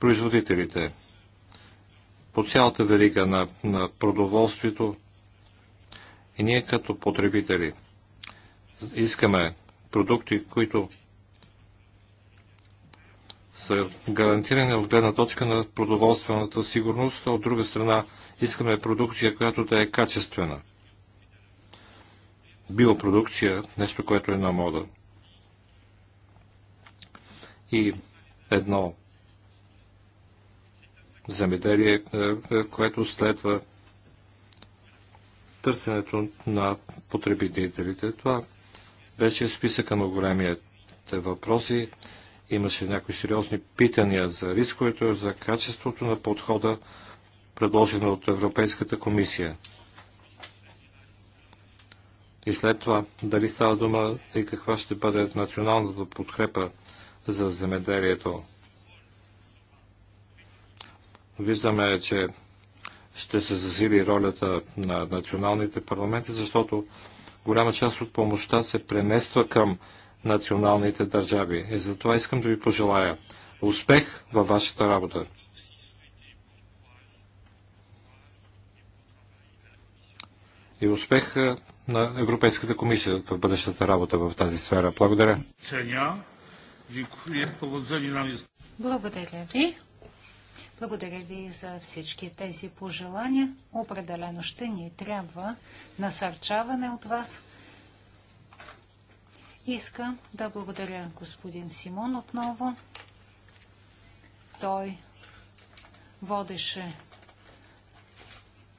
производителите по цялата верига на, на продоволствието и ние като потребители искаме продукти, които са гарантирани от гледна точка на продоволствената сигурност, а от друга страна искаме продукция, която да е качествена. Биопродукция, нещо, което е на мода. И едно земеделие, е, е, което следва търсенето на потребителите. Това беше списъка на големите въпроси. Имаше някои сериозни питания за рисковето, за качеството на подхода, предложено от Европейската комисия. И след това, дали става дума и каква ще бъде националната подкрепа за земеделието. Виждаме, че ще се засили ролята на националните парламенти, защото голяма част от помощта се премества към националните държави. И за това искам да ви пожелая успех във вашата работа. И успех на Европейската комисия в бъдещата работа в тази сфера. Благодаря. Благодаря ви. Благодаря ви за всички тези пожелания. Определено ще ни трябва насърчаване от вас Искам да благодаря господин Симон отново. Той водеше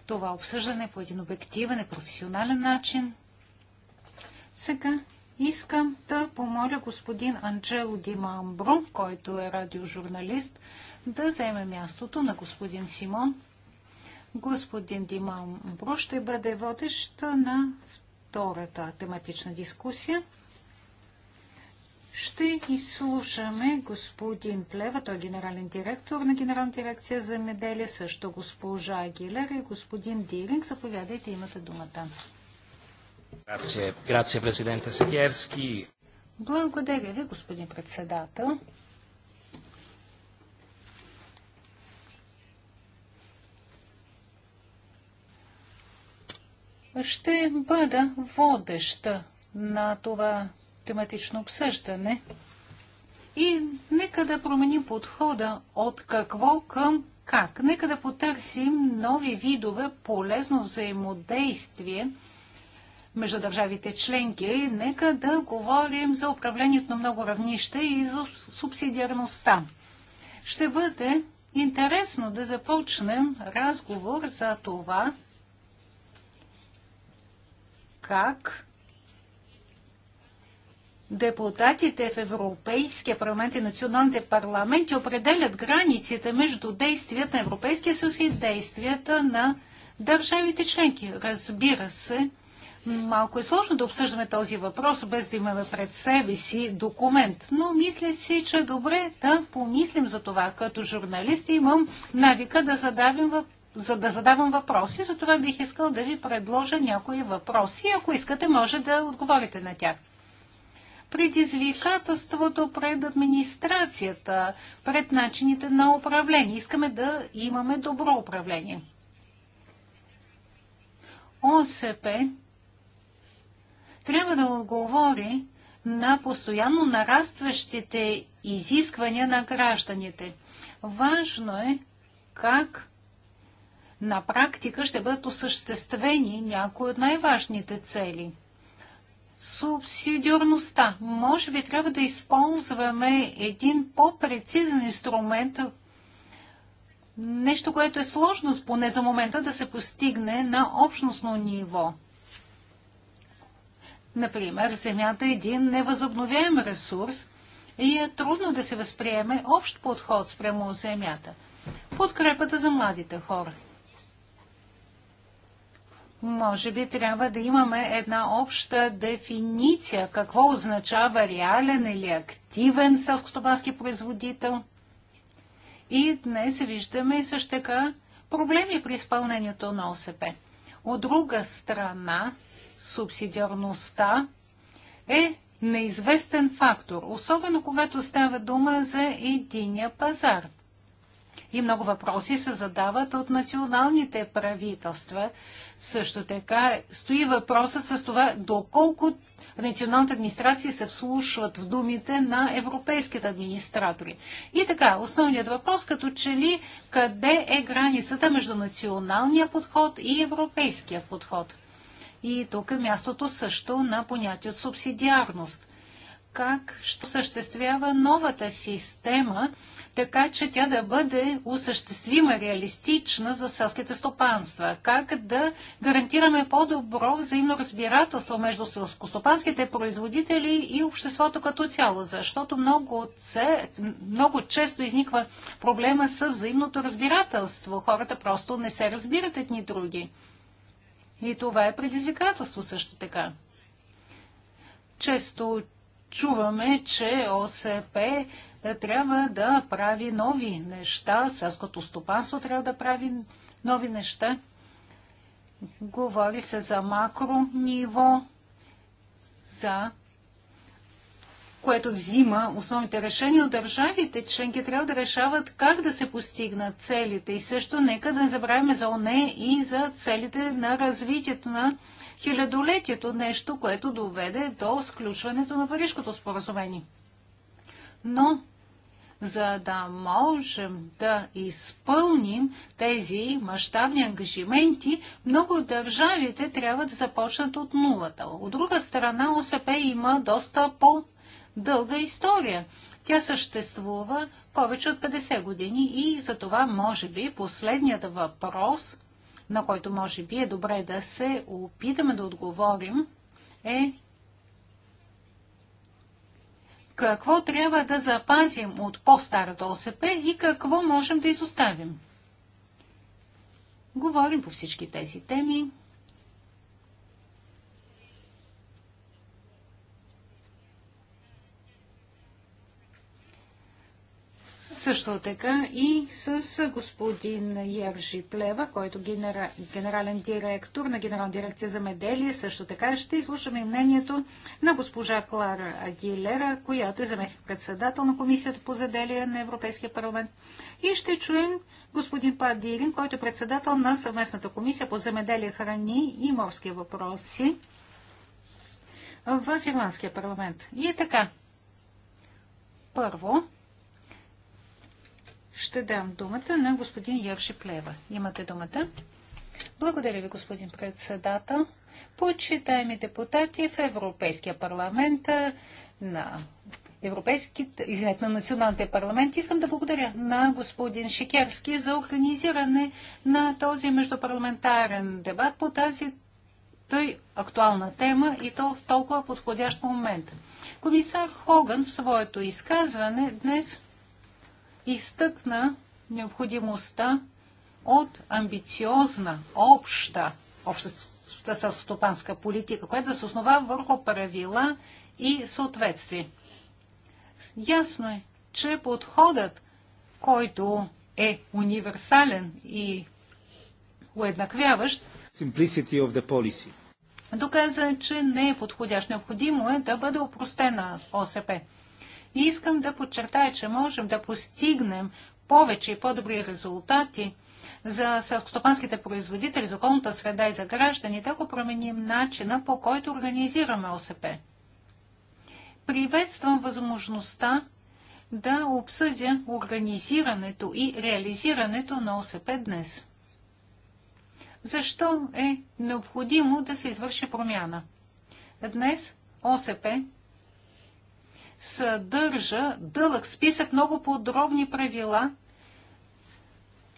това обсъждане по един обективен и професионален начин. Сега искам да помоля господин Анджело Димамбро, който е радиожурналист, да вземе мястото на господин Симон. Господин Димамбро ще бъде водещ на втората тематична дискусия ще изслушаме господин Плева, той е генерален директор на Генерална дирекция за меделие, също госпожа Агилер и господин Дилинг. Заповядайте, имате думата. Грация, президента Сегерски. Благодаря ви, господин председател. Ще бъда водеща на това тематично обсъждане. И нека да променим подхода от какво към как. Нека да потърсим нови видове полезно взаимодействие между държавите членки. Нека да говорим за управлението на много равнища и за субсидиарността. Ще бъде интересно да започнем разговор за това как депутатите в Европейския парламент и националните парламенти определят границите между действията на Европейския съюз и действията на държавите членки. Разбира се, малко е сложно да обсъждаме този въпрос, без да имаме пред себе си документ. Но мисля си, че е добре да помислим за това. Като журналист имам навика да задавам въпроси за да задавам въпроси, затова бих искал да ви предложа някои въпроси. Ако искате, може да отговорите на тях предизвикателството пред администрацията, пред начините на управление. Искаме да имаме добро управление. ОСП трябва да отговори на постоянно нарастващите изисквания на гражданите. Важно е как на практика ще бъдат осъществени някои от най-важните цели – субсидиорността. Може би трябва да използваме един по-прецизен инструмент, нещо, което е сложно поне за момента да се постигне на общностно ниво. Например, земята е един невъзобновяем ресурс и е трудно да се възприеме общ подход спрямо земята. Подкрепата за младите хора може би трябва да имаме една обща дефиниция какво означава реален или активен селскостопански производител. И днес виждаме и също така проблеми при изпълнението на ОСП. От друга страна, субсидиарността е неизвестен фактор, особено когато става дума за единия пазар и много въпроси се задават от националните правителства. Също така стои въпросът с това доколко националните администрации се вслушват в думите на европейските администратори. И така, основният въпрос като че ли къде е границата между националния подход и европейския подход? И тук е мястото също на понятие от субсидиарност – как ще съществява новата система, така че тя да бъде осъществима, реалистична за селските стопанства. Как да гарантираме по-добро взаимно разбирателство между селскостопанските производители и обществото като цяло, защото много, це, много често изниква проблема с взаимното разбирателство. Хората просто не се разбират едни други. И това е предизвикателство също така. Често чуваме, че ОСП е, трябва да прави нови неща, селското стопанство трябва да прави нови неща. Говори се за макро ниво, за което взима основните решения от държавите. Членки трябва да решават как да се постигнат целите. И също нека да не забравяме за ОНЕ и за целите на развитието на хилядолетието, нещо, което доведе до сключването на Парижкото споразумение. Но за да можем да изпълним тези мащабни ангажименти, много от държавите трябва да започнат от нулата. От друга страна, ОСП има доста по-дълга история. Тя съществува повече от 50 години и за това, може би, последният въпрос на който може би е добре да се опитаме да отговорим, е какво трябва да запазим от по-старата ОСП и какво можем да изоставим. Говорим по всички тези теми. също така и с господин Ержи Плева, който генера... генерален директор на Генерална дирекция за меделие. Също така ще изслушаме мнението на госпожа Клара Агилера, която е заместник председател на Комисията по заделие на Европейския парламент. И ще чуем господин Падирин, който е председател на съвместната комисия по земеделие, храни и морски въпроси в Ирландския парламент. И е така, първо, ще дам думата на господин Йорши Плева. Имате думата. Благодаря ви, господин председател. Почитаеми депутати в Европейския парламент на европейските, извинете, на националните парламенти. Искам да благодаря на господин Шикерски за организиране на този междупарламентарен дебат по тази той актуална тема и то в толкова подходящ момент. Комисар Хоган в своето изказване днес изтъкна необходимостта от амбициозна, обща, обща стопанска политика, която да се основа върху правила и съответствие. Ясно е, че подходът, който е универсален и уеднаквяващ, доказа, че не е подходящ. Необходимо е да бъде опростена ОСП. И искам да подчертая, че можем да постигнем повече и по-добри резултати за селскостопанските производители, за околната среда и за гражданите, ако променим начина по който организираме ОСП. Приветствам възможността да обсъдя организирането и реализирането на ОСП днес. Защо е необходимо да се извърши промяна? Днес ОСП съдържа дълъг списък много подробни правила,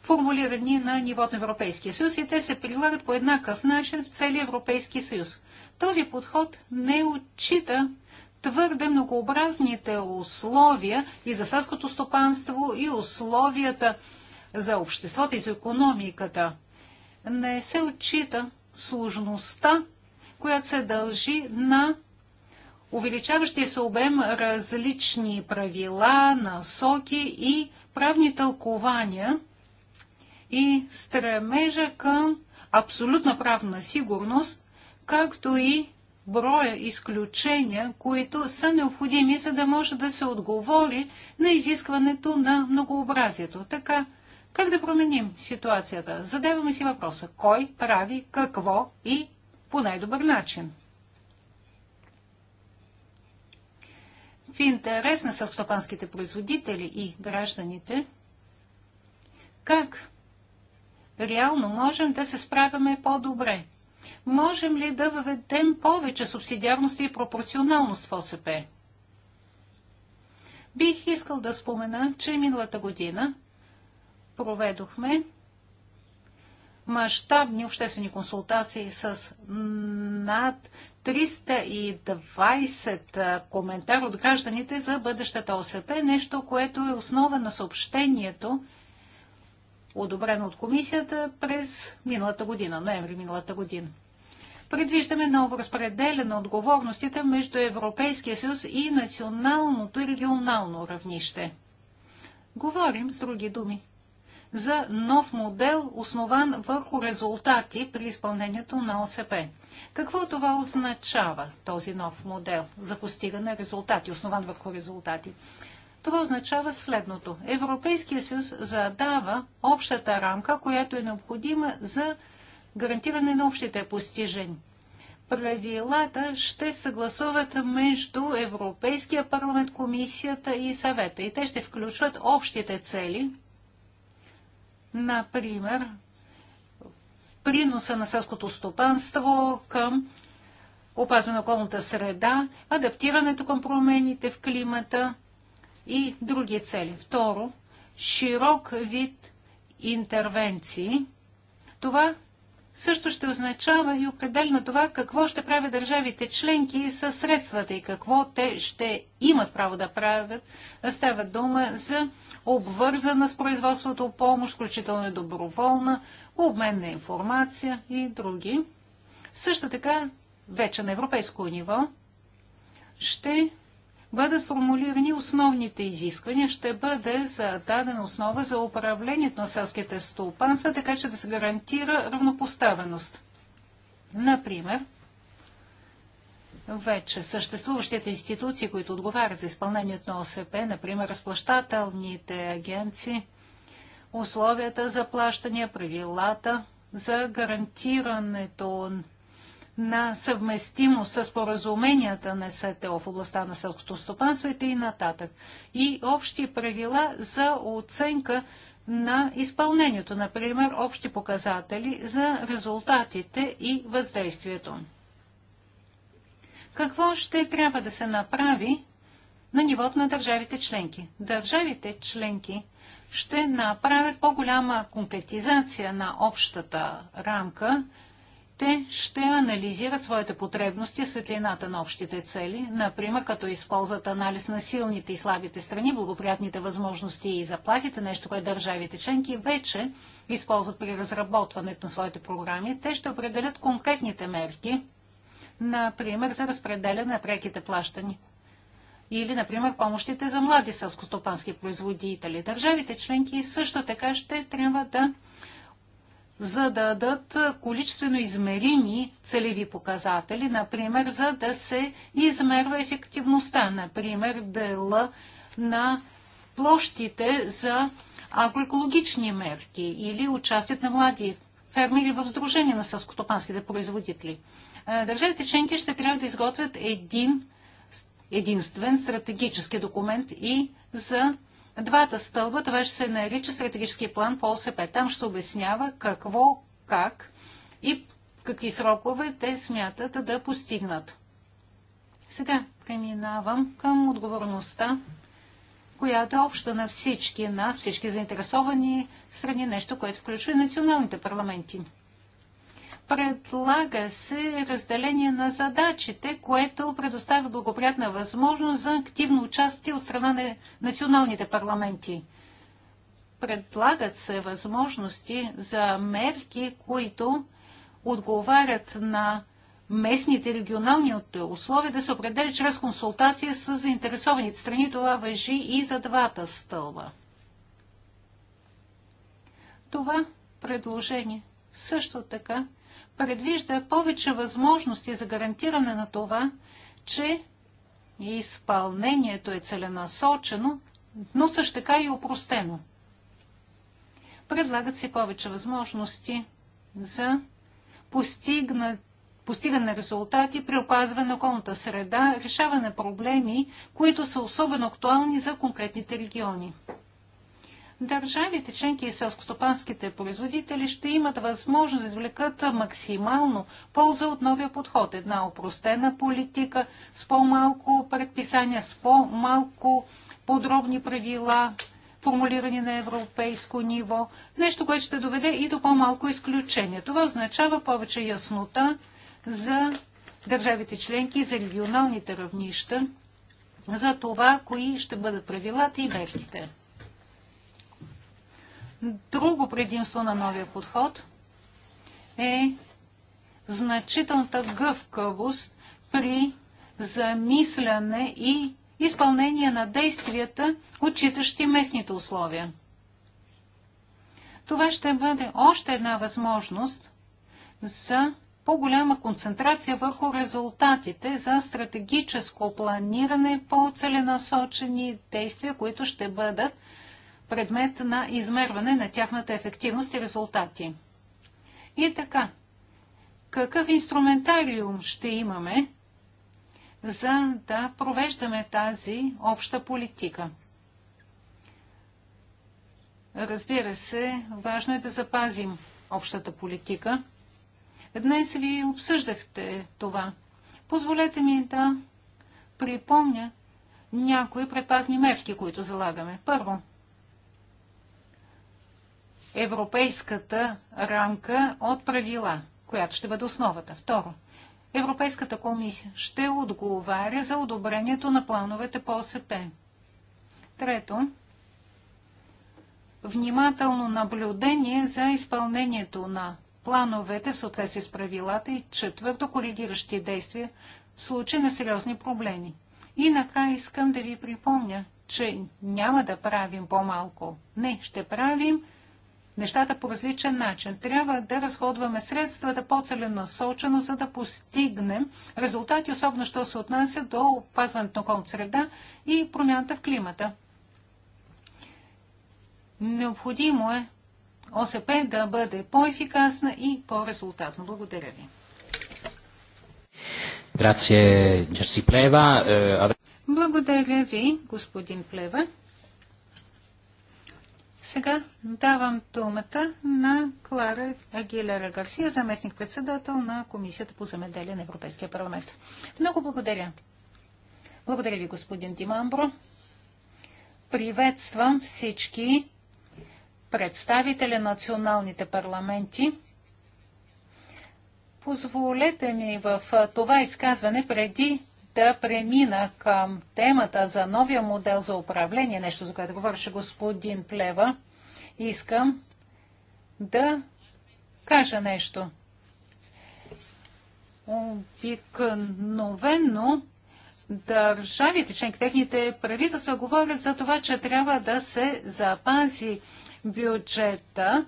формулирани на нивото на Европейския съюз и те се прилагат по еднакъв начин в целия Европейски съюз. Този подход не отчита твърде многообразните условия и за селското стопанство, и условията за обществото и за економиката. Не се отчита сложността, която се дължи на увеличаващия се обем различни правила, насоки и правни тълкования и стремежа към абсолютна правна сигурност, както и броя изключения, които са необходими, за да може да се отговори на изискването на многообразието. Така, как да променим ситуацията? Задаваме си въпроса кой прави какво и по най-добър начин. в интерес на съвстопанските производители и гражданите, как реално можем да се справяме по-добре? Можем ли да въведем повече субсидиарност и пропорционалност в ОСП? Бих искал да спомена, че миналата година проведохме мащабни обществени консултации с над 320 коментар от гражданите за бъдещата ОСП, нещо, което е основа на съобщението, одобрено от комисията през миналата година, ноември миналата година. Предвиждаме ново разпределение на отговорностите между Европейския съюз и националното и регионално равнище. Говорим, с други думи, за нов модел, основан върху резултати при изпълнението на ОСП. Какво това означава, този нов модел за постигане резултати, основан върху резултати? Това означава следното. Европейския съюз задава общата рамка, която е необходима за гарантиране на общите постижения. Правилата ще съгласуват между Европейския парламент, комисията и съвета и те ще включват общите цели – Например, приноса на селското стопанство към опазване на околната среда, адаптирането към промените в климата и други цели. Второ, широк вид интервенции. Това също ще означава и определено това какво ще правят държавите членки с средствата и какво те ще имат право да правят. Става дума за обвързана с производството помощ, включително и доброволна, обмен на информация и други. Също така, вече на европейско ниво ще бъдат формулирани основните изисквания, ще бъде зададена основа за управлението на селските стопанства, така че да се гарантира равнопоставеност. Например, вече съществуващите институции, които отговарят за изпълнението на ОСП, например разплащателните агенции, условията за плащания, правилата за гарантирането на съвместимост с поразуменията на СТО в областта на селското стопанство и нататък. И общи правила за оценка на изпълнението, например, общи показатели за резултатите и въздействието. Какво ще трябва да се направи на нивото на държавите членки? Държавите членки ще направят по-голяма конкретизация на общата рамка те ще анализират своите потребности в светлината на общите цели, например като използват анализ на силните и слабите страни, благоприятните възможности и заплахите, нещо, което държавите членки вече използват при разработването на своите програми. Те ще определят конкретните мерки, например за разпределяне на преките плащани или, например, помощите за млади селскостопански производители. Държавите членки също така ще трябва да за да дадат количествено измерими целеви показатели, например, за да се измерва ефективността, например, дела на площите за агроекологични мерки или участието на млади фермери в Сдружение на съскотопанските производители. Е, държавите членки ще трябва да изготвят един единствен стратегически документ и за двата стълба, това ще се нарича стратегически план по ОСП. Там ще обяснява какво, как и какви срокове те смятат да постигнат. Сега преминавам към отговорността, която е обща на всички нас, всички заинтересовани страни, нещо, което включва и националните парламенти. Предлага се разделение на задачите, което предоставя благоприятна възможност за активно участие от страна на националните парламенти. Предлагат се възможности за мерки, които отговарят на местните регионални условия да се определят чрез консултация с заинтересованите страни. Това въжи и за двата стълба. Това предложение също така предвижда повече възможности за гарантиране на това, че изпълнението е целенасочено, но също така и упростено. Предлагат се повече възможности за постигна, постигане на резултати при опазване на околната среда, решаване на проблеми, които са особено актуални за конкретните региони държавите членки и селскостопанските производители ще имат възможност да извлекат максимално полза от новия подход. Една опростена политика с по-малко предписания, с по-малко подробни правила, формулирани на европейско ниво. Нещо, което ще доведе и до по-малко изключение. Това означава повече яснота за държавите членки, за регионалните равнища, за това, кои ще бъдат правилата и мерките. Друго предимство на новия подход е значителната гъвкавост при замисляне и изпълнение на действията, отчитащи местните условия. Това ще бъде още една възможност за по-голяма концентрация върху резултатите за стратегическо планиране по целенасочени действия, които ще бъдат предмет на измерване на тяхната ефективност и резултати. И така, какъв инструментариум ще имаме, за да провеждаме тази обща политика? Разбира се, важно е да запазим общата политика. Днес ви обсъждахте това. Позволете ми да припомня някои предпазни мерки, които залагаме. Първо, европейската рамка от правила, която ще бъде основата. Второ, Европейската комисия ще отговаря за одобрението на плановете по ОСП. Трето, внимателно наблюдение за изпълнението на плановете в съответствие с правилата и четвърто, коригиращи действия в случай на сериозни проблеми. И накрая искам да ви припомня, че няма да правим по-малко. Не, ще правим нещата по различен начин. Трябва да разходваме средствата по-целенасочено, за да постигнем резултати, особено що се отнася до опазването на околната среда и промяната в климата. Необходимо е ОСП да бъде по-ефикасна и по-резултатна. Благодаря ви. Е, Благодаря ви, господин Плева. Сега давам думата на Клара Агилера Гарсия, заместник-председател на Комисията по земеделие на Европейския парламент. Много благодаря. Благодаря ви, господин Димамбро. Приветствам всички представители на националните парламенти. Позволете ми в това изказване преди да премина към темата за новия модел за управление, нещо за което говореше господин Плева, искам да кажа нещо. Обикновено държавите, членки, техните правителства говорят за това, че трябва да се запази бюджета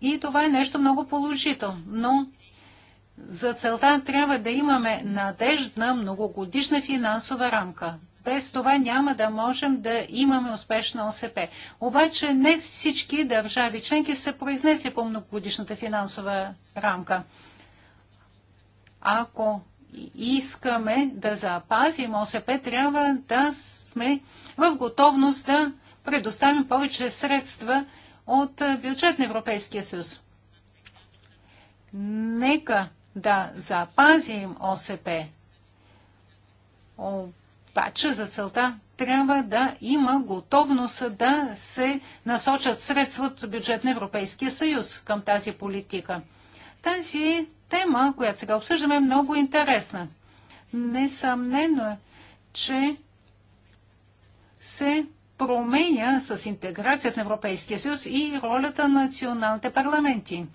и това е нещо много положително. Но за целта трябва да имаме надеждна многогодишна финансова рамка. Без това няма да можем да имаме успешна ОСП. Обаче не всички държави членки са произнесли по многогодишната финансова рамка. Ако искаме да запазим ОСП, трябва да сме в готовност да предоставим повече средства от бюджет на Европейския съюз. Нека да запазим ОСП. Обаче за целта трябва да има готовност да се насочат средства от бюджет на Европейския съюз към тази политика. Тази тема, която сега обсъждаме, е много интересна. Несъмнено е, че се променя с интеграцията на Европейския съюз и ролята на националните парламенти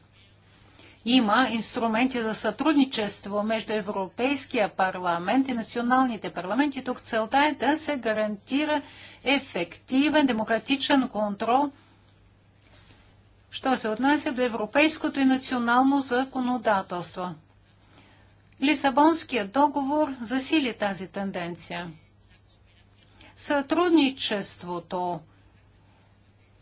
има инструменти за сътрудничество между Европейския парламент и националните парламенти. Тук целта е да се гарантира ефективен демократичен контрол, що се отнася до европейското и национално законодателство. Лисабонският договор засили тази тенденция. Сътрудничеството,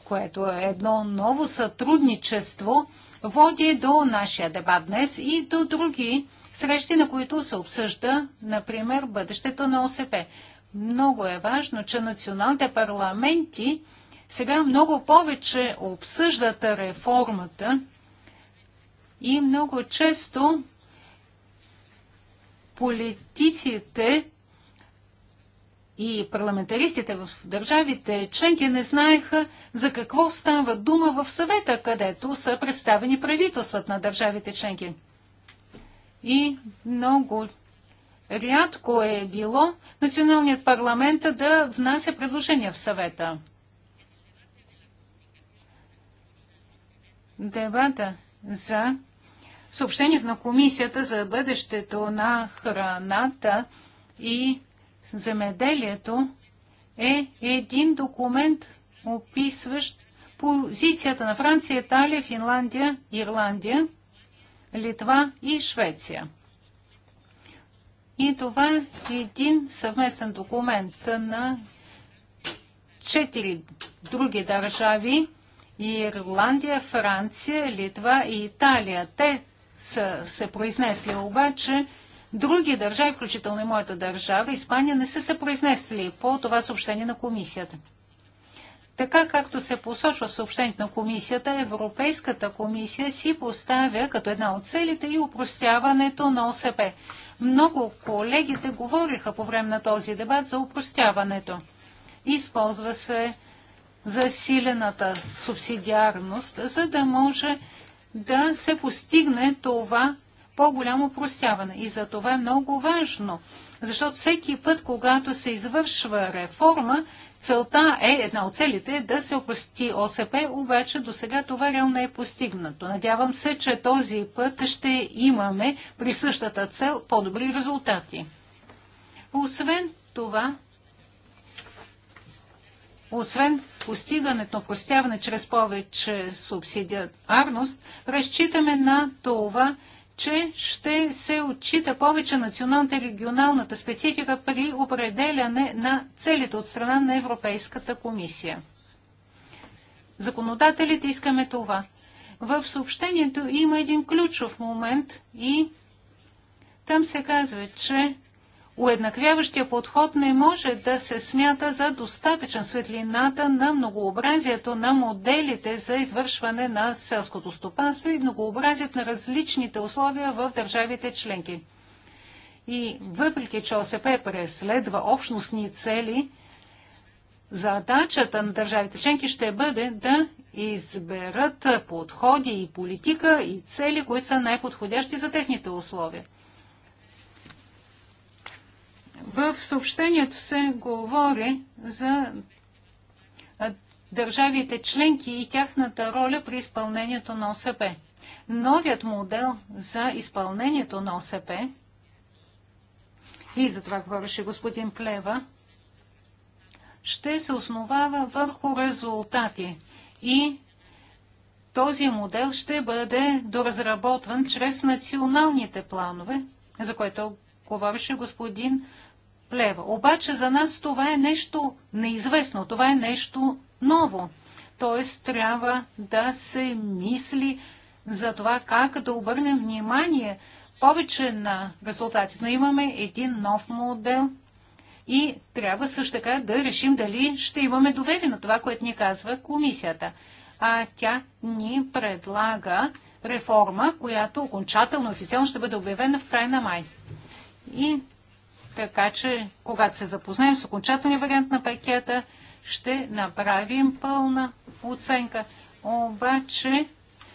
което е едно ново сътрудничество – води до нашия дебат днес и до други срещи, на които се обсъжда, например, бъдещето на ОСП. Много е важно, че националните парламенти сега много повече обсъждат реформата и много често политиците и парламентаристите в държавите членки не знаеха за какво става дума в съвета, където са представени правителствата на държавите членки. И много рядко е било националният парламент да внася предложения в съвета. Дебата за съобщението на комисията за бъдещето на храната и земеделието е един документ, описващ позицията на Франция, Италия, Финландия, Ирландия, Литва и Швеция. И това е един съвместен документ на четири други държави Ирландия, Франция, Литва и Италия. Те са се произнесли обаче Други държави, включително и моята държава, Испания, не са се произнесли по това съобщение на комисията. Така както се посочва в съобщението на комисията, Европейската комисия си поставя като една от целите и упростяването на ОСП. Много колегите говориха по време на този дебат за упростяването. Използва се засилената субсидиарност, за да може да се постигне това по-голямо простяване. И за това е много важно, защото всеки път, когато се извършва реформа, целта е, една от целите е да се опрости ОСП, обаче до сега това реално не е постигнато. Надявам се, че този път ще имаме при същата цел по-добри резултати. Освен това, освен постигането на простяване чрез повече субсидиарност, разчитаме на това, че ще се отчита повече националната и регионалната специфика при определяне на целите от страна на Европейската комисия. Законодателите искаме това. В съобщението има един ключов момент и там се казва, че уеднаквяващия подход не може да се смята за достатъчен светлината на многообразието на моделите за извършване на селското стопанство и многообразието на различните условия в държавите членки. И въпреки, че ОСП преследва общностни цели, задачата на държавите членки ще бъде да изберат подходи и политика и цели, които са най-подходящи за техните условия. В съобщението се говори за държавите членки и тяхната роля при изпълнението на ОСП. Новият модел за изпълнението на ОСП и за това говореше господин Плева, ще се основава върху резултати и този модел ще бъде доразработван чрез националните планове, за което говореше господин лева. Обаче за нас това е нещо неизвестно, това е нещо ново. Тоест трябва да се мисли за това как да обърнем внимание повече на резултати. Но имаме един нов модел и трябва също така да решим дали ще имаме доверие на това, което ни казва комисията. А тя ни предлага реформа, която окончателно официално ще бъде обявена в края на май. И така че когато се запознаем с окончателния вариант на пакета, ще направим пълна оценка. Обаче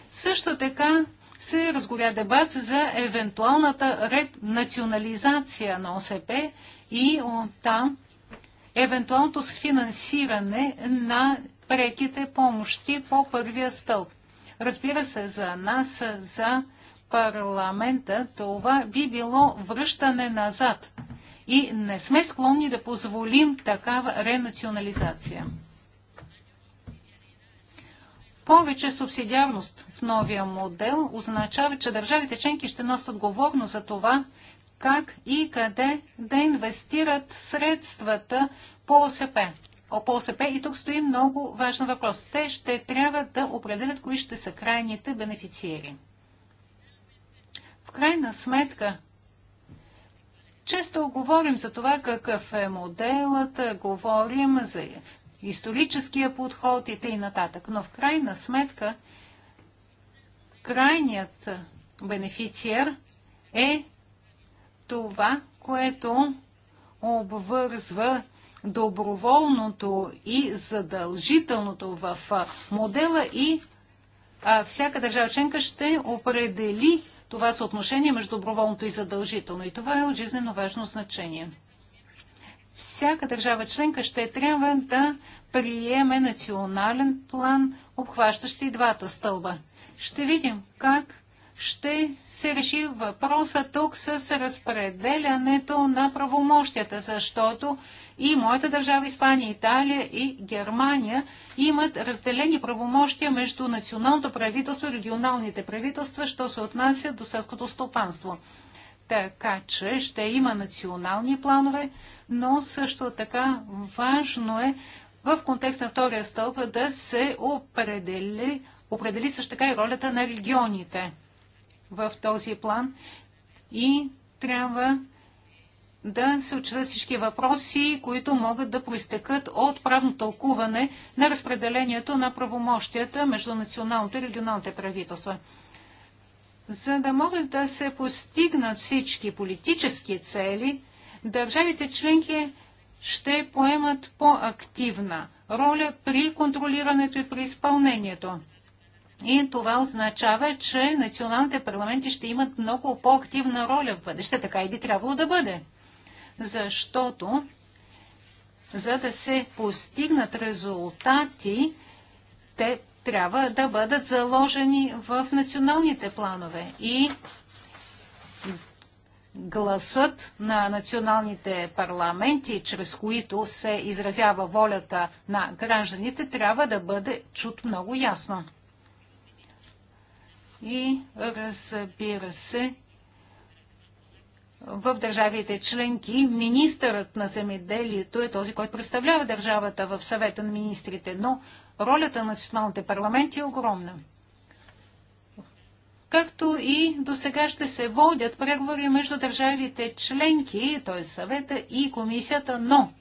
също така се разгоря дебат за евентуалната ред национализация на ОСП и там евентуалното финансиране на преките помощи по първия стълб. Разбира се, за нас, за парламента, това би било връщане назад и не сме склонни да позволим такава ренационализация. Повече субсидиарност в новия модел означава, че държавите членки ще носят отговорно за това, как и къде да инвестират средствата по ОСП. О, по ОСП и тук стои много важен въпрос. Те ще трябва да определят кои ще са крайните бенефициери. В крайна сметка често говорим за това какъв е моделът, говорим за историческия подход и т.н. Но в крайна сметка крайният бенефициер е това, което обвързва доброволното и задължителното в модела и всяка държава членка ще определи това съотношение между доброволното и задължително. И това е от жизнено важно значение. Всяка държава членка ще трябва да приеме национален план, обхващащ и двата стълба. Ще видим как ще се реши въпроса тук с разпределянето на правомощията, защото и моята държава Испания, Италия и Германия – имат разделени правомощия между националното правителство и регионалните правителства, що се отнася до селското стопанство. Така че ще има национални планове, но също така важно е в контекст на втория стълб да се определи, определи също така и ролята на регионите в този план и трябва да се отчитат всички въпроси, които могат да проистекат от правно тълкуване на разпределението на правомощията между националното и регионалните правителства. За да могат да се постигнат всички политически цели, държавите членки ще поемат по-активна роля при контролирането и при изпълнението. И това означава, че националните парламенти ще имат много по-активна роля в бъдеще. Така и би трябвало да бъде защото за да се постигнат резултати, те трябва да бъдат заложени в националните планове. И гласът на националните парламенти, чрез които се изразява волята на гражданите, трябва да бъде чут много ясно. И разбира се, в държавите членки министърът на земеделието е този, който представлява държавата в съвета на министрите, но ролята на националните парламенти е огромна. Както и до сега ще се водят преговори между държавите членки, т.е. съвета и комисията, но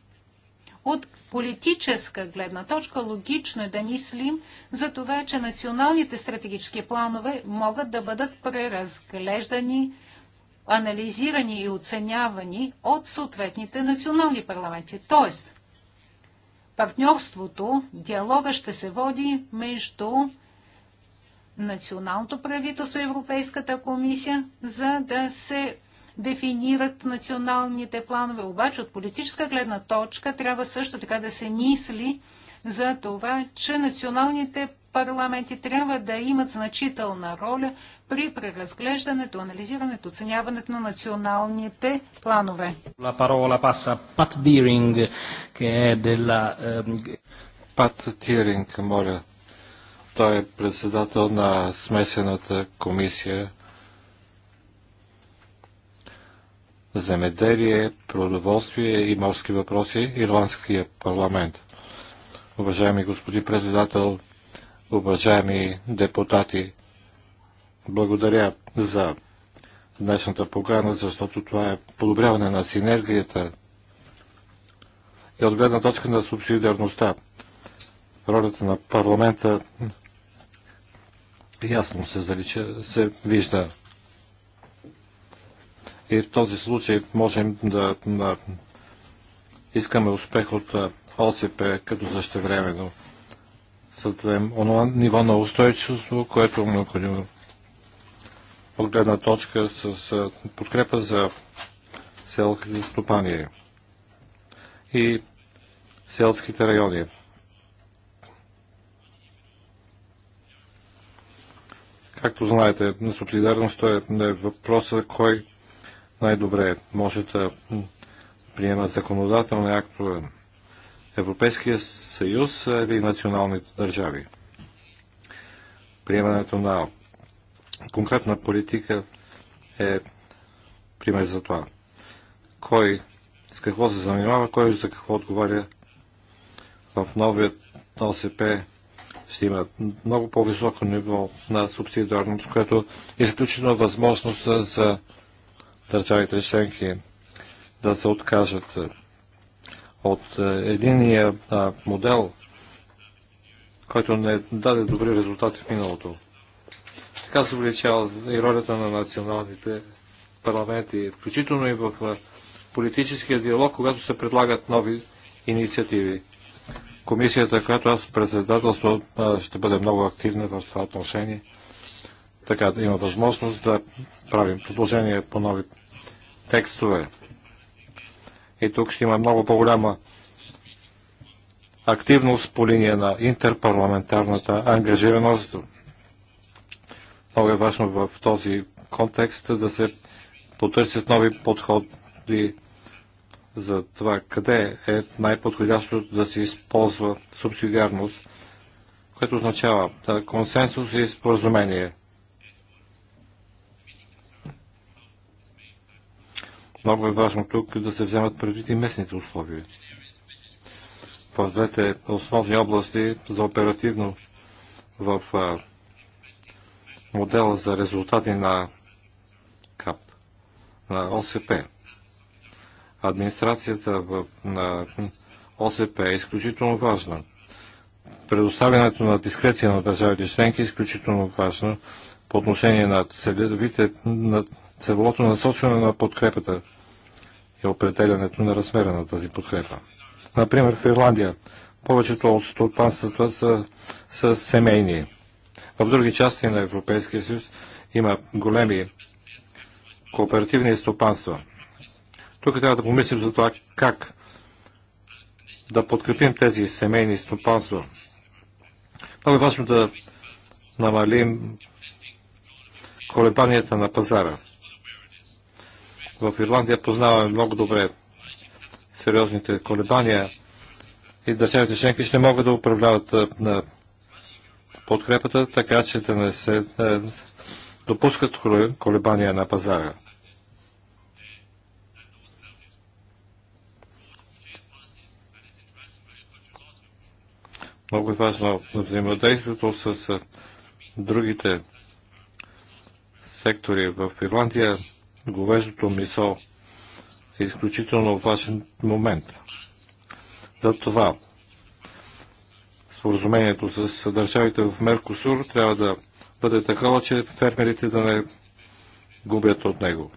от политическа гледна точка логично е да мислим за това, че националните стратегически планове могат да бъдат преразглеждани анализирани и оценявани от съответните национални парламенти. Тоест, партньорството, диалога ще се води между националното правителство и Европейската комисия, за да се дефинират националните планове. Обаче от политическа гледна точка трябва също така да се мисли за това, че националните парламенти трябва да имат значителна роля при преразглеждането, анализирането, оценяването на националните планове. La parola passa Pat Deering, che è della... Ehm, Пат Тиринг, моля. Той е председател на смесената комисия земеделие, продоволствие и морски въпроси, Ирландския парламент. Уважаеми господин председател, уважаеми депутати. Благодаря за днешната покана, защото това е подобряване на синергията и от гледна точка на субсидиарността. Ролята на парламента ясно се залича, се вижда. И в този случай можем да, да искаме успех от ОСП, като същевременно създадем онова ниво на устойчивост, което е необходимо. От гледна точка с подкрепа за селските стопани и селските райони. Както знаете, на субсидиарността е, е въпроса кой най-добре може да приема законодателни актове Европейския съюз или националните държави. Приемането на конкретна политика е пример за това. Кой с какво се занимава, кой за какво отговаря в новият ОСП ще има много по-високо ниво на субсидиарност, което е изключително възможност за държавите членки да се откажат от е, единия модел, който не даде добри резултати в миналото. Така се увеличава и ролята на националните парламенти, включително и в е, политическия диалог, когато се предлагат нови инициативи. Комисията, която аз председателство, ще бъде много активна в това отношение. Така да има възможност да правим предложения по нови текстове. И тук ще има много по-голяма активност по линия на интерпарламентарната ангажираност. Много е важно в този контекст да се потърсят нови подходи за това къде е най-подходящо да се използва субсидиарност, което означава консенсус и споразумение – Много е важно тук да се вземат предвид и местните условия. В двете основни области за оперативно в модела за резултати на КАП, на ОСП. Администрацията в, на ОСП е изключително важна. Предоставянето на дискреция на държавите членки е изключително важно по отношение на целевите, на целовото насочване на подкрепата е определянето на размера на тази подкрепа. Например, в Ирландия повечето от стопанствата са, са семейни. В други части на Европейския съюз има големи кооперативни стопанства. Тук трябва да помислим за това как да подкрепим тези семейни стопанства. Много е важно да намалим колебанията на пазара. В Ирландия познаваме много добре сериозните колебания и държавите членки ще могат да управляват на подкрепата, така че да не се допускат колебания на пазара. Много е важно взаимодействието с другите сектори в Ирландия говеждото мисъл е изключително важен момент. Затова споразумението с държавите в Меркосур трябва да бъде такова, че фермерите да не губят от него.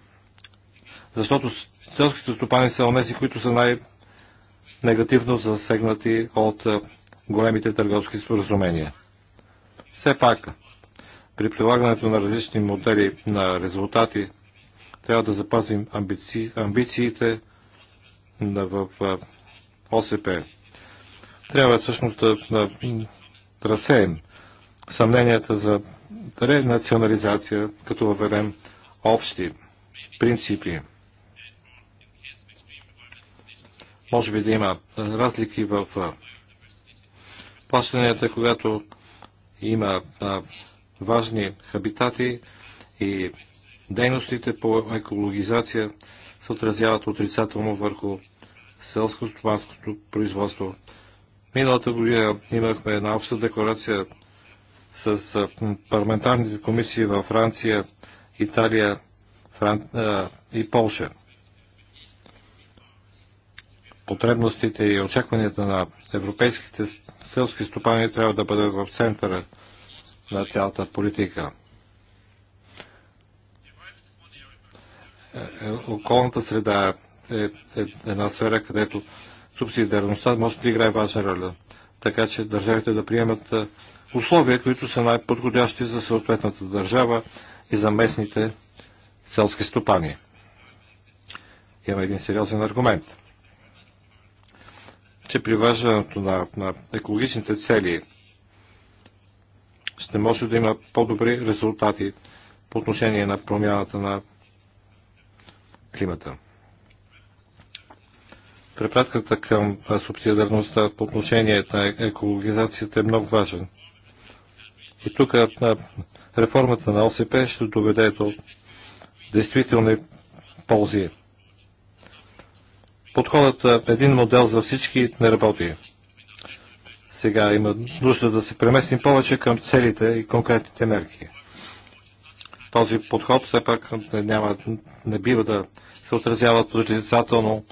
Защото селските стопани са онези, които са най-негативно засегнати от големите търговски споразумения. Все пак, при прилагането на различни модели на резултати трябва да запазим амбици... амбициите в ОСП. Трябва всъщност да, да, да разсеем съмненията за ренационализация, като въведем общи принципи. Може би да има разлики в плащанията, когато има а, важни хабитати и Дейностите по екологизация се отразяват отрицателно върху селско-стопанското производство. Миналата година имахме една обща декларация с парламентарните комисии във Франция, Италия Фран... и Полша. Потребностите и очакванията на европейските селски стопани трябва да бъдат в центъра на цялата политика. Е, е, околната среда е, е една сфера, където субсидиарността може да играе важна роля. Така че държавите да приемат условия, които са най-подходящи за съответната държава и за местните селски стопани. Има един сериозен аргумент, че приваждането на, на екологичните цели ще може да има по-добри резултати по отношение на промяната на климата. Препратката към субсидиарността по отношение на екологизацията е много важен. И тук реформата на ОСП ще доведе до действителни ползи. Подходът е един модел за всички не работи. Сега има нужда да се преместим повече към целите и конкретните мерки този подход все пак няма, не бива да се отразяват отрицателно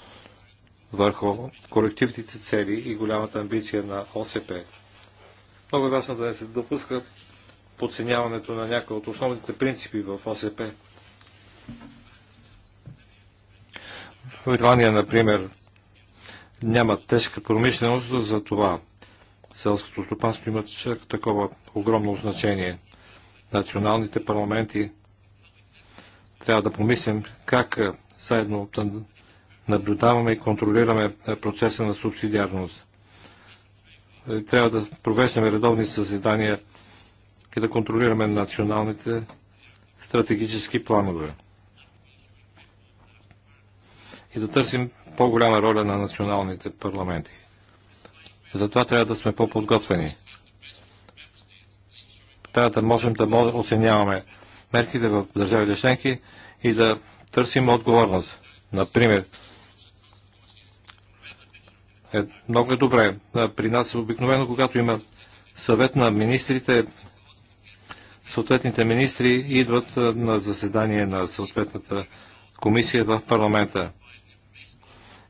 върху колективните цели и голямата амбиция на ОСП. Много е важно да не се допуска подценяването на някои от основните принципи в ОСП. В Ирландия, например, няма тежка промишленост, за това селското стопанство има такова огромно значение националните парламенти. Трябва да помислим как заедно да наблюдаваме и контролираме процеса на субсидиарност. Е, трябва да провеждаме редовни съзидания и да контролираме националните стратегически планове. И да търсим по-голяма роля на националните парламенти. Затова трябва да сме по-подготвени трябва да можем да оценяваме мерките в държавите членки и да търсим отговорност. Например, е, много е добре. При нас обикновено, когато има съвет на министрите, съответните министри идват на заседание на съответната комисия в парламента.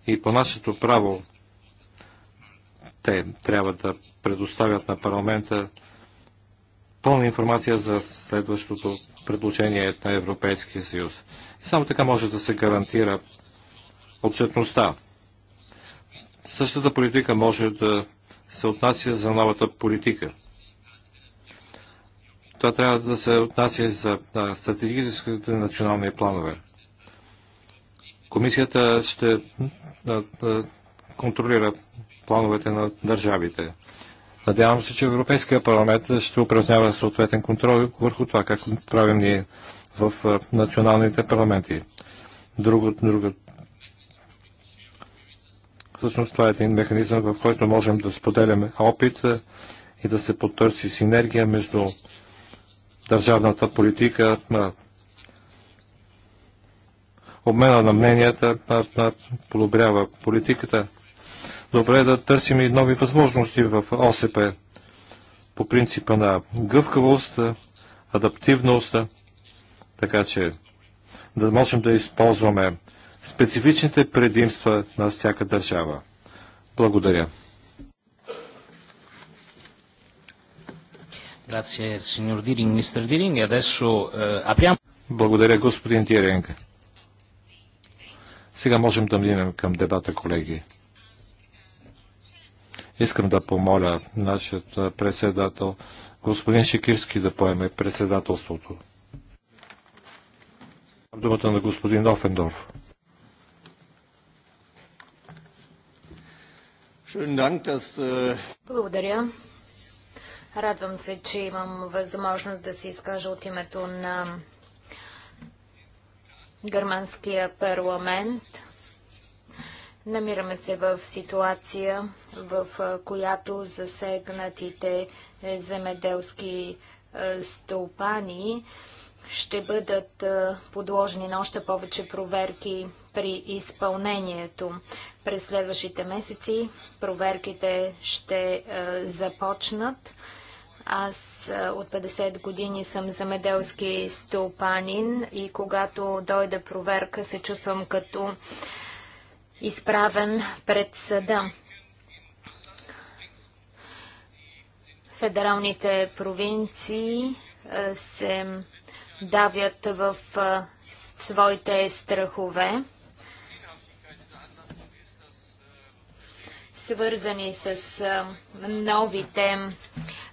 И по нашето право те трябва да предоставят на парламента пълна информация за следващото предложение на Европейския съюз. Само така може да се гарантира отчетността. Същата политика може да се отнася за новата политика. Това трябва да се отнася за стратегическите национални планове. Комисията ще контролира плановете на държавите. Надявам се, че Европейския парламент ще упражнява съответен контрол върху това, как правим ние в националните парламенти. Друго, друго. Всъщност това е един механизъм, в който можем да споделяме опит и да се потърси синергия между държавната политика, обмена на мненията подобрява политиката добре е да търсим и нови възможности в ОСП по принципа на гъвкавост, адаптивност, така че да можем да използваме специфичните предимства на всяка държава. Благодаря. Eh, Благодаря, господин Диринг. Сега можем да минем към дебата, колеги. Искам да помоля нашият председател, господин Шекирски, да поеме председателството. Думата на господин Офендорф. Äh, Благодаря. Радвам се, че имам възможност да се изкажа от името на германския парламент. Намираме се в ситуация, в която засегнатите е, земеделски стопани ще бъдат подложени на още повече проверки при изпълнението. През следващите месеци проверките ще започнат. Аз от 50 години съм замеделски стопанин и когато дойде проверка се чувствам като изправен пред съда. Федералните провинции се давят в своите страхове, свързани с новите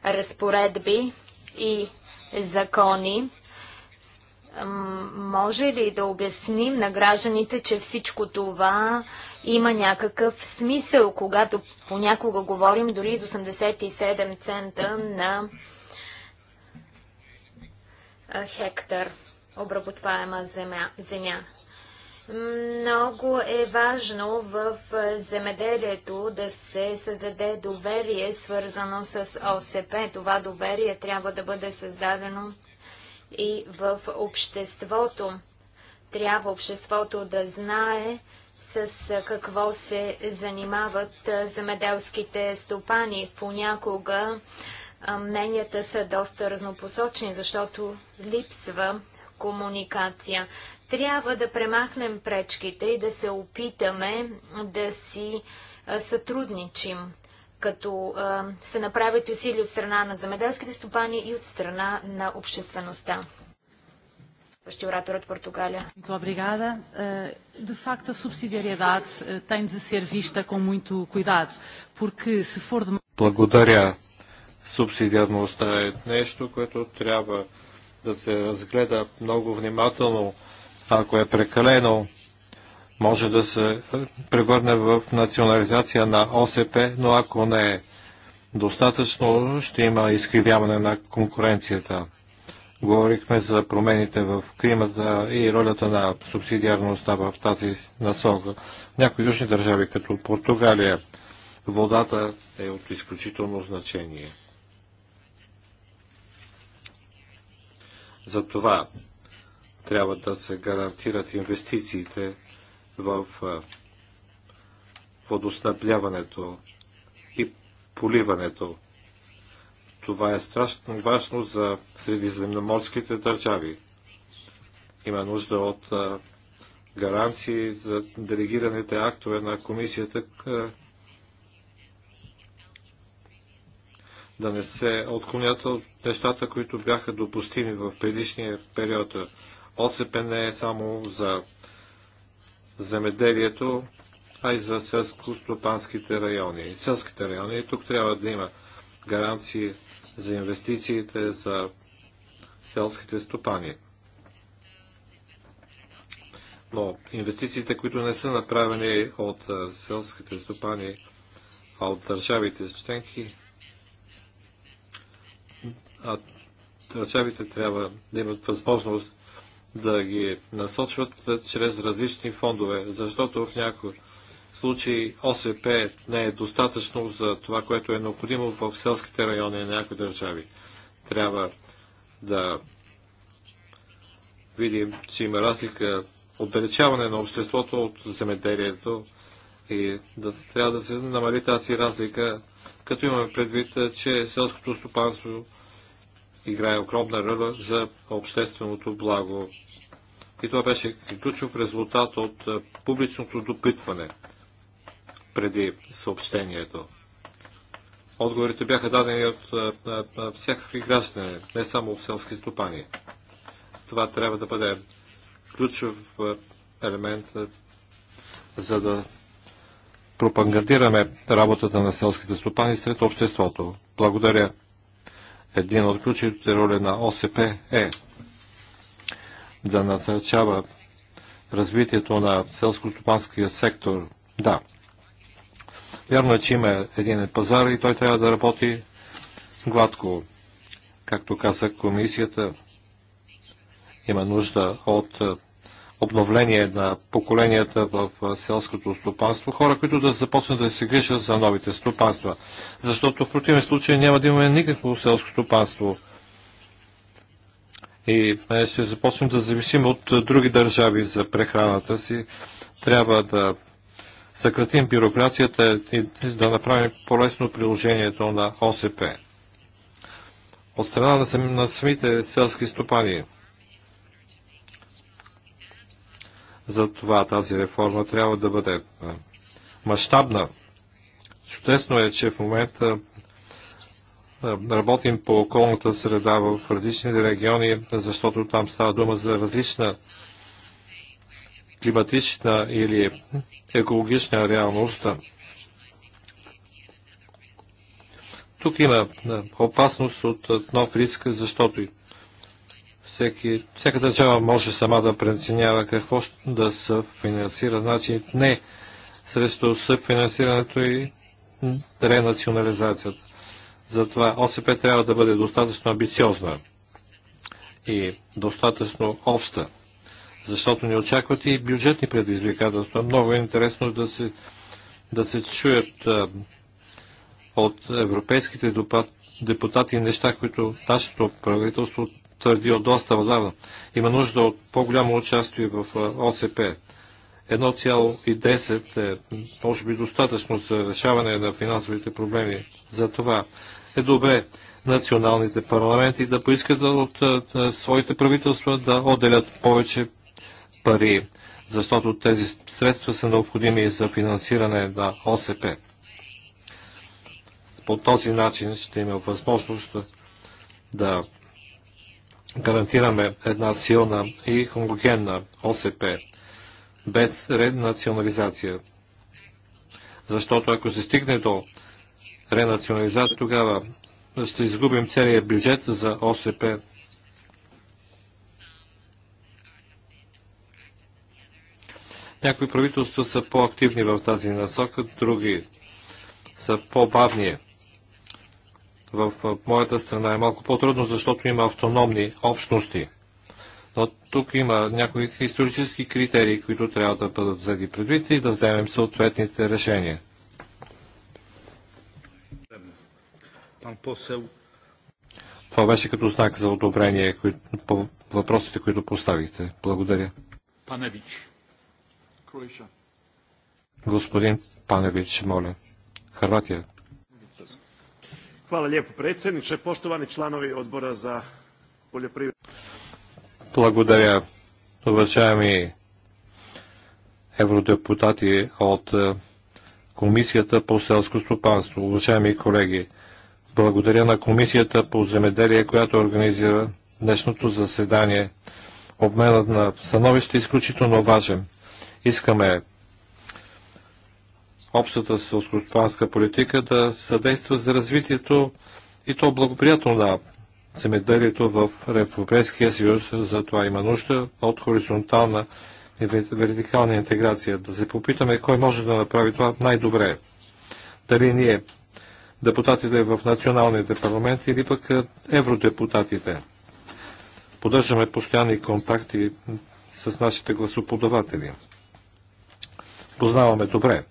разпоредби и закони може ли да обясним на гражданите, че всичко това има някакъв смисъл, когато понякога говорим дори за 87 цента на хектар обработваема земя. земя. Много е важно в земеделието да се създаде доверие, свързано с ОСП. Това доверие трябва да бъде създадено и в обществото. Трябва обществото да знае с какво се занимават земеделските стопани. Понякога мненията са доста разнопосочни, защото липсва комуникация. Трябва да премахнем пречките и да се опитаме да си сътрудничим като а, се направят усилия от страна на замеделските стопани и от страна на обществеността. Ще оратор от Португалия. Muito obrigada. De facto, a subsidiariedade tem de ser vista com muito cuidado, porque se for de... Благодаря. Субсидиарността е нещо, което трябва да се разгледа много внимателно. Ако е прекалено може да се е, превърне в национализация на ОСП, но ако не е достатъчно, ще има изкривяване на конкуренцията. Говорихме за промените в климата и ролята на субсидиарността в тази насока. Някои южни държави, като Португалия, водата е от изключително значение. Затова трябва да се гарантират инвестициите в водоснабдяването и поливането. Това е страшно важно за средиземноморските държави. Има нужда от гаранции за делегираните актове на комисията да не се отклонят от нещата, които бяха допустими в предишния период. ОСП не е само за земеделието, а и за селско-стопанските райони. И селските райони. И тук трябва да има гаранции за инвестициите, за селските стопани. Но инвестициите, които не са направени от селските стопани, а от държавите членки, а държавите трябва да имат възможност да ги насочват чрез различни фондове, защото в някои случаи ОСП не е достатъчно за това, което е необходимо в селските райони на някои държави. Трябва да видим, че има разлика отдалечаване на обществото от земеделието и да се, трябва да се намали тази разлика, като имаме предвид, че селското стопанство играе огромна роля за общественото благо. И това беше ключов резултат от публичното допитване преди съобщението. Отговорите бяха дадени от на, на всякакви граждани, не само от селски стопани. Това трябва да бъде ключов елемент, за да пропагандираме работата на селските стопани сред обществото. Благодаря. Един от ключовите роли на ОСП е да насърчава развитието на селско-стопанския сектор. Да. Вярно е, че има един пазар и той трябва да работи гладко. Както каза комисията, има нужда от обновление на поколенията в селското стопанство, хора, които да започнат да се грижат за новите стопанства. Защото в противен случай няма да имаме никакво селско стопанство и е, ще започнем да зависим от е, други държави за прехраната си. Трябва да съкратим бюрокрацията и да направим по-лесно приложението на ОСП. От страна на, сами, на самите селски стопани. за това тази реформа трябва да бъде е, мащабна. Чудесно е, че в момента е, работим по околната среда в различни региони, защото там става дума за различна климатична или екологична реалност. Тук има е, опасност от е, нов риск, защото всеки, всяка държава може сама да преценява какво да се финансира. Значи не срещу съфинансирането и ренационализацията. Затова ОСП трябва да бъде достатъчно амбициозна и достатъчно обща, защото ни очакват и бюджетни предизвикателства. Много е интересно да се, да се чуят а, от европейските депутати неща, които нашето правителство твърди от доста отдавна. Има нужда от по-голямо участие в ОСП. 1,10 е може би достатъчно за решаване на финансовите проблеми. Затова е добре националните парламенти да поискат от своите правителства да отделят повече пари, защото тези средства са необходими за финансиране на ОСП. По този начин ще има възможност да гарантираме една силна и хомогенна ОСП без реднационализация. Защото ако се стигне до ренационализация, тогава ще изгубим целия бюджет за ОСП. Някои правителства са по-активни в тази насока, други са по-бавни. В моята страна е малко по-трудно, защото има автономни общности. Но тук има някои исторически критерии, които трябва да бъдат взети предвид и да вземем съответните решения. Това беше като знак за одобрение по въпросите, които поставихте. Благодаря. Паневич. Кроиша. Господин Паневич, моля. Харватия. Hvala lijepo predsjedniče, poštovani članovi odbora za poljoprivredu. Благодаря, уважаеми евродепутати от е, Комисията по селско стопанство, уважаеми колеги. Благодаря на Комисията по земеделие, която организира днешното заседание. Обменът на становище е изключително важен. Искаме общата селскостопанска политика да съдейства за развитието и то благоприятно на земеделието в Европейския съюз. За това има нужда от хоризонтална и вертикална интеграция. Да се попитаме кой може да направи това най-добре. Дали ние депутатите в националните парламенти или пък е, евродепутатите. Поддържаме постоянни контакти с нашите гласоподаватели. Познаваме добре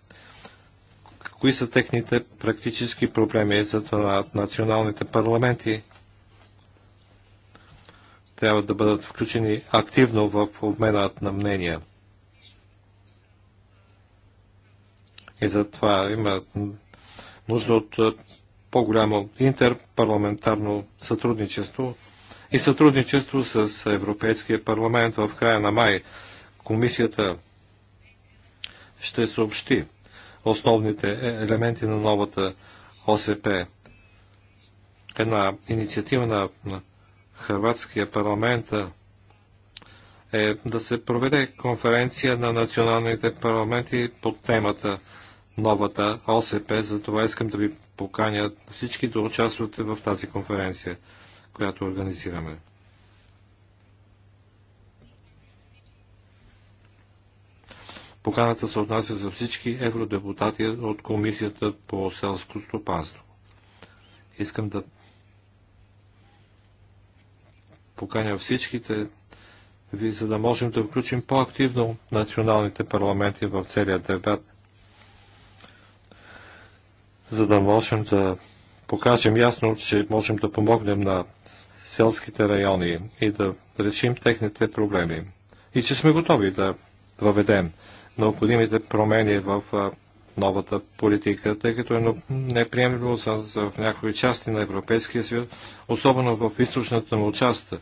кои са техните практически проблеми за това националните парламенти трябва да бъдат включени активно в обменът на мнения. И затова има нужда от е, по-голямо интерпарламентарно сътрудничество и сътрудничество с Европейския парламент в края на май. Комисията ще съобщи основните е, елементи на новата ОСП. Една инициатива на Хрватския парламент е да се проведе конференция на националните парламенти под темата новата ОСП, затова искам да ви поканя всички да участвате в тази конференция, която организираме. Поканата се отнася за всички евродепутати от Комисията по селско стопанство. Искам да поканя всичките ви, за да можем да включим по-активно националните парламенти в целия дебат за да можем да покажем ясно, че можем да помогнем на селските райони и да решим техните проблеми. И че сме готови да въведем необходимите промени в новата политика, тъй като е неприемливо за, за в някои части на Европейския съюз, особено в източната му част,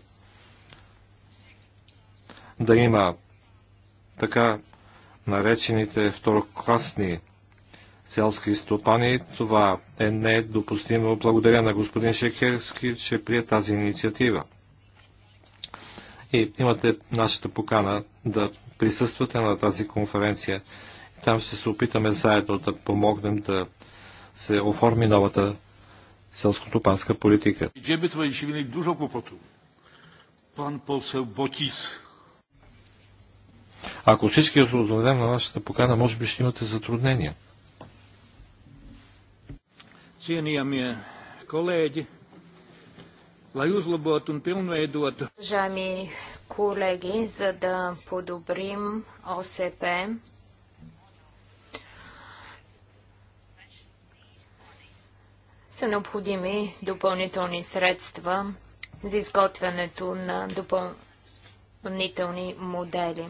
да има така наречените второкласни селски стопани. Това е недопустимо. Благодаря на господин Шекерски, че прие тази инициатива. И имате нашата покана да присъствате на тази конференция. Там ще се опитаме заедно да помогнем да се оформи новата селско-топанска политика. Ако всички се на нашата покана, може би ще имате затруднения cienījamie kolēģi, lai uzlabotu un pilnveidotu. kolēģi, за да подобрим ОСП, са необходими допълнителни средства за изготвянето на допълнителни модели.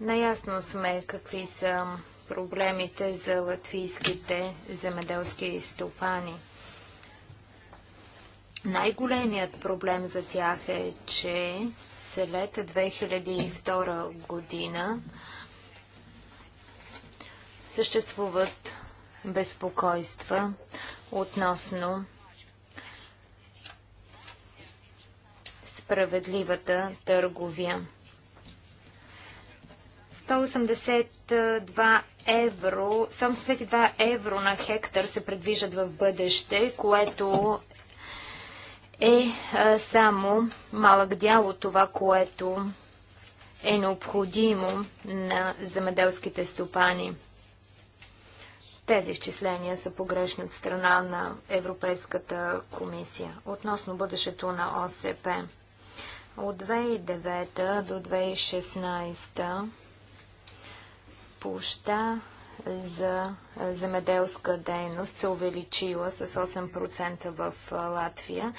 Наясно сме какви са проблемите за латвийските земеделски стопани. Най-големият проблем за тях е, че след 2002 година съществуват безпокойства относно справедливата търговия. 182 евро, само два евро на хектар се предвижат в бъдеще, което е само малък дял от това, което е необходимо на земеделските стопани. Тези изчисления са погрешни от страна на Европейската комисия относно бъдещето на ОСП. От 2009 до 2016 площа за земеделска дейност се увеличила с 8% в Латвия.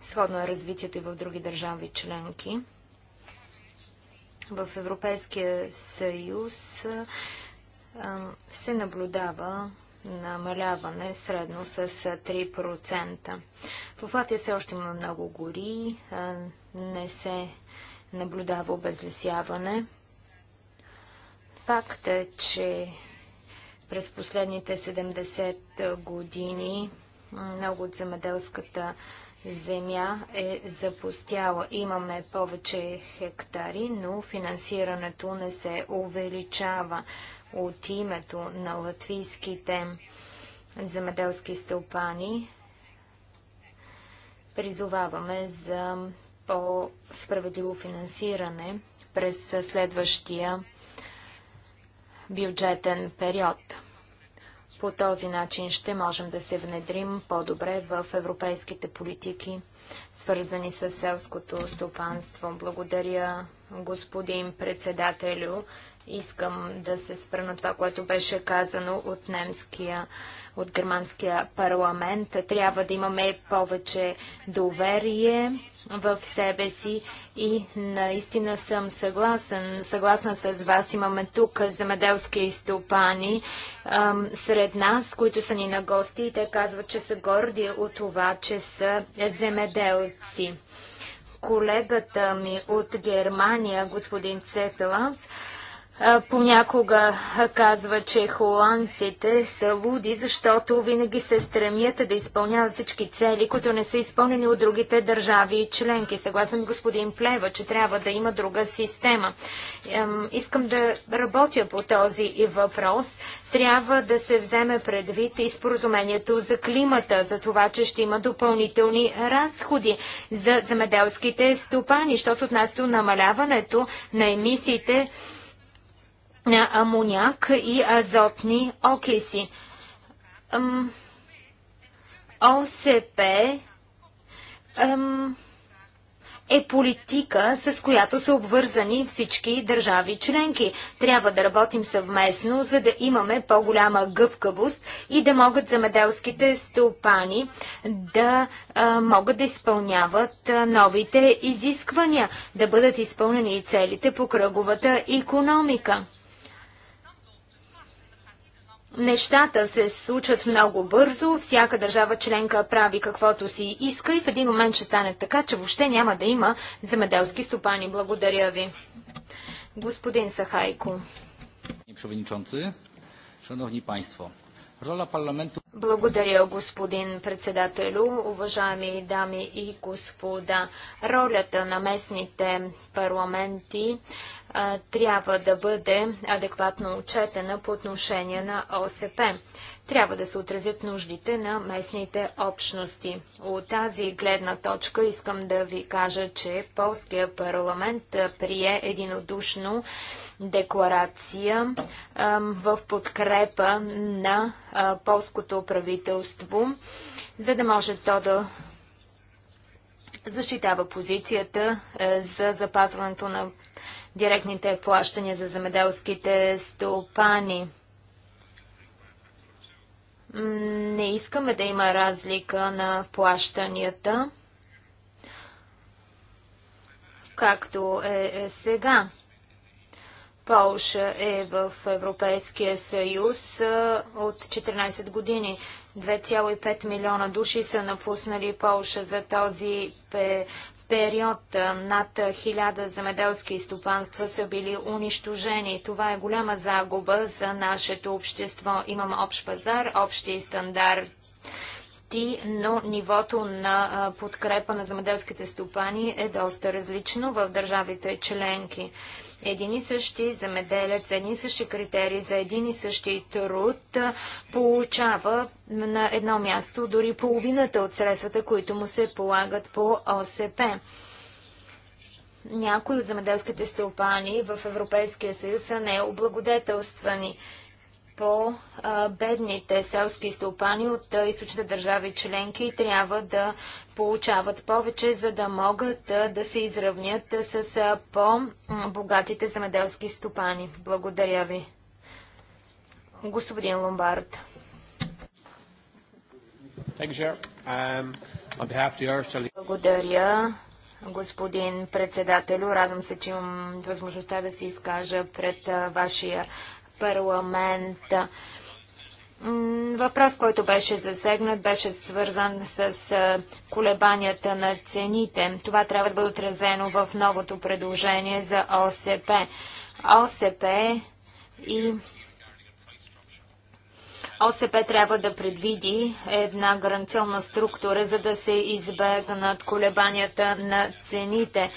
Сходно е развитието и в други държави членки. В Европейския съюз се наблюдава намаляване средно с 3%. В Латвия все още има много гори, не се наблюдава обезлесяване факта, че през последните 70 години много от земеделската земя е запустяла. Имаме повече хектари, но финансирането не се увеличава от името на латвийските земеделски стълпани. Призоваваме за по-справедливо финансиране през следващия бюджетен период. По този начин ще можем да се внедрим по-добре в европейските политики, свързани с селското стопанство. Благодаря, господин председателю. Искам да се спра на това, което беше казано от немския, от германския парламент. Трябва да имаме повече доверие в себе си и наистина съм съгласен, съгласна с вас. Имаме тук земеделски изтопани сред нас, които са ни на гости и те казват, че са горди от това, че са земеделци. Колегата ми от Германия, господин Цетланс, Понякога казва, че холандците са луди, защото винаги се стремят да изпълняват всички цели, които не са изпълнени от другите държави и членки. Съгласен господин Плева, че трябва да има друга система. искам да работя по този и въпрос. Трябва да се вземе предвид и споразумението за климата, за това, че ще има допълнителни разходи за земеделските стопани, защото от нас до намаляването на емисиите амоняк и азотни окиси. ОСП е политика, с която са обвързани всички държави членки. Трябва да работим съвместно, за да имаме по-голяма гъвкавост и да могат замеделските стопани да а, могат да изпълняват новите изисквания, да бъдат изпълнени и целите по кръговата економика. Нещата се случват много бързо, всяка държава членка прави каквото си иска и в един момент ще стане така, че въобще няма да има земеделски стопани. Благодаря ви. Господин Сахайко. Благодаря, господин председателю, уважаеми дами и господа. Ролята на местните парламенти трябва да бъде адекватно отчетена по отношение на ОСП. Трябва да се отразят нуждите на местните общности. От тази гледна точка искам да ви кажа, че Полския парламент прие единодушно декларация в подкрепа на полското правителство, за да може то да защитава позицията е, за запазването на директните плащания за земеделските стопани. Не искаме да има разлика на плащанията, както е, е сега. Полша е в Европейския съюз е, от 14 години. 2,5 милиона души са напуснали Полша за този период. Е, над хиляда замеделски стопанства са били унищожени. Това е голяма загуба за нашето общество. Имам общ пазар, общи стандарти но нивото на е, подкрепа на замеделските стопани е доста различно в държавите членки един и същи замеделец, един и същи критерии за един и същи труд получава на едно място дори половината от средствата, които му се полагат по ОСП. Някои от земеделските стълпани в Европейския съюз са необлагодетелствани по-бедните селски стопани от източните държави членки и трябва да получават повече, за да могат да се изравнят с по-богатите земеделски стопани. Благодаря ви. Господин Ломбард. Um, Благодаря, господин председателю. Радвам се, че имам възможността да се изкажа пред вашия парламент. Въпрос, който беше засегнат, беше свързан с колебанията на цените. Това трябва да бъде отразено в новото предложение за ОСП. ОСП и ОСП трябва да предвиди една гаранционна структура, за да се избегнат колебанията на цените.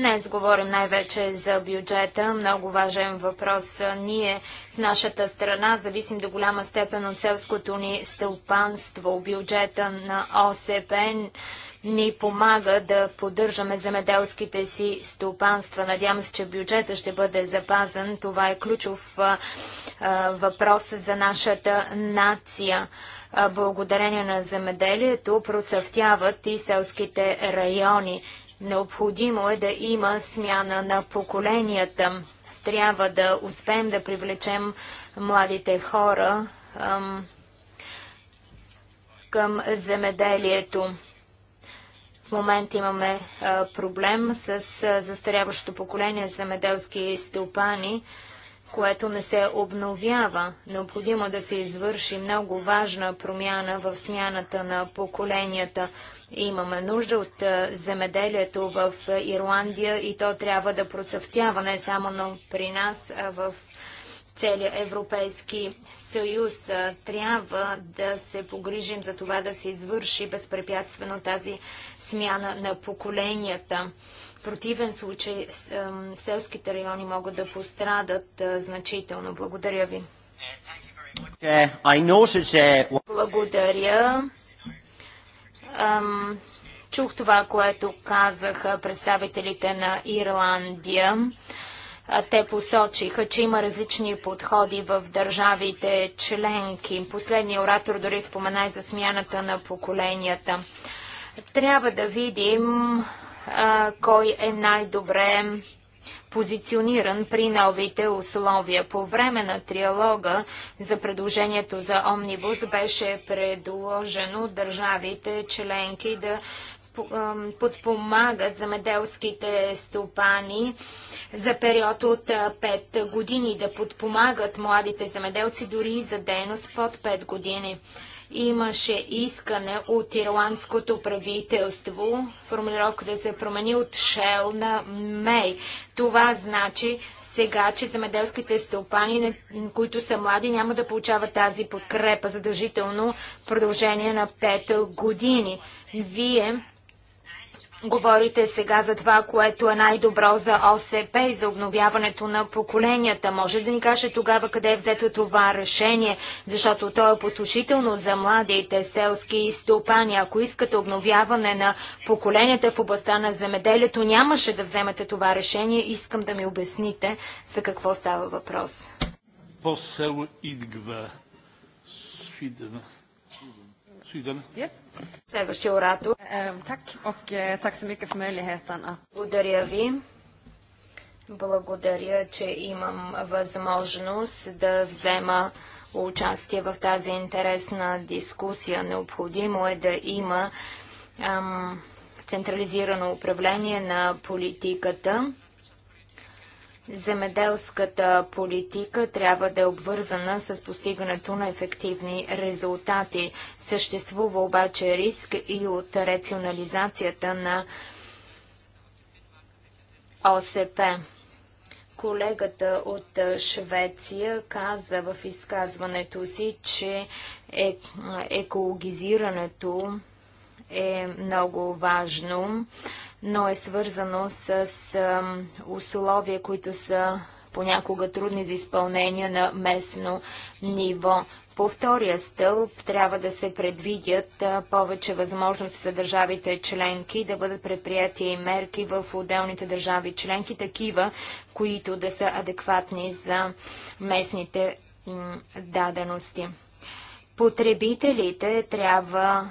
Днес говорим най-вече за бюджета, много важен въпрос. Ние в нашата страна зависим до голяма степен от селското ни стълпанство. Бюджета на ОСП ни помага да поддържаме земеделските си стопанства. Надявам се, че бюджета ще бъде запазен. Това е ключов въпрос за нашата нация благодарение на земеделието процъфтяват и селските райони. Необходимо е да има смяна на поколенията. Трябва да успеем да привлечем младите хора ам, към земеделието. В момента имаме а, проблем с а, застаряващото поколение земеделски стълпани което не се обновява. Необходимо да се извърши много важна промяна в смяната на поколенията. Имаме нужда от е, земеделието в е, Ирландия и то трябва да процъфтява не само но при нас, а в целия Европейски съюз. Е, трябва да се погрижим за това да се извърши безпрепятствено тази смяна на поколенията противен случай селските райони могат да пострадат значително. Благодаря ви. Е, Благодаря. Чух това, което казаха представителите на Ирландия. Те посочиха, че има различни подходи в държавите членки. Последният оратор дори спомена и за смяната на поколенията. Трябва да видим а, кой е най-добре позициониран при новите условия. По време на триалога за предложението за Омнибус беше предложено държавите членки да подпомагат замеделските стопани за период от 5 години, да подпомагат младите замеделци дори за дейност под 5 години. Имаше искане от ирландското правителство формулировка да се промени от шел на Мей. Това значи сега, че земеделските стопани, които са млади, няма да получават тази подкрепа задължително в продължение на 5 години. Вие Говорите сега за това, което е най-добро за ОСП и за обновяването на поколенията. Може ли да ни каже тогава къде е взето това решение? Защото то е послушително за младите селски стопани. Ако искате обновяване на поколенията в областта на земеделието, нямаше да вземете това решение. Искам да ми обясните за какво става въпрос. село Идгва, Свидена. Yes. Следващия оратор. Е, е, е, Благодаря ви. Благодаря, че имам възможност да взема участие в тази интересна дискусия. Необходимо е да има централизирано управление на политиката. Земеделската политика трябва да е обвързана с постигането на ефективни резултати. Съществува обаче риск и от рационализацията на ОСП. Колегата от Швеция каза в изказването си, че е, екологизирането е много важно но е свързано с условия, които са понякога трудни за изпълнение на местно ниво. По втория стълб трябва да се предвидят повече възможности за държавите членки да бъдат предприяти и мерки в отделните държави членки, такива, които да са адекватни за местните дадености. Потребителите трябва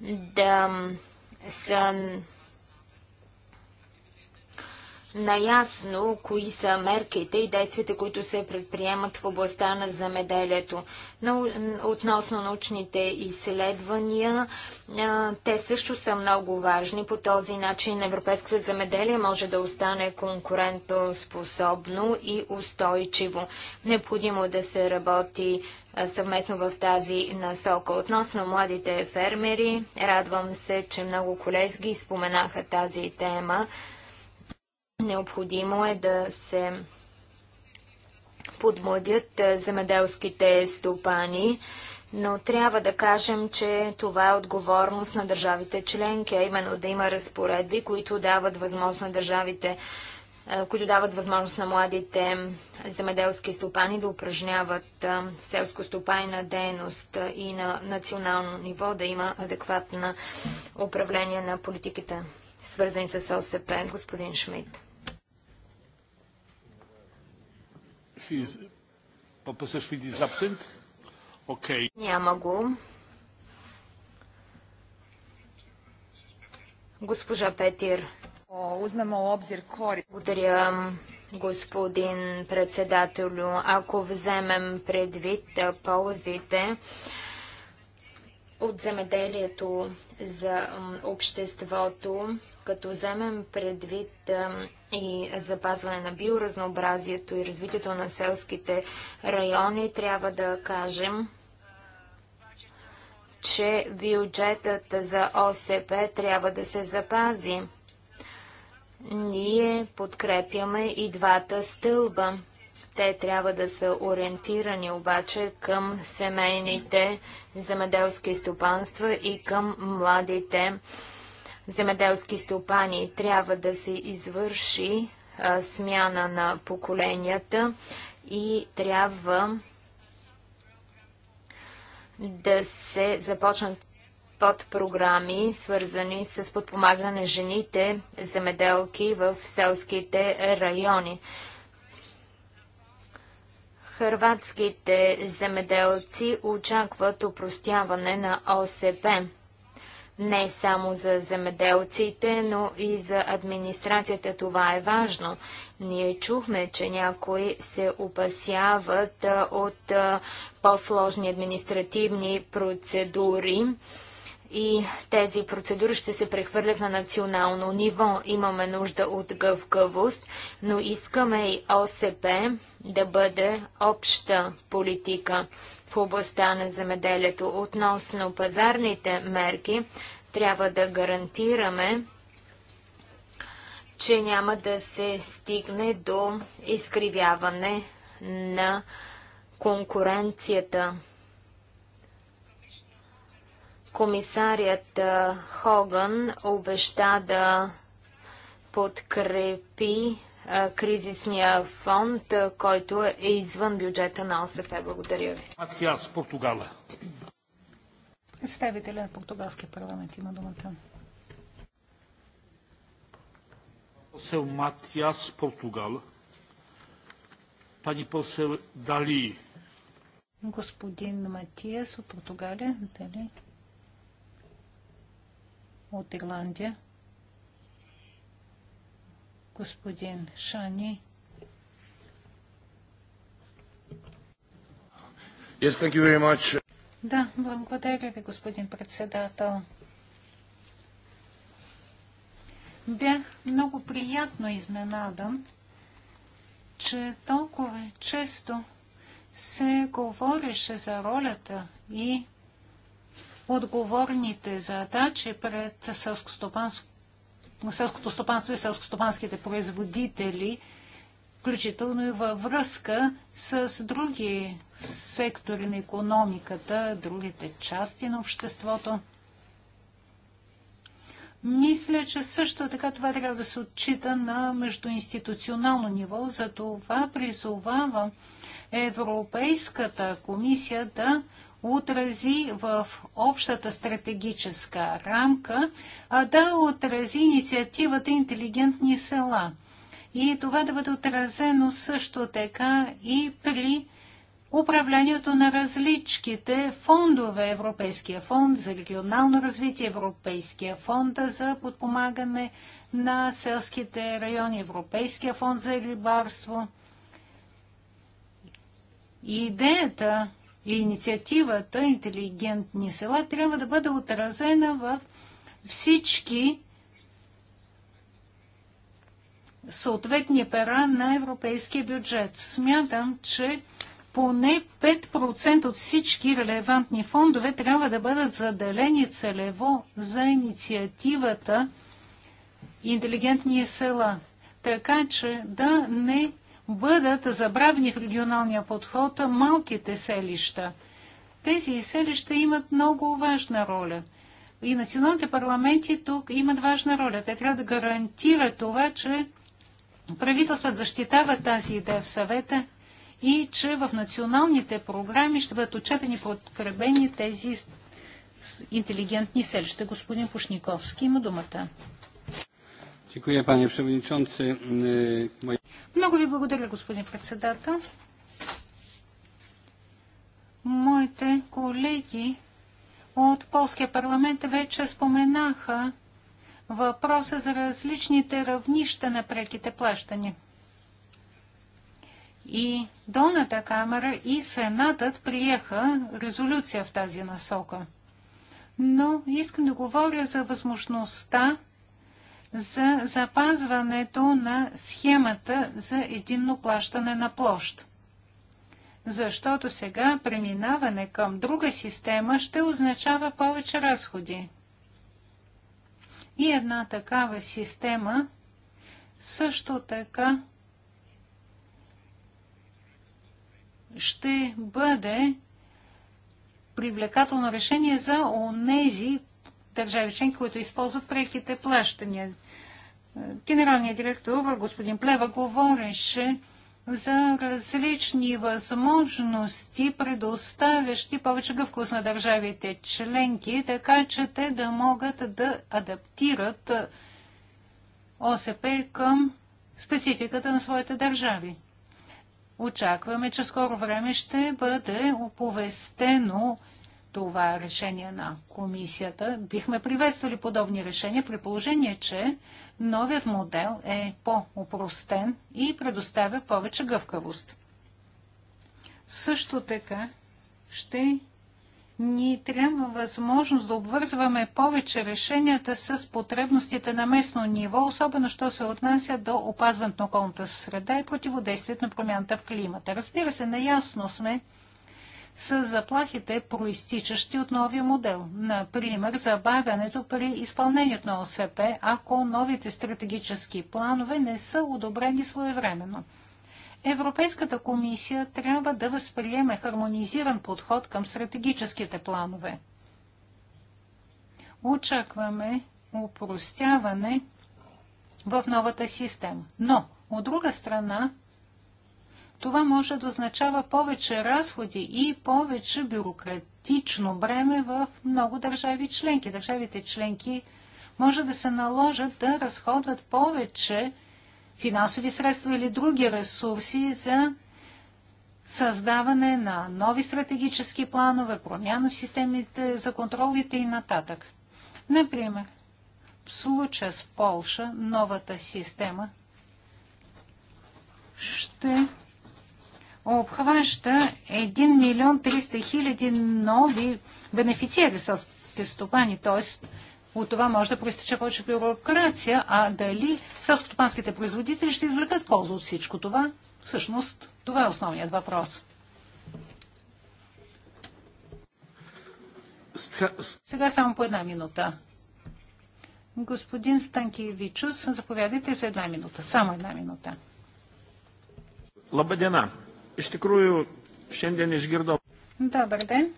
да са наясно кои са мерките и действията, които се предприемат в областта на замеделието. Но относно научните изследвания, те също са много важни. По този начин европейското замеделие може да остане конкурентоспособно и устойчиво. Необходимо е да се работи съвместно в тази насока. Относно младите фермери, радвам се, че много колеги споменаха тази тема. Необходимо е да се подмладят е, земеделските стопани, но трябва да кажем, че това е отговорност на държавите членки, а именно да има разпоредби, които дават възможност на държавите, е, които дават възможност на младите земеделски стопани да упражняват е, селско-стопайна дейност и на национално ниво да има адекватна управление на политиките, свързани с ОСП. Господин Шмидт. Няма го. Госпожа Петир. Благодаря, господин председателю. Ако вземем предвид ползите от земеделието за обществото, като вземем предвид и запазване на биоразнообразието и развитието на селските райони, трябва да кажем, че бюджетът за ОСП трябва да се запази. Ние подкрепяме и двата стълба. Те трябва да са ориентирани обаче към семейните земеделски стопанства и към младите земеделски стопани. Трябва да се извърши смяна на поколенията и трябва да се започнат подпрограми, свързани с подпомагане на жените земеделки в селските райони. Хърватските земеделци очакват упростяване на ОСП не само за земеделците, но и за администрацията. Това е важно. Ние чухме, че някои се опасяват от по-сложни административни процедури и тези процедури ще се прехвърлят на национално ниво. Имаме нужда от гъвкавост, но искаме и ОСП да бъде обща политика в областта на земеделието. Относно пазарните мерки, трябва да гарантираме, че няма да се стигне до изкривяване на конкуренцията. Комисарият Хоган обеща да подкрепи кризисния фонд, който е извън бюджета на ОСП. Благодаря ви. Матиас, Португала. Представителя на португалския парламент има думата. Посел Матиас, Португала. Пани посел Дали. Господин Матиас от Португалия, дали? От Ирландия господин Шани. Yes, thank you very much. Да, благодаря ви, господин председател. Бях много приятно изненадан, че толкова често се говореше за ролята и отговорните задачи пред сълскостопанско селското стопанство и селскостопанските производители, включително и във връзка с други сектори на економиката, другите части на обществото. Мисля, че също така това трябва да се отчита на междуинституционално ниво. За това призовавам Европейската комисия да отрази в общата стратегическа рамка, а да отрази инициативата Интелигентни села. И това да бъде отразено също така и при управлението на различките фондове. Европейския фонд за регионално развитие, Европейския фонд за подпомагане на селските райони, Европейския фонд за рибарство. Идеята и инициативата интелигентни села трябва да бъде отразена в всички съответни пера на европейския бюджет. Смятам, че поне 5% от всички релевантни фондове трябва да бъдат заделени целево за инициативата интелигентни села, така че да не бъдат забравени в регионалния подход малките селища. Тези селища имат много важна роля. И националните парламенти тук имат важна роля. Те трябва да гарантират това, че правителствата защитават тази идея в съвета и че в националните програми ще бъдат отчетени подкрепени тези интелигентни селища. Господин Пушниковски има думата. Dziękuję panie przewodniczący. Е, много ви благодаря, господин председател. Моите колеги от Полския парламент вече споменаха въпроса за различните равнища на преките плащания. И долната камера и сенатът приеха резолюция в тази насока. Но искам да говоря за възможността за запазването на схемата за единно плащане на площ. Защото сега преминаване към друга система ще означава повече разходи. И една такава система също така ще бъде привлекателно решение за онези държави членки, които използват преките плащания. Генералният директор, господин Плева, говореше за различни възможности, предоставящи повече гъвкост на държавите членки, така че те да могат да адаптират ОСП към спецификата на своите държави. Очакваме, че скоро време ще бъде оповестено това решение на комисията. Бихме приветствали подобни решения при положение, че Новият модел е по-упростен и предоставя повече гъвкавост. Също така ще ни трябва възможност да обвързваме повече решенията с потребностите на местно ниво, особено що се отнася до опазването на околната среда и противодействието на промяната в климата. Разбира се, наясно сме, с заплахите, проистичащи от новия модел. Например, забавянето при изпълнението на ОСП, ако новите стратегически планове не са одобрени своевременно. Европейската комисия трябва да възприеме хармонизиран подход към стратегическите планове. Очакваме упростяване в новата система. Но, от друга страна, това може да означава повече разходи и повече бюрократично бреме в много държави членки. Държавите членки може да се наложат да разходват повече финансови средства или други ресурси за създаване на нови стратегически планове, промяна в системите за контролите и нататък. Например, в случая с Полша новата система ще обхваща 1 милион 300 хиляди нови бенефициери с стопани, т.е. от това може да проистича повече бюрокрация, а дали селскостопанските производители ще извлекат полза от всичко това? Всъщност, това е основният въпрос. Сега само по една минута. Господин Станкевичус, заповядайте за една минута. Само една минута. Лабадена. Iš tikrųjų, šiandien išgirdau. Добър ден.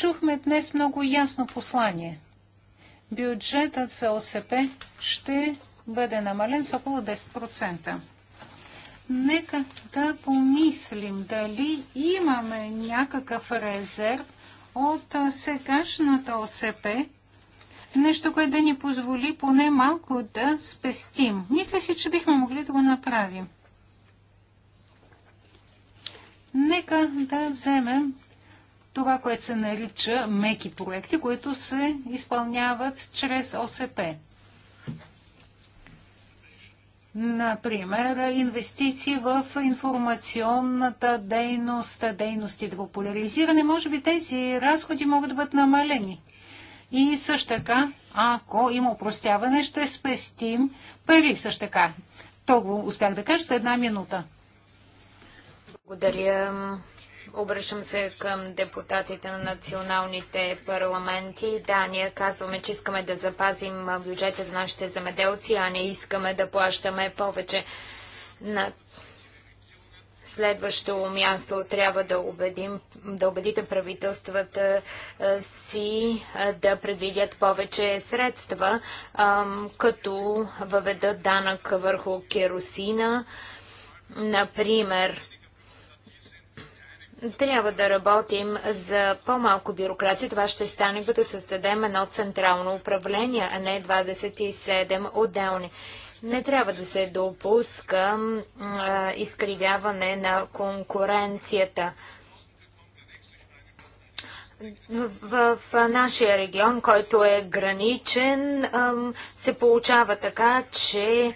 Чухме днес много ясно послание. Бюджетът за ОСП ще бъде намален с около 10%. Нека да помислим дали имаме някакъв резерв от сегашната ОСП, нещо, което да ни позволи поне малко да спестим. Мисля си, че бихме могли да го направим. Нека да вземем това, което се нарича меки проекти, които се изпълняват чрез ОСП. Например, инвестиции в информационната дейност, дейности да популяризиране. Може би тези разходи могат да бъдат намалени. И също така, ако има упростяване, ще спестим пари също така. То успях да кажа за една минута. Благодаря. Обръщам се към депутатите на националните парламенти. Да, ние казваме, че искаме да запазим бюджета за нашите замеделци, а не искаме да плащаме повече на следващо място трябва да, убедим, да убедите правителствата си да предвидят повече средства, като въведат данък върху керосина. Например, трябва да работим за по-малко бюрокрация. Това ще стане, като създадем едно централно управление, а не 27 отделни. Не трябва да се допуска а, изкривяване на конкуренцията. В, в нашия регион, който е граничен, а, се получава така, че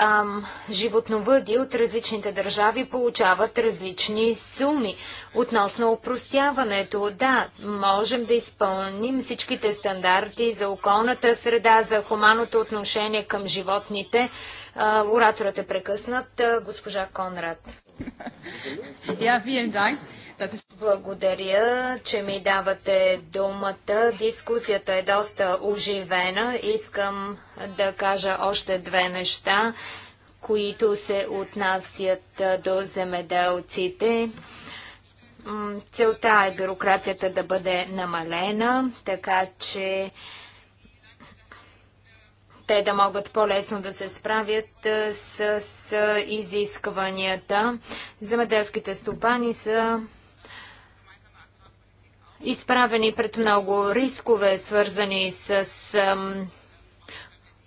ам, животновъди от различните държави получават различни суми. Относно опростяването, да, можем да изпълним всичките стандарти за околната среда, за хуманото отношение към животните. А, ораторът е прекъснат. Госпожа Конрад. Ja, yeah, благодаря, че ми давате думата. Дискусията е доста оживена. Искам да кажа още две неща, които се отнасят до земеделците. Целта е бюрокрацията да бъде намалена, така че те да могат по-лесно да се справят с, изискванията. Земеделските стопани са изправени пред много рискове, свързани с ам,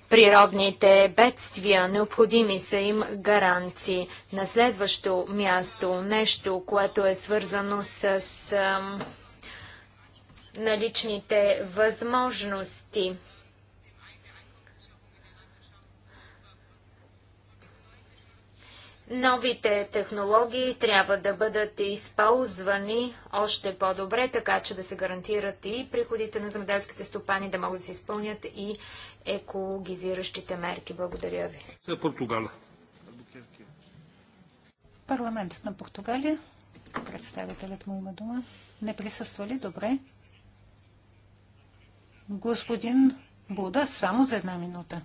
природните бедствия. Необходими са им гаранции. На следващо място нещо, което е свързано с ам, наличните възможности – Новите технологии трябва да бъдат използвани още по-добре, така че да се гарантират и приходите на земеделските стопани, да могат да се изпълнят и екологизиращите мерки. Благодаря ви. За Португала. Парламентът на Португалия. Представителят му има дума. Не присъства ли? Добре. Господин Буда, само за една минута.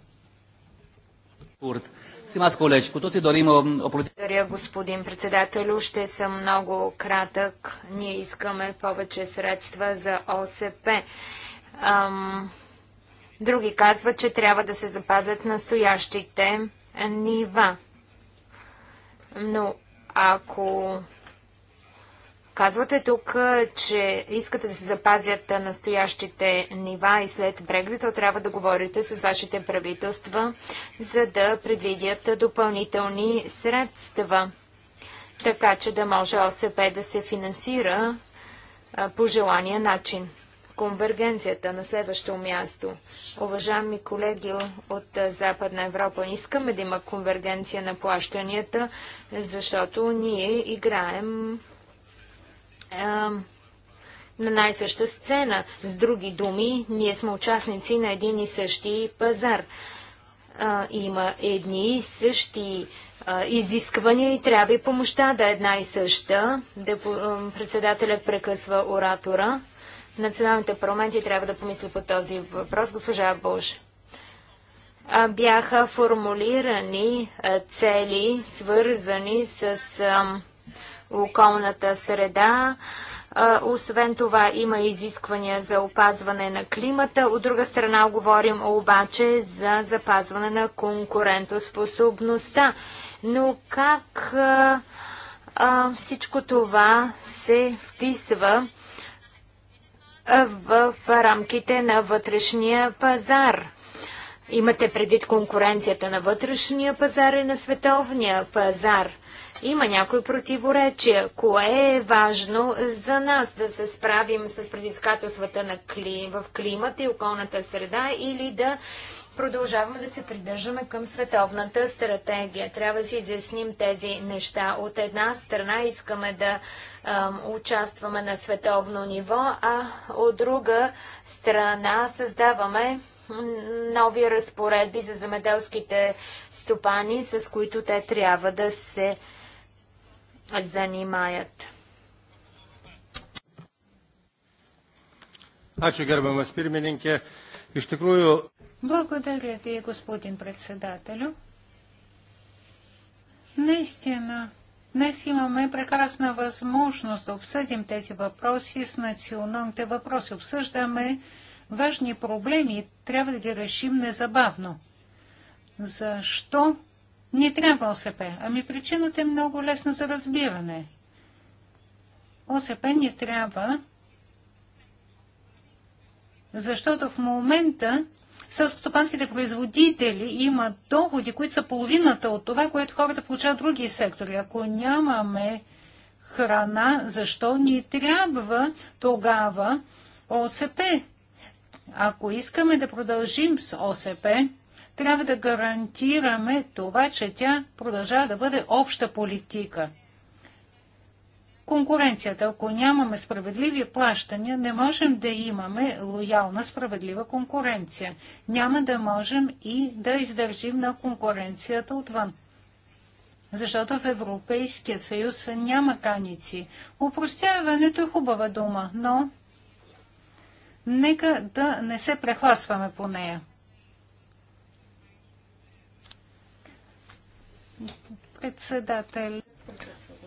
Благодаря, господин председателю. Ще съм много кратък. Ние искаме повече средства за ОСП. Ам... Други казват, че трябва да се запазят настоящите нива. Но ако Казвате тук, че искате да се запазят настоящите нива и след Брекзита трябва да говорите с вашите правителства, за да предвидят допълнителни средства, така че да може ОСП да се финансира по желания начин. Конвергенцията на следващо място. Уважаеми колеги от Западна Европа, искаме да има конвергенция на плащанията, защото ние играем на най-съща сцена. С други думи, ние сме участници на един и същи пазар. А, има едни и същи а, изисквания и трябва и помощта да е една и съща. Депо, а, председателят прекъсва оратора. Националните парламенти трябва да помисли по този въпрос. Госпожа Бош. Бяха формулирани цели, свързани с околната среда. Освен това има изисквания за опазване на климата. От друга страна говорим обаче за запазване на конкурентоспособността. Но как всичко това се вписва в рамките на вътрешния пазар? Имате предвид конкуренцията на вътрешния пазар и на световния пазар – има някои противоречия. Кое е важно за нас да се справим с предизвикателствата на кли... в климата и околната среда или да продължаваме да се придържаме към световната стратегия. Трябва да си изясним тези неща. От една страна искаме да участваме на световно ниво, а от друга страна създаваме нови разпоредби за земеделските стопани, с които те трябва да се занимаят. Благодаря ви, господин председателю. Наистина, днес имаме прекрасна възможност да обсъдим тези въпроси с националните въпроси. Обсъждаме важни проблеми и трябва да ги решим незабавно. Защо не трябва ОСП. Ами причината е много лесна за разбиране. ОСП ни трябва, защото в момента селскостопанските производители имат доходи, които са половината от това, което хората получават в други сектори. Ако нямаме храна, защо ни трябва тогава ОСП? Ако искаме да продължим с ОСП, трябва да гарантираме това, че тя продължава да бъде обща политика. Конкуренцията, ако нямаме справедливи плащания, не можем да имаме лоялна справедлива конкуренция. Няма да можем и да издържим на конкуренцията отвън. Защото в Европейския съюз няма граници. Упростяването е хубава дума, но нека да не се прехласваме по нея. Председател.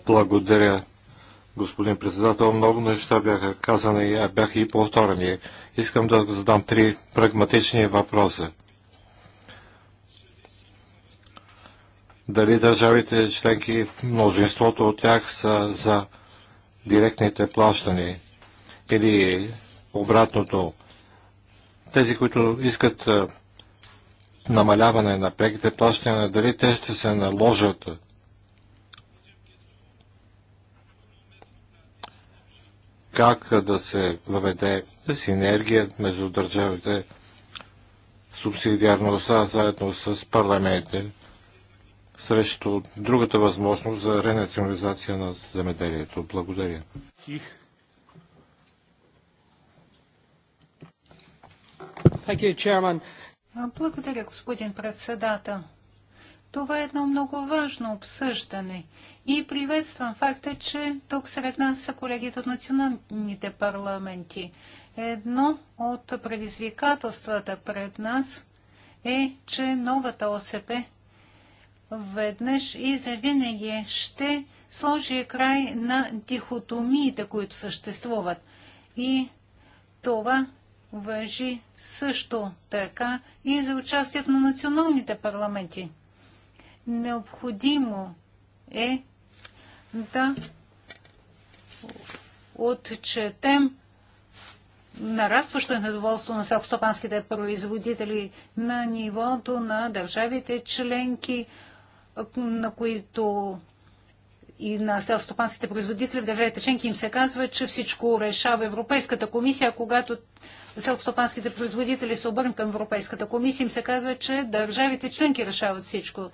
Благодаря, господин председател. Много неща бяха казани, а бяха и повторени. Искам да задам три прагматични въпроса. Дали държавите членки, мнозинството от тях са за директните плащания или обратното? Тези, които искат намаляване на преките плащания, дали те ще се наложат. Как да се въведе синергия между държавите, субсидиарността заедно с парламентите срещу другата възможност за ренационализация на земеделието. Благодаря. Thank you, Chairman. Благодаря, господин председател. Това е едно много важно обсъждане и приветствам факта, че тук сред нас са колегите от националните парламенти. Едно от предизвикателствата пред нас е, че новата ОСП веднъж и завинаги ще сложи край на дихотомиите, които съществуват. И това въжи също така и за участието на националните парламенти. Необходимо е да отчетем нарастващо недоволство на селскостопанските производители на нивото на държавите членки, на които и на селскостопанските производители в държавите членки им се казва, че всичко решава Европейската комисия, когато селкостопанските производители се обърнат към Европейската комисия, им се казва, че държавите членки решават всичко.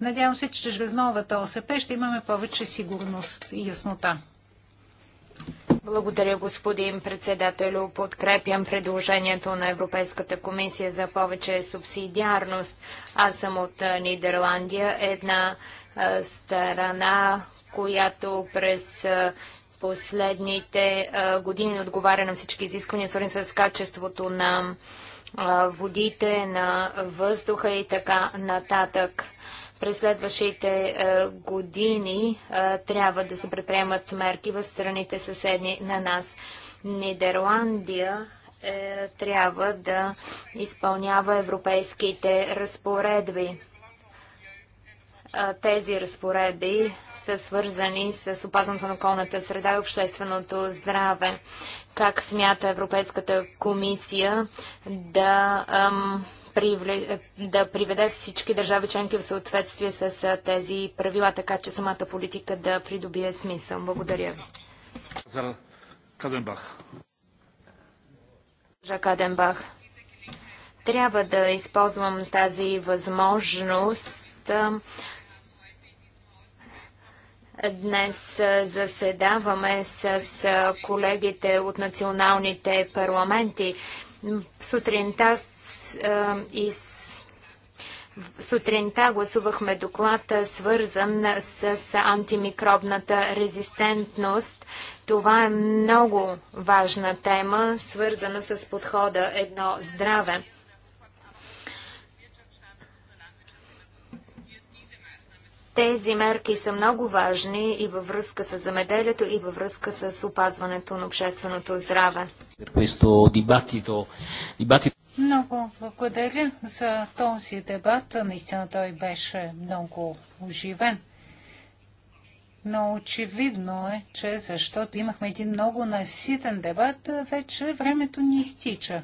Надявам се, че чрез новата ОСП ще имаме повече сигурност и яснота. Благодаря, господин председателю. Подкрепям предложението на Европейската комисия за повече субсидиарност. Аз съм от Нидерландия, една страна, която през последните а, години отговаря на всички изисквания, свързани с качеството на а, водите, на въздуха и така нататък. През следващите а, години трябва да се предприемат мерки в страните съседни на нас. Нидерландия е, трябва да изпълнява европейските разпоредби тези разпоредби са свързани с опазването на околната среда и общественото здраве. Как смята Европейската комисия да, ам, привле, да приведе всички държави членки в съответствие с тези правила, така че самата политика да придобие смисъл? Благодаря ви. Каденбах. Каденбах. Трябва да използвам тази възможност да Днес заседаваме с колегите от националните парламенти. Сутринта и сутринта гласувахме доклад, свързан с антимикробната резистентност. Това е много важна тема, свързана с подхода едно здраве. Тези мерки са много важни и във връзка с замеделието, и във връзка с опазването на общественото здраве. Много благодаря за този дебат. Наистина той беше много оживен. Но очевидно е, че защото имахме един много наситен дебат, вече времето ни изтича.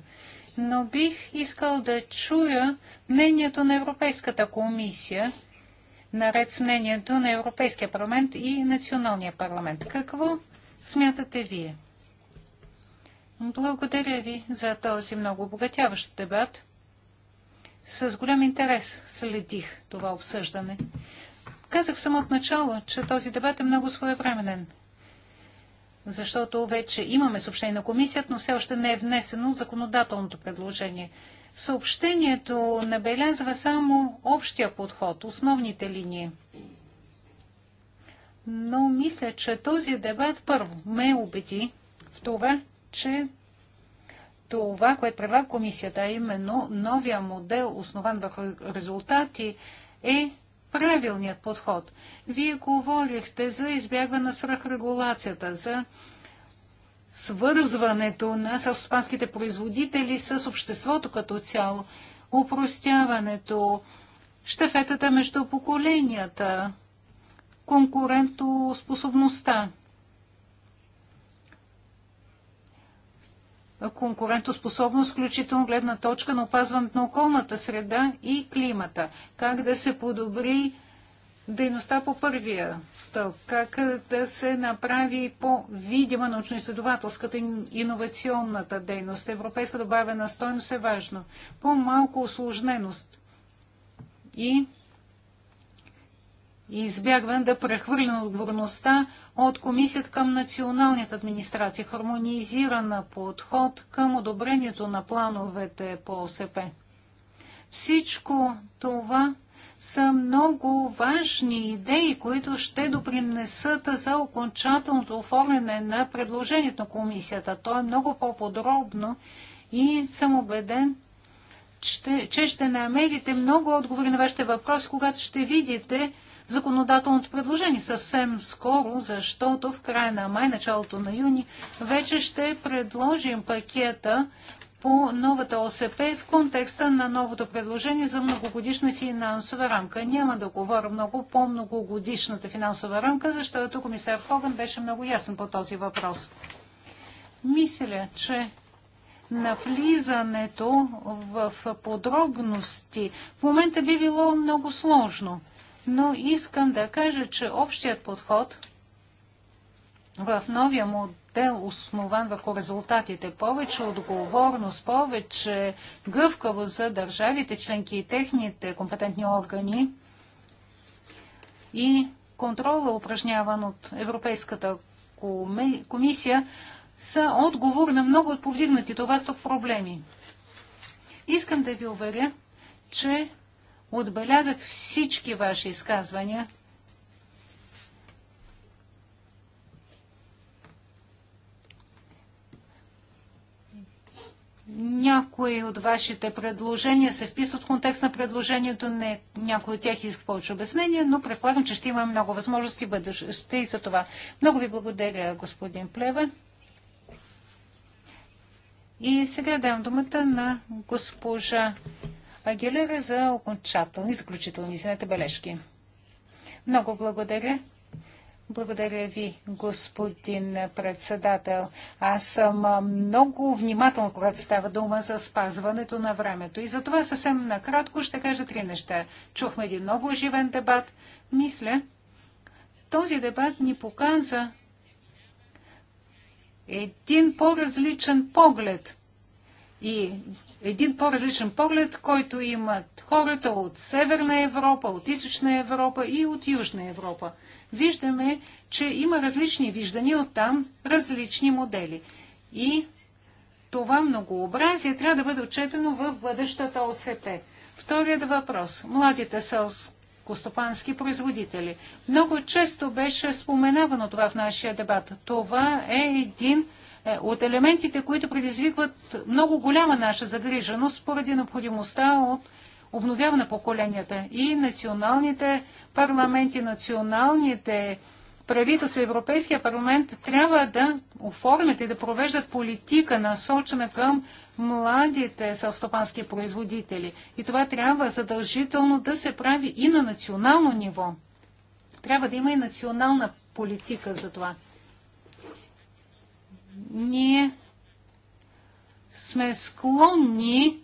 Но бих искал да чуя мнението на Европейската комисия – наред с мнението на Европейския парламент и Националния парламент. Какво смятате вие? Благодаря ви за този много обогатяващ дебат. С голям интерес следих това обсъждане. Казах само от начало, че този дебат е много своевременен, защото вече имаме съобщение на комисията, но все още не е внесено законодателното предложение. Съобщението набелязва само общия подход, основните линии. Но мисля, че този дебат първо ме убеди в това, че това, което предлага комисията, а именно новия модел, основан върху резултати, е правилният подход. Вие говорихте за избягване на свръхрегулацията, за свързването на селстопанските производители с обществото като цяло, упростяването, щефетата между поколенията, конкурентоспособността. конкурентоспособност, включително гледна точка на опазването на околната среда и климата, как да се подобри дейността по първия стълб, как да се направи по-видима научно-изследователската и иновационната дейност. Европейска добавена стойност е важно. По-малко осложненост и избягване да прехвърлим отговорността от комисията към националните администрации, хармонизирана подход към одобрението на плановете по ОСП. Всичко това са много важни идеи, които ще допринесат за окончателното оформяне на предложението на комисията. То е много по-подробно и съм убеден, ще, че ще намерите много отговори на вашите въпроси, когато ще видите законодателното предложение съвсем скоро, защото в края на май, началото на юни, вече ще предложим пакета по новата ОСП в контекста на новото предложение за многогодишна финансова рамка. Няма да говоря много по многогодишната финансова рамка, защото комисар Хоган беше много ясен по този въпрос. Мисля, че навлизането в подробности в момента би било много сложно. Но искам да кажа, че общият подход в новия му модел, основан върху резултатите. Повече отговорност, повече гъвкаво за държавите, членки и техните компетентни органи и контрола, упражняван от Европейската комисия, са отговор на много от повдигнатите у вас тук проблеми. Искам да ви уверя, че отбелязах всички ваши изказвания – някои от вашите предложения се вписват в контекст на предложението, не, някои от тях иска повече обяснение, но предполагам, че ще има много възможности бъдеще и за това. Много ви благодаря, господин Плева. И сега давам думата на госпожа Агилера за окончателни, заключителни, извинете, бележки. Много благодаря. Благодаря ви, господин председател. Аз съм много внимателна, когато става дума за спазването на времето. И затова съвсем накратко ще кажа три неща. Чухме един много живен дебат. Мисля, този дебат ни показа един по-различен поглед. И един по-различен поглед, който имат хората от Северна Европа, от Източна Европа и от Южна Европа виждаме, че има различни виждания от там, различни модели. И това многообразие трябва да бъде отчетено в бъдещата ОСП. Вторият въпрос. Младите костопански производители. Много често беше споменавано това в нашия дебат. Това е един е, от елементите, които предизвикват много голяма наша загриженост поради необходимостта от Обновява на поколенията. И националните парламенти, националните правителства, Европейския парламент трябва да оформят и да провеждат политика насочена към младите селстопански производители. И това трябва задължително да се прави и на национално ниво. Трябва да има и национална политика за това. Ние сме склонни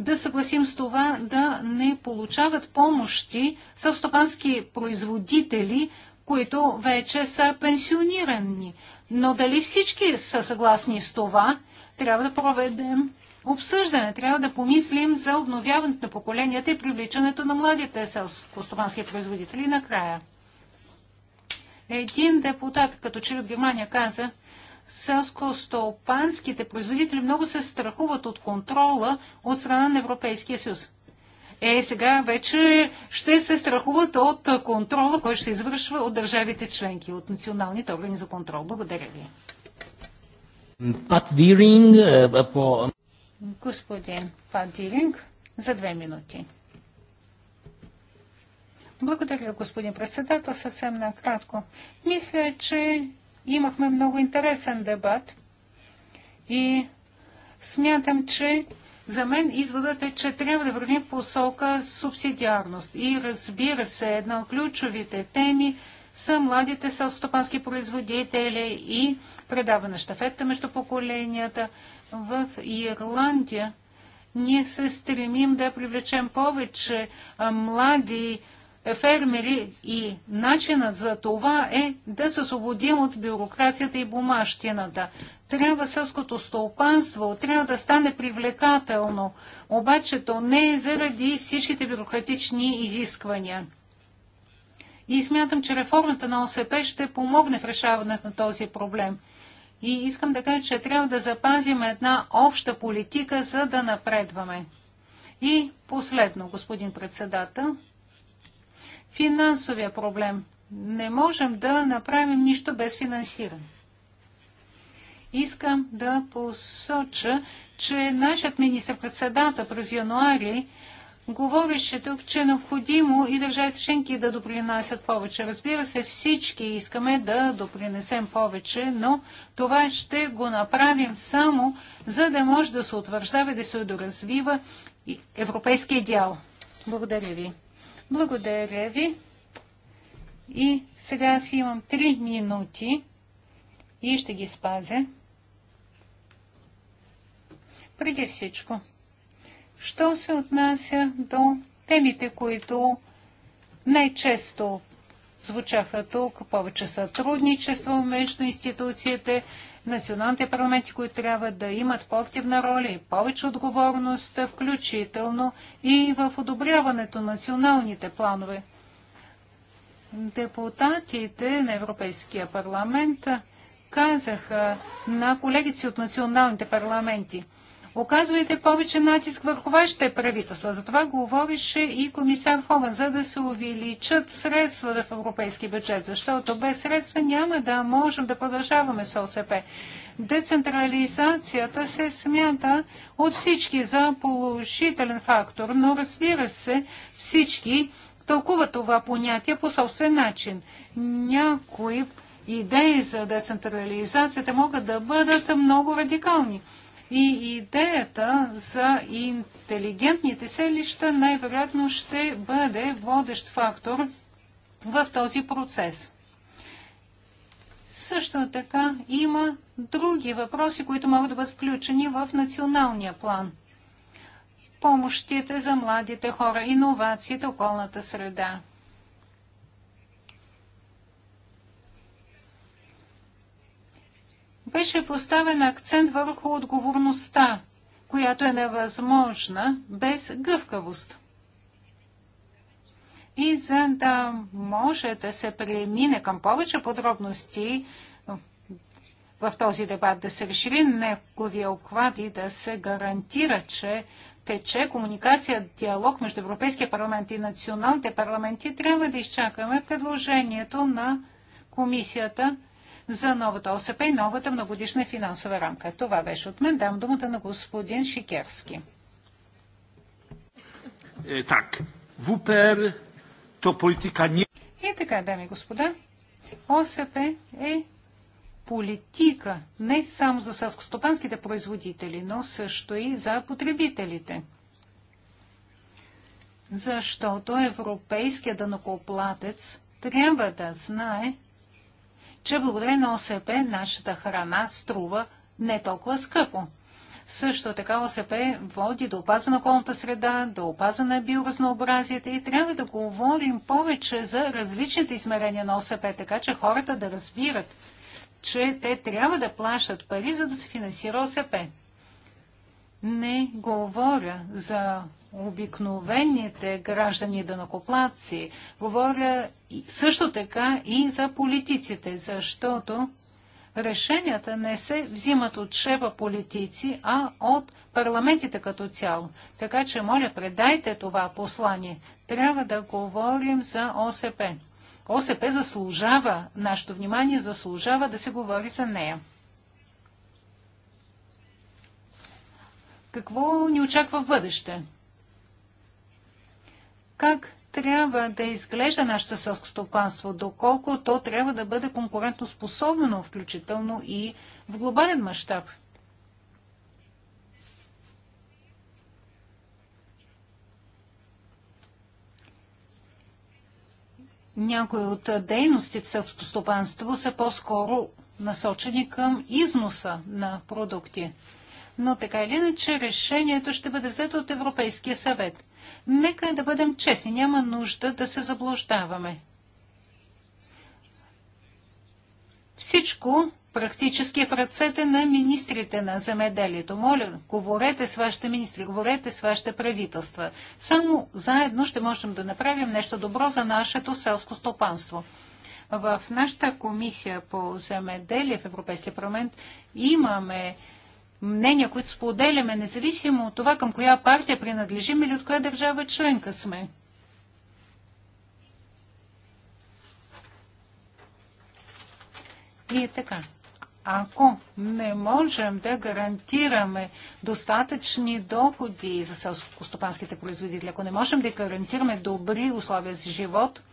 да съгласим с това да не получават помощи съл-стопански производители, които вече са пенсионирани. Но дали всички са съгласни с това, трябва да проведем обсъждане. Трябва да помислим за обновяването на поколенията и привличането на младите сел-стопански производители накрая. Един депутат, като че от Германия, каза, селско-стопанските производители много се страхуват от контрола от страна на Европейския съюз. Е, сега вече ще се страхуват от контрола, който ще се извършва от държавите членки, от националните органи за контрол. Благодаря ви. Патдиринг е, е, по... Господин Патдиринг, за две минути. Благодаря, господин председател. Съвсем накратко. Мисля, че Имахме много интересен дебат и смятам, че за мен изводът е, че трябва да вървим в посока субсидиарност. И разбира се, една от ключовите теми са младите селскостопански производители и предаване щафета между поколенията. В Ирландия ние се стремим да привлечем повече млади фермери и начинът за това е да се освободим от бюрокрацията и бумащината. Трябва сърското стопанство, трябва да стане привлекателно, обаче то не е заради всичките бюрократични изисквания. И смятам, че реформата на ОСП ще помогне в решаването на този проблем. И искам да кажа, че трябва да запазим една обща политика, за да напредваме. И последно, господин председател, финансовия проблем. Не можем да направим нищо без финансиране. Искам да посоча, че нашият министр-председател през януари говореше тук, че е необходимо и държавите членки да допринасят повече. Разбира се, всички искаме да допринесем повече, но това ще го направим само, за да може да се утвърждава и да се доразвива европейския идеал. Благодаря ви. Благодаря ви. И сега аз имам 3 минути и ще ги спазя. Преди всичко, що се отнася до темите, които най-често звучаха тук, повече сътрудничество между институциите, националните парламенти, които трябва да имат по-активна роля и повече отговорност, включително и в одобряването на националните планове. Депутатите на Европейския парламент казаха на колегици от националните парламенти, оказвайте повече натиск върху вашите правителства. За това говорише и комисар Хоган, за да се увеличат средствата в европейски бюджет, защото без средства няма да можем да продължаваме с ОСП. Децентрализацията се смята от всички за положителен фактор, но разбира се, всички тълкуват това понятие по собствен начин. Някои идеи за децентрализацията могат да бъдат много радикални. И идеята за интелигентните селища най-вероятно ще бъде водещ фактор в този процес. Също така има други въпроси, които могат да бъдат включени в националния план. Помощите за младите хора, иновациите, околната среда. беше поставен акцент върху отговорността, която е невъзможна без гъвкавост. И за да може да се премине към повече подробности в този дебат, да се решили неговия обхват и да се гарантира, че тече комуникация, диалог между Европейския парламент и националните парламенти, трябва да изчакаме предложението на комисията – за новата ОСП и новата многодишна финансова рамка. Това беше от мен. Дам думата на господин Шикерски. Е, так, ВУПР то политика не... И така, дами и господа, ОСП е политика не само за селскостопанските производители, но също и за потребителите. Защото европейският данокоплатец трябва да знае, че благодарение на ОСП нашата храна струва не толкова скъпо. Също така ОСП води до опазване на околната среда, до опазване на биоразнообразието и трябва да говорим повече за различните измерения на ОСП, така че хората да разбират, че те трябва да плащат пари, за да се финансира ОСП. Не говоря за обикновените граждани данокоплаци. Говоря също така и за политиците, защото решенията не се взимат от шепа политици, а от парламентите като цяло. Така че, моля, предайте това послание. Трябва да говорим за ОСП. ОСП заслужава, нашето внимание заслужава да се говори за нея. Какво ни очаква в бъдеще? Как трябва да изглежда нашето селско стопанство, доколко то трябва да бъде конкурентоспособно, включително и в глобален мащаб? Някои от дейностите в селското стопанство са по-скоро насочени към износа на продукти но така или иначе решението ще бъде взето от Европейския съвет. Нека да бъдем честни, няма нужда да се заблуждаваме. Всичко практически е в ръцете на министрите на земеделието. Моля, говорете с вашите министри, говорете с вашите правителства. Само заедно ще можем да направим нещо добро за нашето селско стопанство. В нашата комисия по земеделие в Европейския парламент имаме мнения, които споделяме, независимо от това към коя партия принадлежим или от коя държава членка сме. И е така. Ако не можем да гарантираме достатъчни доходи за селско-стопанските производители, ако не можем да гарантираме добри условия за живот –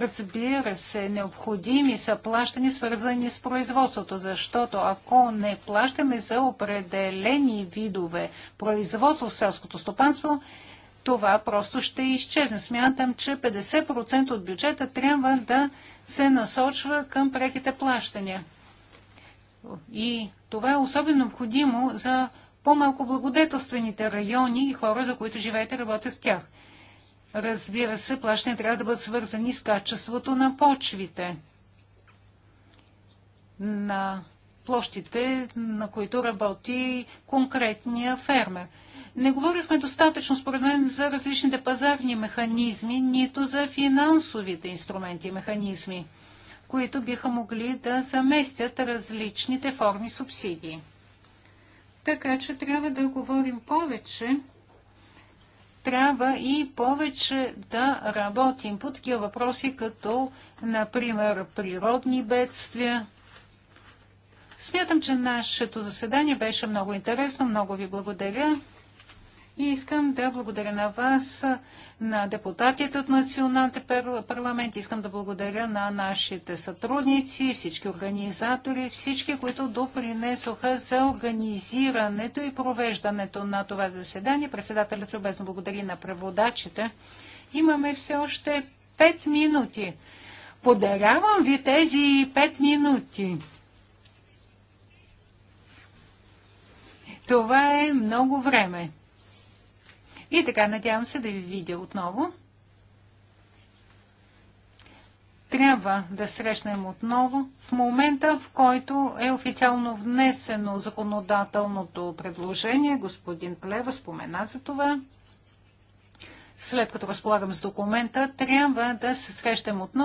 Разбира се, необходими са плащани, свързани с производството, защото ако не плащаме за определени видове производство в селското стопанство, това просто ще изчезне. Смятам, че 50% от бюджета трябва да се насочва към преките плащания. И това е особено необходимо за по-малко благодетелствените райони и хора, за които живеете и работят в тях. Разбира се, плащания трябва да бъдат свързани с качеството на почвите, на площите, на които работи конкретния фермер. Не говорихме достатъчно, според мен, за различните пазарни механизми, нито за финансовите инструменти и механизми, които биха могли да заместят различните форми субсидии. Така че трябва да говорим повече трябва и повече да работим по такива въпроси, като, например, природни бедствия. Смятам, че нашето заседание беше много интересно. Много ви благодаря. И искам да благодаря на вас, на депутатите от националните парламент. Искам да благодаря на нашите сътрудници, всички организатори, всички, които допринесоха за организирането и провеждането на това заседание. Председателят любезно благодари на преводачите. Имаме все още пет минути. Подарявам ви тези пет минути. Това е много време. И така, надявам се да ви видя отново. Трябва да срещнем отново в момента, в който е официално внесено законодателното предложение. Господин Плева спомена за това. След като разполагам с документа, трябва да се срещам отново.